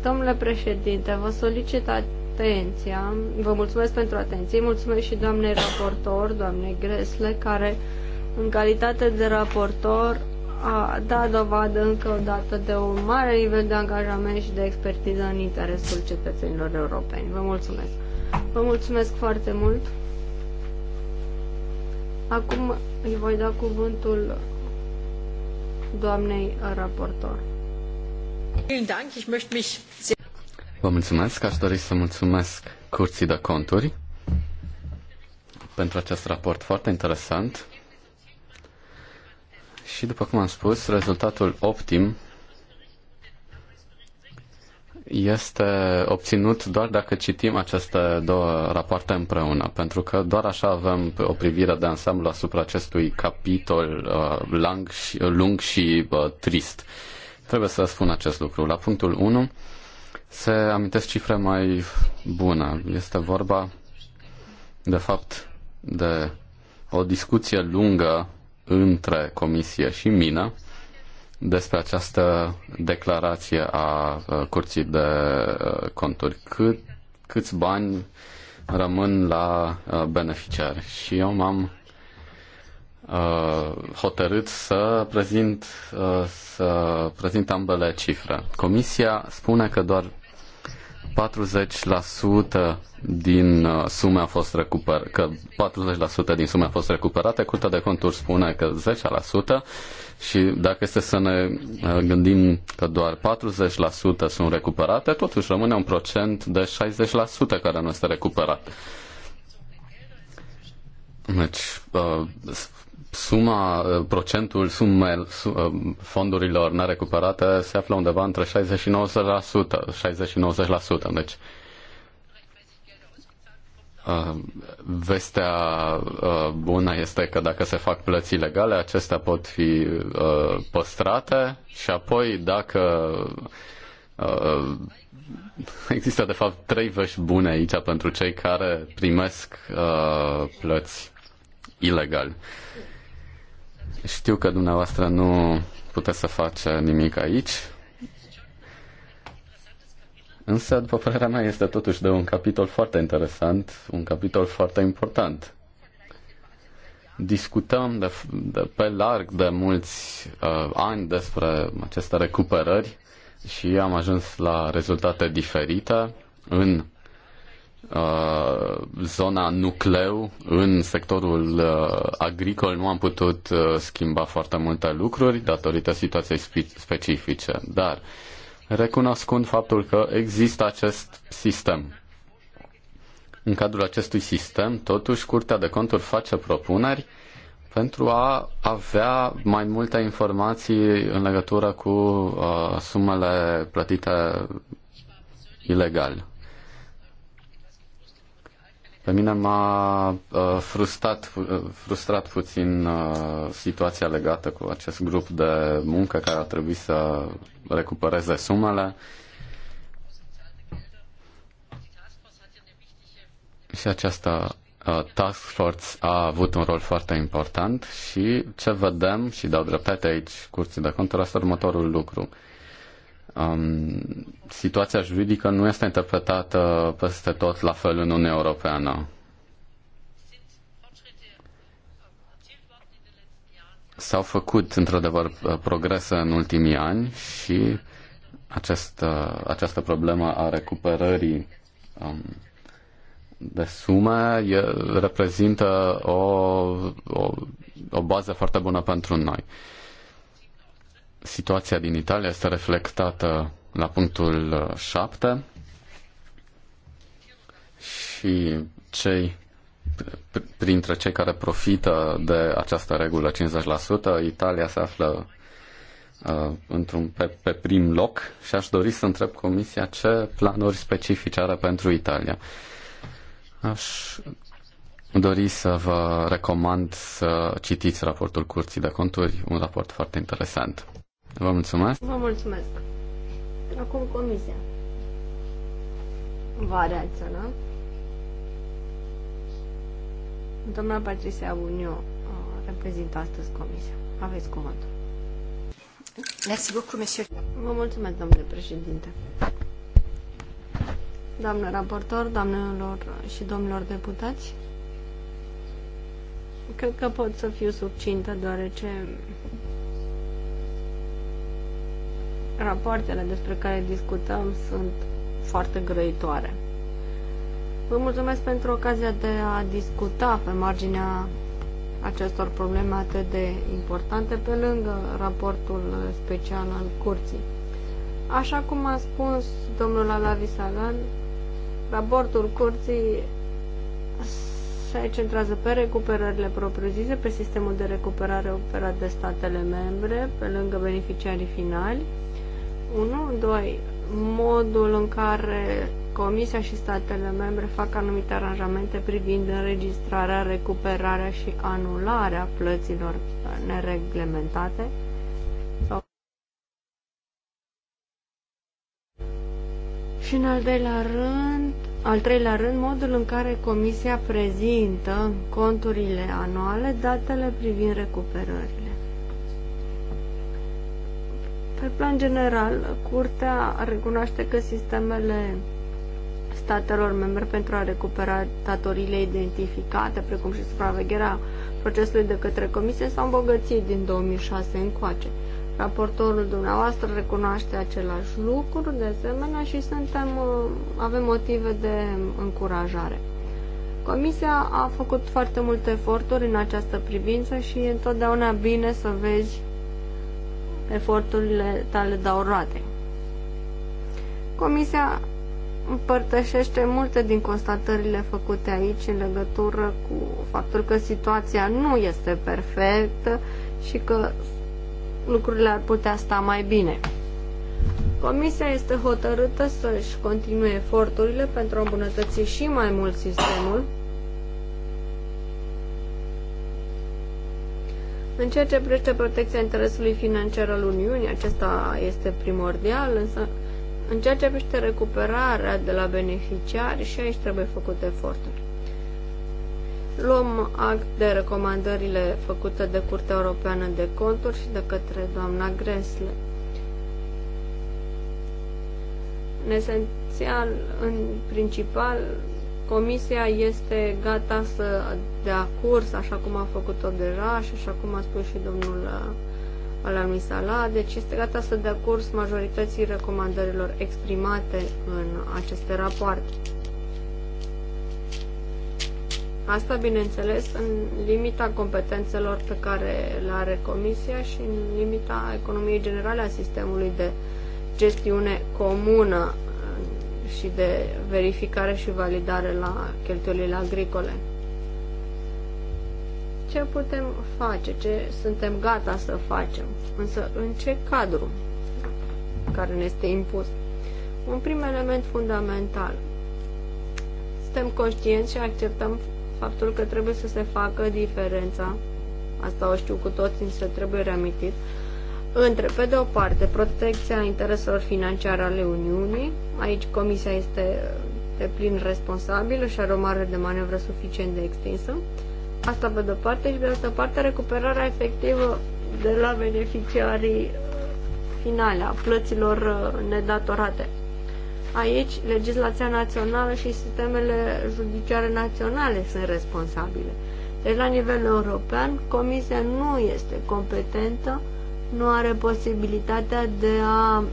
Domnule președinte, vă solicit atenția, vă mulțumesc pentru atenție, mulțumesc și doamnei raportor, doamnei Gresle, care în calitate de raportor a dat dovadă încă o dată de un mare nivel de angajament și de expertiză în interesul cetățenilor europeni. Vă mulțumesc! Vă mulțumesc foarte mult! Acum îi voi da cuvântul doamnei raportor. Vă mulțumesc, aș dori să mulțumesc Curții de Conturi pentru acest raport foarte interesant și după cum am spus, rezultatul optim este obținut doar dacă citim aceste două rapoarte împreună, pentru că doar așa avem o privire de ansamblu asupra acestui capitol uh, și, lung și uh, trist. Trebuie să spun acest lucru. La punctul 1 se amintesc cifre mai bune. Este vorba, de fapt, de o discuție lungă între Comisie și mine despre această declarație a Curții de Conturi. Cât, câți bani rămân la beneficiari? Și eu m-am hotărât să prezint, să prezint ambele cifre. Comisia spune că doar 40% din uh, sume a fost recuper, că 40% din sume a fost recuperate, Curtea de Conturi spune că 10% și dacă este să ne uh, gândim că doar 40% sunt recuperate, totuși rămâne un procent de 60% care nu este recuperat. Deci, uh, suma, uh, procentul sume, uh, fondurilor nerecuperate se află undeva între 60 și 90%, 60 90%. Deci, uh, vestea bună este că dacă se fac plăți legale, acestea pot fi păstrate și apoi dacă există de fapt trei vești bune aici pentru cei care primesc plăți ilegal. Știu că dumneavoastră nu puteți să face nimic aici, însă, după părerea mea, este totuși de un capitol foarte interesant, un capitol foarte important. Discutăm de, de pe larg de mulți uh, ani despre aceste recuperări și am ajuns la rezultate diferite în Uh, zona nucleu în sectorul uh, agricol nu am putut uh, schimba foarte multe lucruri datorită situației specifice, dar recunoscând faptul că există acest sistem. În cadrul acestui sistem, totuși, Curtea de Conturi face propuneri pentru a avea mai multe informații în legătură cu uh, sumele plătite ilegal. Pe mine m-a uh, frustrat, uh, frustrat puțin uh, situația legată cu acest grup de muncă care a trebuit să recupereze sumele. Și această task force a avut un rol foarte important și ce vedem și dau dreptate aici curții de conturi este următorul lucru. Uh, um, situația juridică nu este interpretată peste tot la fel în Uniunea Europeană. S-au făcut, într-adevăr, progrese în ultimii ani și acest, uh, această problemă a recuperării um, de sume e, reprezintă o, o, o bază foarte bună pentru noi. Uh, Situația din Italia este reflectată la punctul 7 uh, și cei printre cei care profită de această regulă 50%, Italia se află uh, într-un pe, pe prim loc și aș dori să întreb Comisia ce planuri specifice are pentru Italia. Aș dori să vă recomand să citiți raportul Curții de Conturi, un raport foarte interesant. Vă mulțumesc. Vă mulțumesc. Acum comisia va reacționa. Doamna Patricia Unio uh, reprezintă astăzi comisia. Aveți cuvântul. Merci beaucoup, monsieur. Vă mulțumesc, domnule președinte. Doamnă raportor, doamnelor și domnilor deputați, cred că pot să fiu subcintă, deoarece rapoartele despre care discutăm sunt foarte grăitoare. Vă mulțumesc pentru ocazia de a discuta pe marginea acestor probleme atât de importante pe lângă raportul special al curții. Așa cum a spus domnul Alavi Salan, raportul curții se centrează pe recuperările propriu-zise, pe sistemul de recuperare operat de statele membre, pe lângă beneficiarii finali 1, 2, modul în care Comisia și statele membre fac anumite aranjamente privind înregistrarea, recuperarea și anularea plăților nereglementate. Și în al doilea rând, al treilea rând, modul în care Comisia prezintă conturile anuale datele privind recuperări. Pe plan general, Curtea recunoaște că sistemele statelor membre pentru a recupera datoriile identificate, precum și supravegherea procesului de către comisie, s-au îmbogățit din 2006 încoace. Raportorul dumneavoastră recunoaște același lucru, de asemenea, și suntem, uh, avem motive de încurajare. Comisia a făcut foarte multe eforturi în această privință și e întotdeauna bine să vezi eforturile tale dau roade. Comisia împărtășește multe din constatările făcute aici în legătură cu faptul că situația nu este perfectă și că lucrurile ar putea sta mai bine. Comisia este hotărâtă să-și continue eforturile pentru a îmbunătăți și mai mult sistemul În ceea ce privește protecția interesului financiar al Uniunii, acesta este primordial, însă în ceea ce privește recuperarea de la beneficiari, și aici trebuie făcut eforturi. Luăm act de recomandările făcute de Curtea Europeană de Conturi și de către doamna Gresle. În esențial, în principal, Comisia este gata să a curs, așa cum a făcut-o deja și așa cum a spus și domnul uh, Alami deci este gata să dea curs majorității recomandărilor exprimate în aceste rapoarte. Asta, bineînțeles, în limita competențelor pe care le are Comisia și în limita economiei generale a sistemului de gestiune comună uh, și de verificare și validare la cheltuielile agricole ce putem face, ce suntem gata să facem, însă în ce cadru care ne este impus. Un prim element fundamental. Suntem conștienți și acceptăm faptul că trebuie să se facă diferența, asta o știu cu toți, însă trebuie reamintit, între, pe de o parte, protecția intereselor financiare ale Uniunii, aici Comisia este de plin responsabilă și are o mare de manevră suficient de extinsă, Asta pe de-o parte și pe de altă parte recuperarea efectivă de la beneficiarii uh, finale a plăților uh, nedatorate. Aici, legislația națională și sistemele judiciare naționale sunt responsabile. Deci, la nivel european, Comisia nu este competentă, nu are posibilitatea de a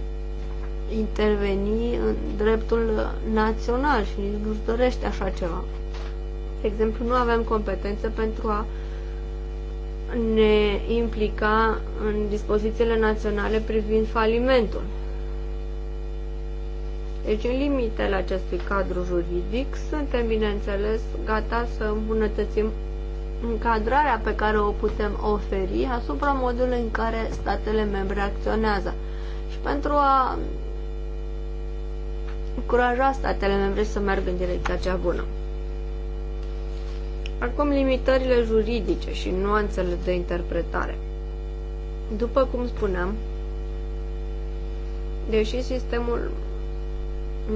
interveni în dreptul național și nici nu dorește așa ceva de exemplu, nu avem competență pentru a ne implica în dispozițiile naționale privind falimentul. Deci, în limitele acestui cadru juridic, suntem, bineînțeles, gata să îmbunătățim încadrarea pe care o putem oferi asupra modului în care statele membre acționează și pentru a încuraja statele membre să meargă în direcția cea bună. Acum limitările juridice și nuanțele de interpretare. După cum spuneam, deși sistemul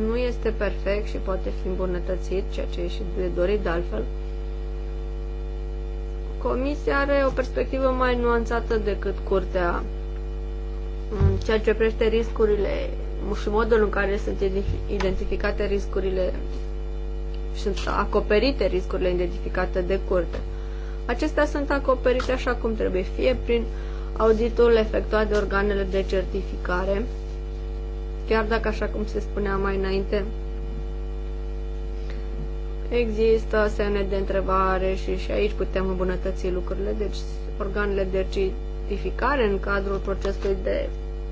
nu este perfect și poate fi îmbunătățit, ceea ce e și de dorit de altfel, Comisia are o perspectivă mai nuanțată decât curtea ceea ce prește riscurile și modul în care sunt identificate riscurile sunt acoperite riscurile identificate de curte. Acestea sunt acoperite așa cum trebuie, fie prin auditul efectuat de organele de certificare, chiar dacă, așa cum se spunea mai înainte, există semne de întrebare și, și aici putem îmbunătăți lucrurile. Deci, organele de certificare în cadrul procesului de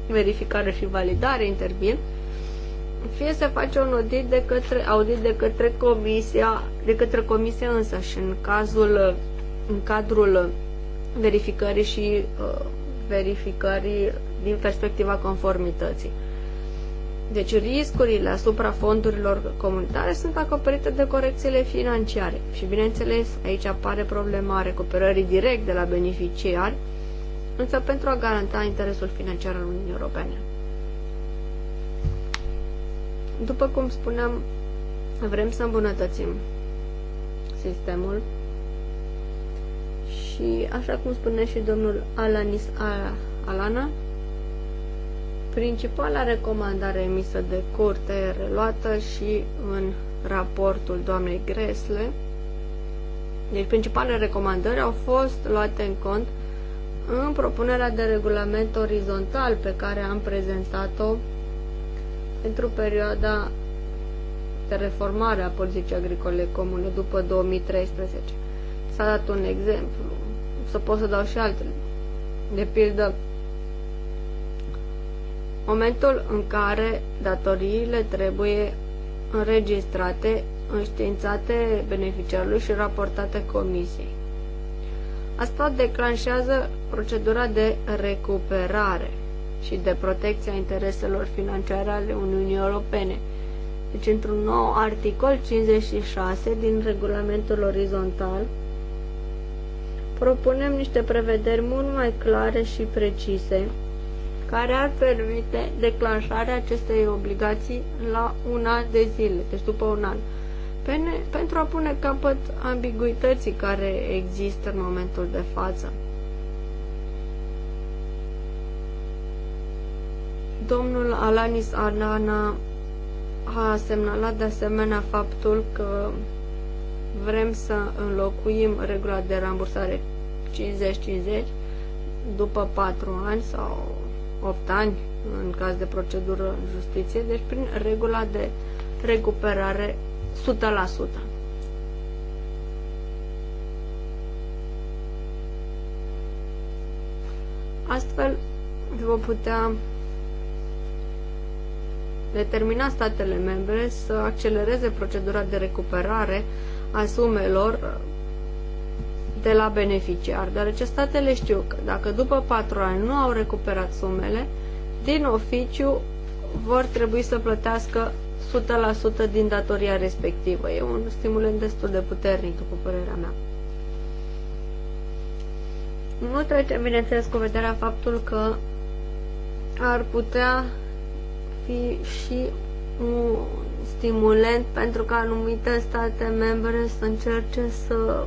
verificare și validare intervin fie se face un audit de către, audit de către comisia, de către comisia însă și în cazul, în cadrul verificării și uh, verificării din perspectiva conformității. Deci riscurile asupra fondurilor comunitare sunt acoperite de corecțiile financiare și bineînțeles aici apare problema recuperării direct de la beneficiari, însă pentru a garanta interesul financiar al Uniunii Europene. După cum spuneam, vrem să îmbunătățim sistemul și, așa cum spune și domnul Alanis Alana, principala recomandare emisă de curte reluată și în raportul doamnei Gresle. Deci principalele recomandări au fost luate în cont în propunerea de regulament orizontal pe care am prezentat-o pentru perioada de reformare a politicii agricole comune după 2013. S-a dat un exemplu, să pot să dau și altele. De pildă, momentul în care datoriile trebuie înregistrate, înștiințate beneficiarului și raportate comisiei. Asta declanșează procedura de recuperare – și de protecția intereselor financiare ale Uniunii Europene. Deci, într-un nou articol 56 din regulamentul orizontal, propunem niște prevederi mult mai clare și precise care ar permite declanșarea acestei obligații la un an de zile, deci după un an, pentru a pune capăt ambiguității care există în momentul de față. Domnul Alanis Anana a semnalat de asemenea faptul că vrem să înlocuim regula de rambursare 50-50 după 4 ani sau 8 ani în caz de procedură în justiție, deci prin regula de recuperare 100%. Astfel vă putea determina statele membre să accelereze procedura de recuperare a sumelor de la beneficiar, deoarece statele știu că dacă după patru ani nu au recuperat sumele, din oficiu vor trebui să plătească 100% din datoria respectivă. E un stimulant destul de puternic, după părerea mea. Nu trecem, bineînțeles, cu vederea faptul că ar putea fi și un stimulent pentru ca anumite state membre să încerce să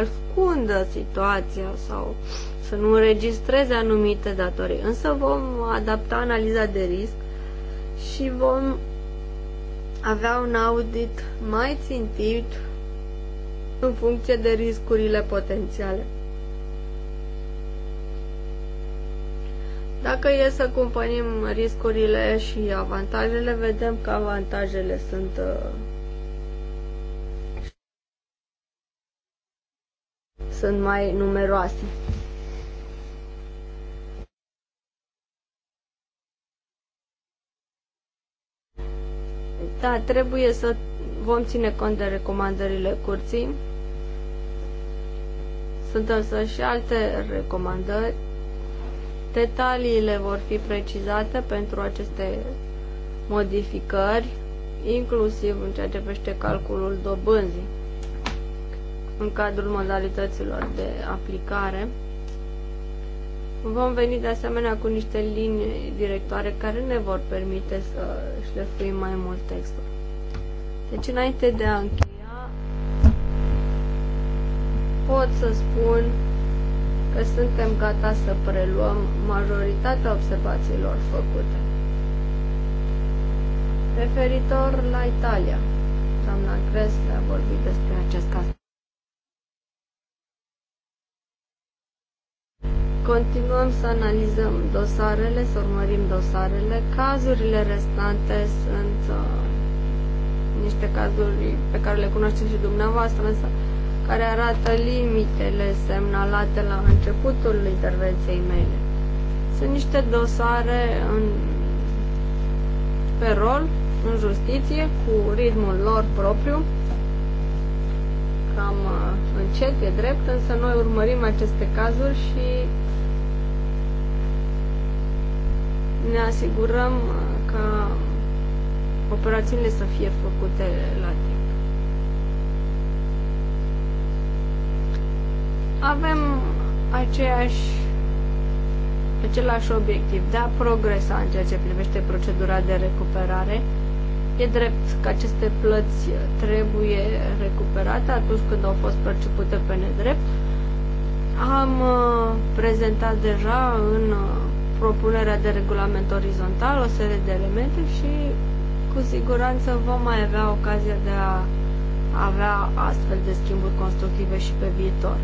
ascundă situația sau să nu înregistreze anumite datorii. Însă vom adapta analiza de risc și vom avea un audit mai țintit în funcție de riscurile potențiale. Dacă e să cumpărim riscurile și avantajele, vedem că avantajele sunt uh, sunt mai numeroase. Da, trebuie să vom ține cont de recomandările curții. Sunt însă și alte recomandări Detaliile vor fi precizate pentru aceste modificări, inclusiv în ceea ce privește calculul dobânzii în cadrul modalităților de aplicare. Vom veni de asemenea cu niște linii directoare care ne vor permite să șlefuim mai mult textul. Deci înainte de a încheia, pot să spun că suntem gata să preluăm majoritatea observațiilor făcute. Referitor la Italia, doamna Cresle a vorbit despre acest caz. Continuăm să analizăm dosarele, să urmărim dosarele. Cazurile restante sunt uh, niște cazuri pe care le cunoașteți și dumneavoastră, însă uh, care arată limitele semnalate la începutul intervenției mele. Sunt niște dosare în, pe rol, în justiție, cu ritmul lor propriu, cam uh, încet, e drept, însă noi urmărim aceste cazuri și ne asigurăm uh, ca operațiunile să fie făcute la timp. avem aceeași, același obiectiv de a progresa în ceea ce privește procedura de recuperare. E drept că aceste plăți trebuie recuperate atunci când au fost percepute pe nedrept. Am uh, prezentat deja în uh, propunerea de regulament orizontal o serie de elemente și cu siguranță vom mai avea ocazia de a avea astfel de schimburi constructive și pe viitor.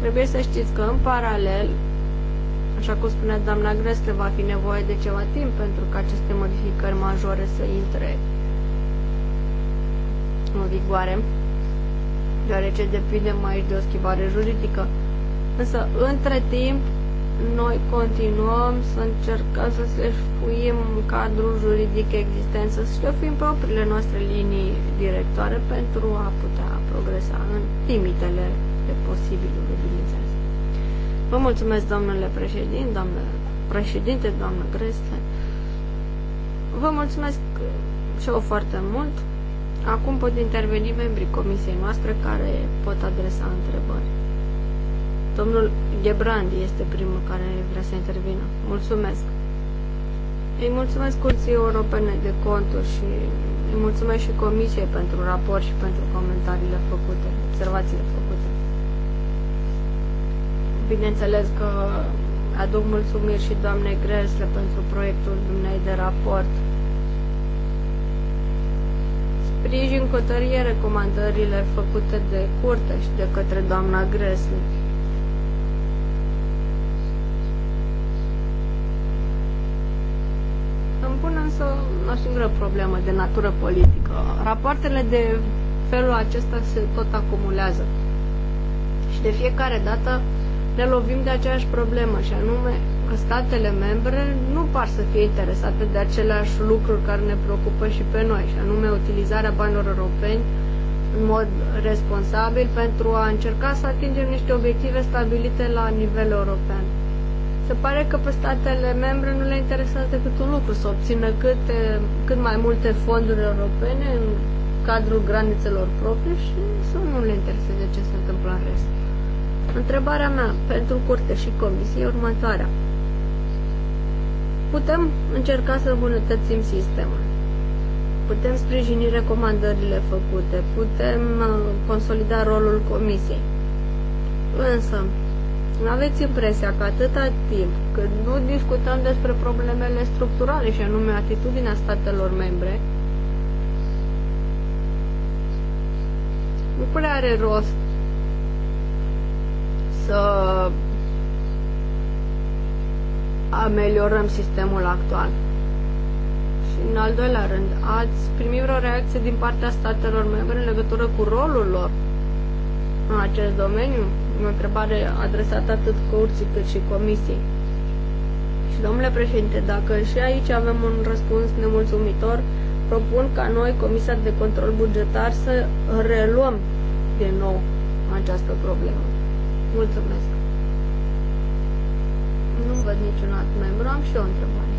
Trebuie să știți că în paralel, așa cum spunea doamna Grescă, va fi nevoie de ceva timp pentru ca aceste modificări majore să intre în vigoare, deoarece depindem aici de o schimbare juridică. Însă, între timp, noi continuăm să încercăm să seșfuim cadrul juridic existent, să șlefuim propriile noastre linii directoare pentru a putea progresa în limitele de posibilului. Vă mulțumesc, domnule președinte, doamnă președinte, doamnă Gresle. Vă mulțumesc și eu foarte mult. Acum pot interveni membrii comisiei noastre care pot adresa întrebări. Domnul Gebrandi este primul care vrea să intervină. Mulțumesc. Îi mulțumesc Curții Europene de Conturi și îi mulțumesc și Comisiei pentru raport și pentru comentariile făcute, observațiile făcute. Bineînțeles că aduc mulțumiri și doamne Gresle pentru proiectul dumnei de raport. Sprijin cu tărie recomandările făcute de curte și de către doamna Gresle. Îmi pun însă o singură problemă de natură politică. Rapoartele de felul acesta se tot acumulează. Și de fiecare dată ne lovim de aceeași problemă și anume că statele membre nu par să fie interesate de aceleași lucruri care ne preocupă și pe noi, și anume utilizarea banilor europeni în mod responsabil pentru a încerca să atingem niște obiective stabilite la nivel european. Se pare că pe statele membre nu le interesează decât un lucru, să obțină câte, cât mai multe fonduri europene în cadrul granițelor proprii și să nu le intereseze ce se întâmplă în rest. Întrebarea mea pentru curte și comisie e următoarea. Putem încerca să îmbunătățim sistemul. Putem sprijini recomandările făcute, putem uh, consolida rolul comisiei. Însă, nu aveți impresia că atâta timp când nu discutăm despre problemele structurale și anume atitudinea statelor membre, nu prea are rost să ameliorăm sistemul actual. Și în al doilea rând, ați primit vreo reacție din partea statelor membre în legătură cu rolul lor în acest domeniu? O întrebare adresată atât curții cât și comisiei. Și domnule președinte, dacă și aici avem un răspuns nemulțumitor, propun ca noi, Comisia de Control Bugetar, să reluăm din nou această problemă. Mulțumesc. Nu văd niciun alt membru, am și o întrebare.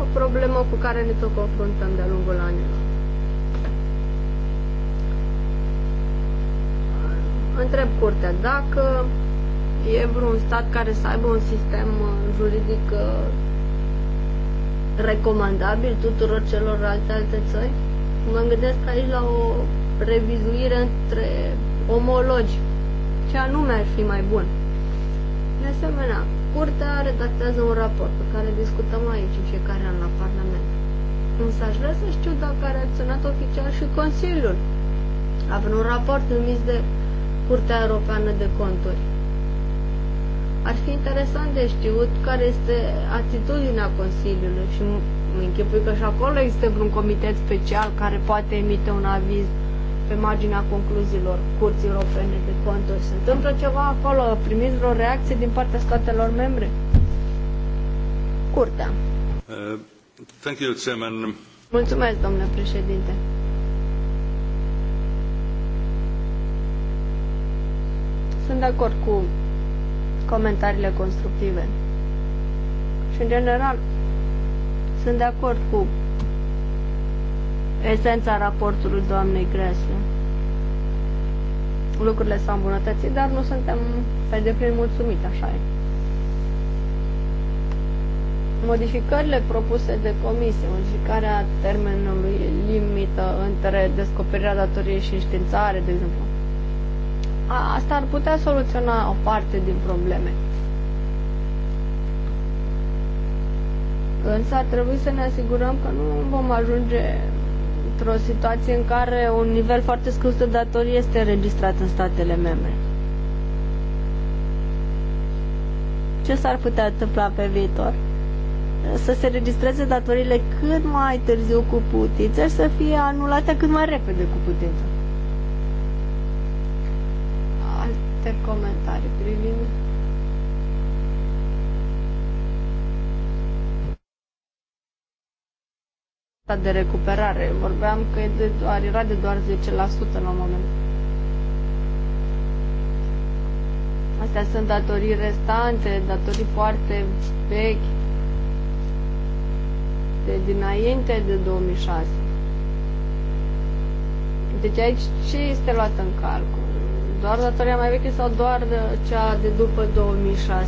O problemă cu care ne tot confruntăm de-a lungul anilor. Întreb curtea dacă e vreun stat care să aibă un sistem uh, juridic uh, recomandabil tuturor celor alte, alte țări. Mă gândesc aici la o revizuire între omologi. Ce anume ar fi mai bun? De asemenea, curtea redactează un raport pe care discutăm aici în fiecare an la Parlament. Însă aș vrea să știu dacă a reacționat oficial și Consiliul. Avem un raport emis de Curtea Europeană de Conturi. Ar fi interesant de știut care este atitudinea Consiliului și mă închipui că și acolo există un comitet special care poate emite un aviz pe marginea concluziilor Curții Europene de Conturi. Se întâmplă ceva acolo? Primiți vreo reacție din partea statelor membre? Curtea. Uh, thank you, Chairman. Mulțumesc, domnule președinte. Sunt de acord cu comentariile constructive. Și, în general, sunt de acord cu esența raportului doamnei Gresle. Lucrurile s-au îmbunătățit, dar nu suntem pe deplin mulțumiți, așa e. Modificările propuse de comisie, modificarea termenului limită între descoperirea datoriei și înștiințare, de exemplu, asta ar putea soluționa o parte din probleme. Însă ar trebui să ne asigurăm că nu vom ajunge într-o situație în care un nivel foarte scăzut de datorii este înregistrat în statele membre. Ce s-ar putea întâmpla pe viitor? Să se registreze datoriile cât mai târziu cu putință și să fie anulate cât mai repede cu putință. Alte comentarii privind de recuperare. Vorbeam că e de doar, era de doar 10% la moment. Astea sunt datorii restante, datorii foarte vechi, de dinainte de 2006. Deci aici ce este luat în calcul? Doar datoria mai veche sau doar cea de după 2006?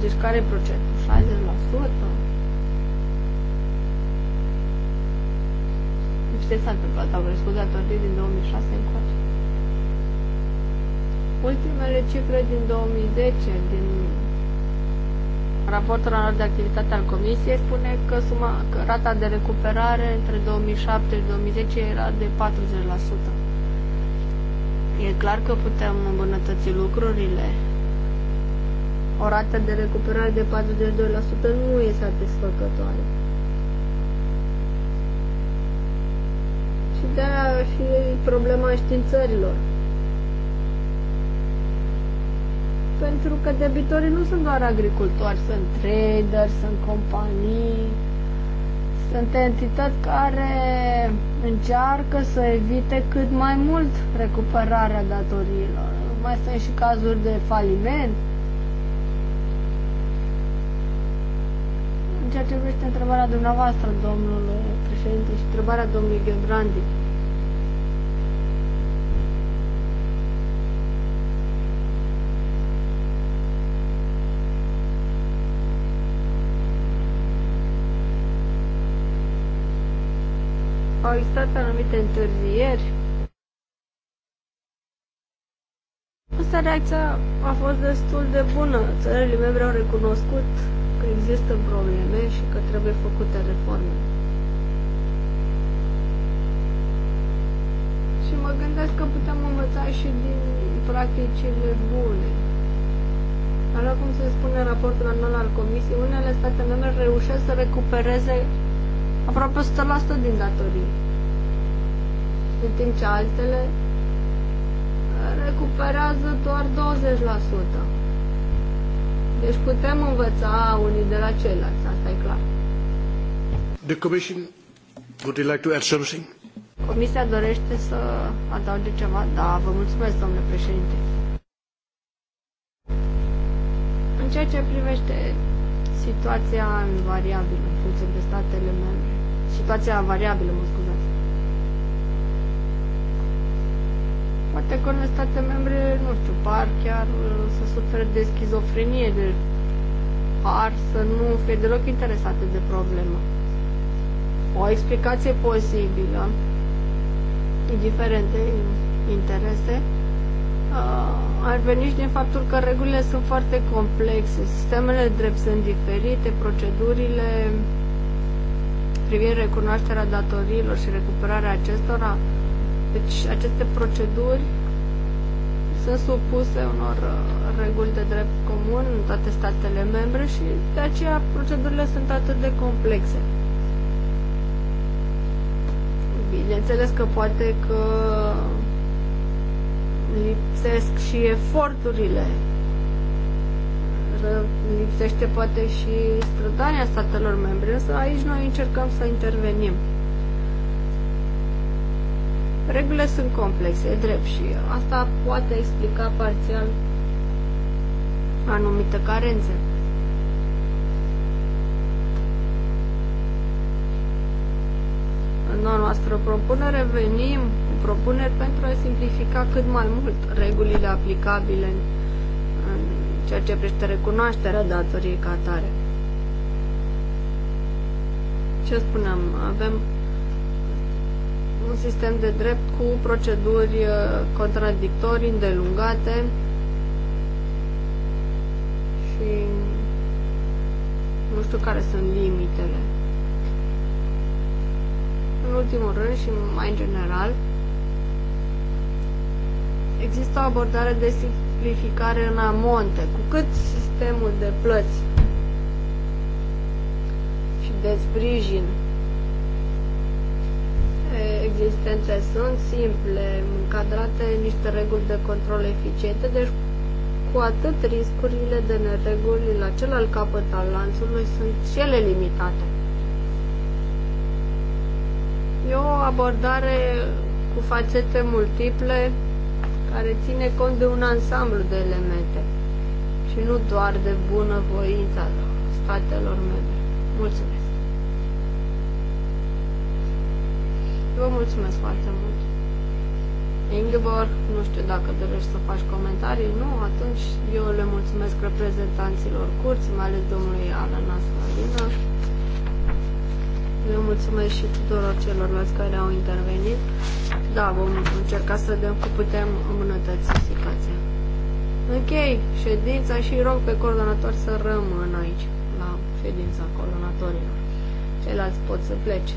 Deci care e procentul? 60%? ce s-a întâmplat? Au crescut datorii din 2006 încoace. Ultimele cifre din 2010 din raportul anual de activitate al Comisiei spune că, suma, că rata de recuperare între 2007 și 2010 era de 40%. E clar că putem îmbunătăți lucrurile. O rată de recuperare de 42% nu e satisfăcătoare. de-aia și problema științărilor. Pentru că debitorii nu sunt doar agricultori, sunt trader, sunt companii, sunt entități care încearcă să evite cât mai mult recuperarea datoriilor. Mai sunt și cazuri de faliment, ceea ce vrește întrebarea dumneavoastră, domnule președinte, și întrebarea domnului Ghebrandi. Au existat anumite întârzieri Însă reacția a fost destul de bună. Țările membre au recunoscut că există probleme și că trebuie făcute reforme. Și mă gândesc că putem învăța și din practicile bune. Așa cum se spune în raportul anual al Comisiei, unele state membre reușesc să recupereze aproape 100% din datorii, în timp ce altele recuperează doar 20%. Deci putem învăța unii de la ceilalți, asta e clar. The Commission, would you like to add something? Comisia dorește să adauge ceva? Da, vă mulțumesc, domnule președinte. În ceea ce privește situația în variabilă, în funcție de statele membre, situația variabilă, mă scuze, Poate că în state membre, nu știu, par chiar uh, să suferă de schizofrenie, de par să nu fie deloc interesate de problemă. O explicație posibilă, indiferent de interese, uh, ar veni și din faptul că regulile sunt foarte complexe, sistemele drept sunt diferite, procedurile privind recunoașterea datoriilor și recuperarea acestora deci aceste proceduri sunt supuse unor uh, reguli de drept comun în toate statele membre și de aceea procedurile sunt atât de complexe. Bineînțeles că poate că lipsesc și eforturile lipsește poate și strădania statelor membre, însă aici noi încercăm să intervenim. Regulile sunt complexe, e drept și asta poate explica parțial anumite carențe. În noua noastră propunere venim cu propuneri pentru a simplifica cât mai mult regulile aplicabile în, ceea ce privește recunoașterea datoriei ca atare. Ce spuneam? Avem un sistem de drept cu proceduri uh, contradictorii, îndelungate și nu știu care sunt limitele. În ultimul rând și mai în general, există o abordare de simplificare în amonte. Cu cât sistemul de plăți și de sprijin existente sunt simple, încadrate în niște reguli de control eficiente, deci cu atât riscurile de nereguli la celălalt capăt al lanțului sunt cele limitate. E o abordare cu fațete multiple care ține cont de un ansamblu de elemente și nu doar de bunăvoința statelor mele. Mulțumesc! Vă mulțumesc foarte mult. Ingeborg, nu știu dacă dorești să faci comentarii, nu? Atunci eu le mulțumesc reprezentanților curți, mai ales domnului Alan Asfalina. Le mulțumesc și tuturor celorlalți care au intervenit. Da, vom încerca să vedem cum putem îmbunătăți situația. Ok, okay, ședința și rog pe coordonator să rămână aici, la ședința coordonatorilor. Ceilalți pot să plece.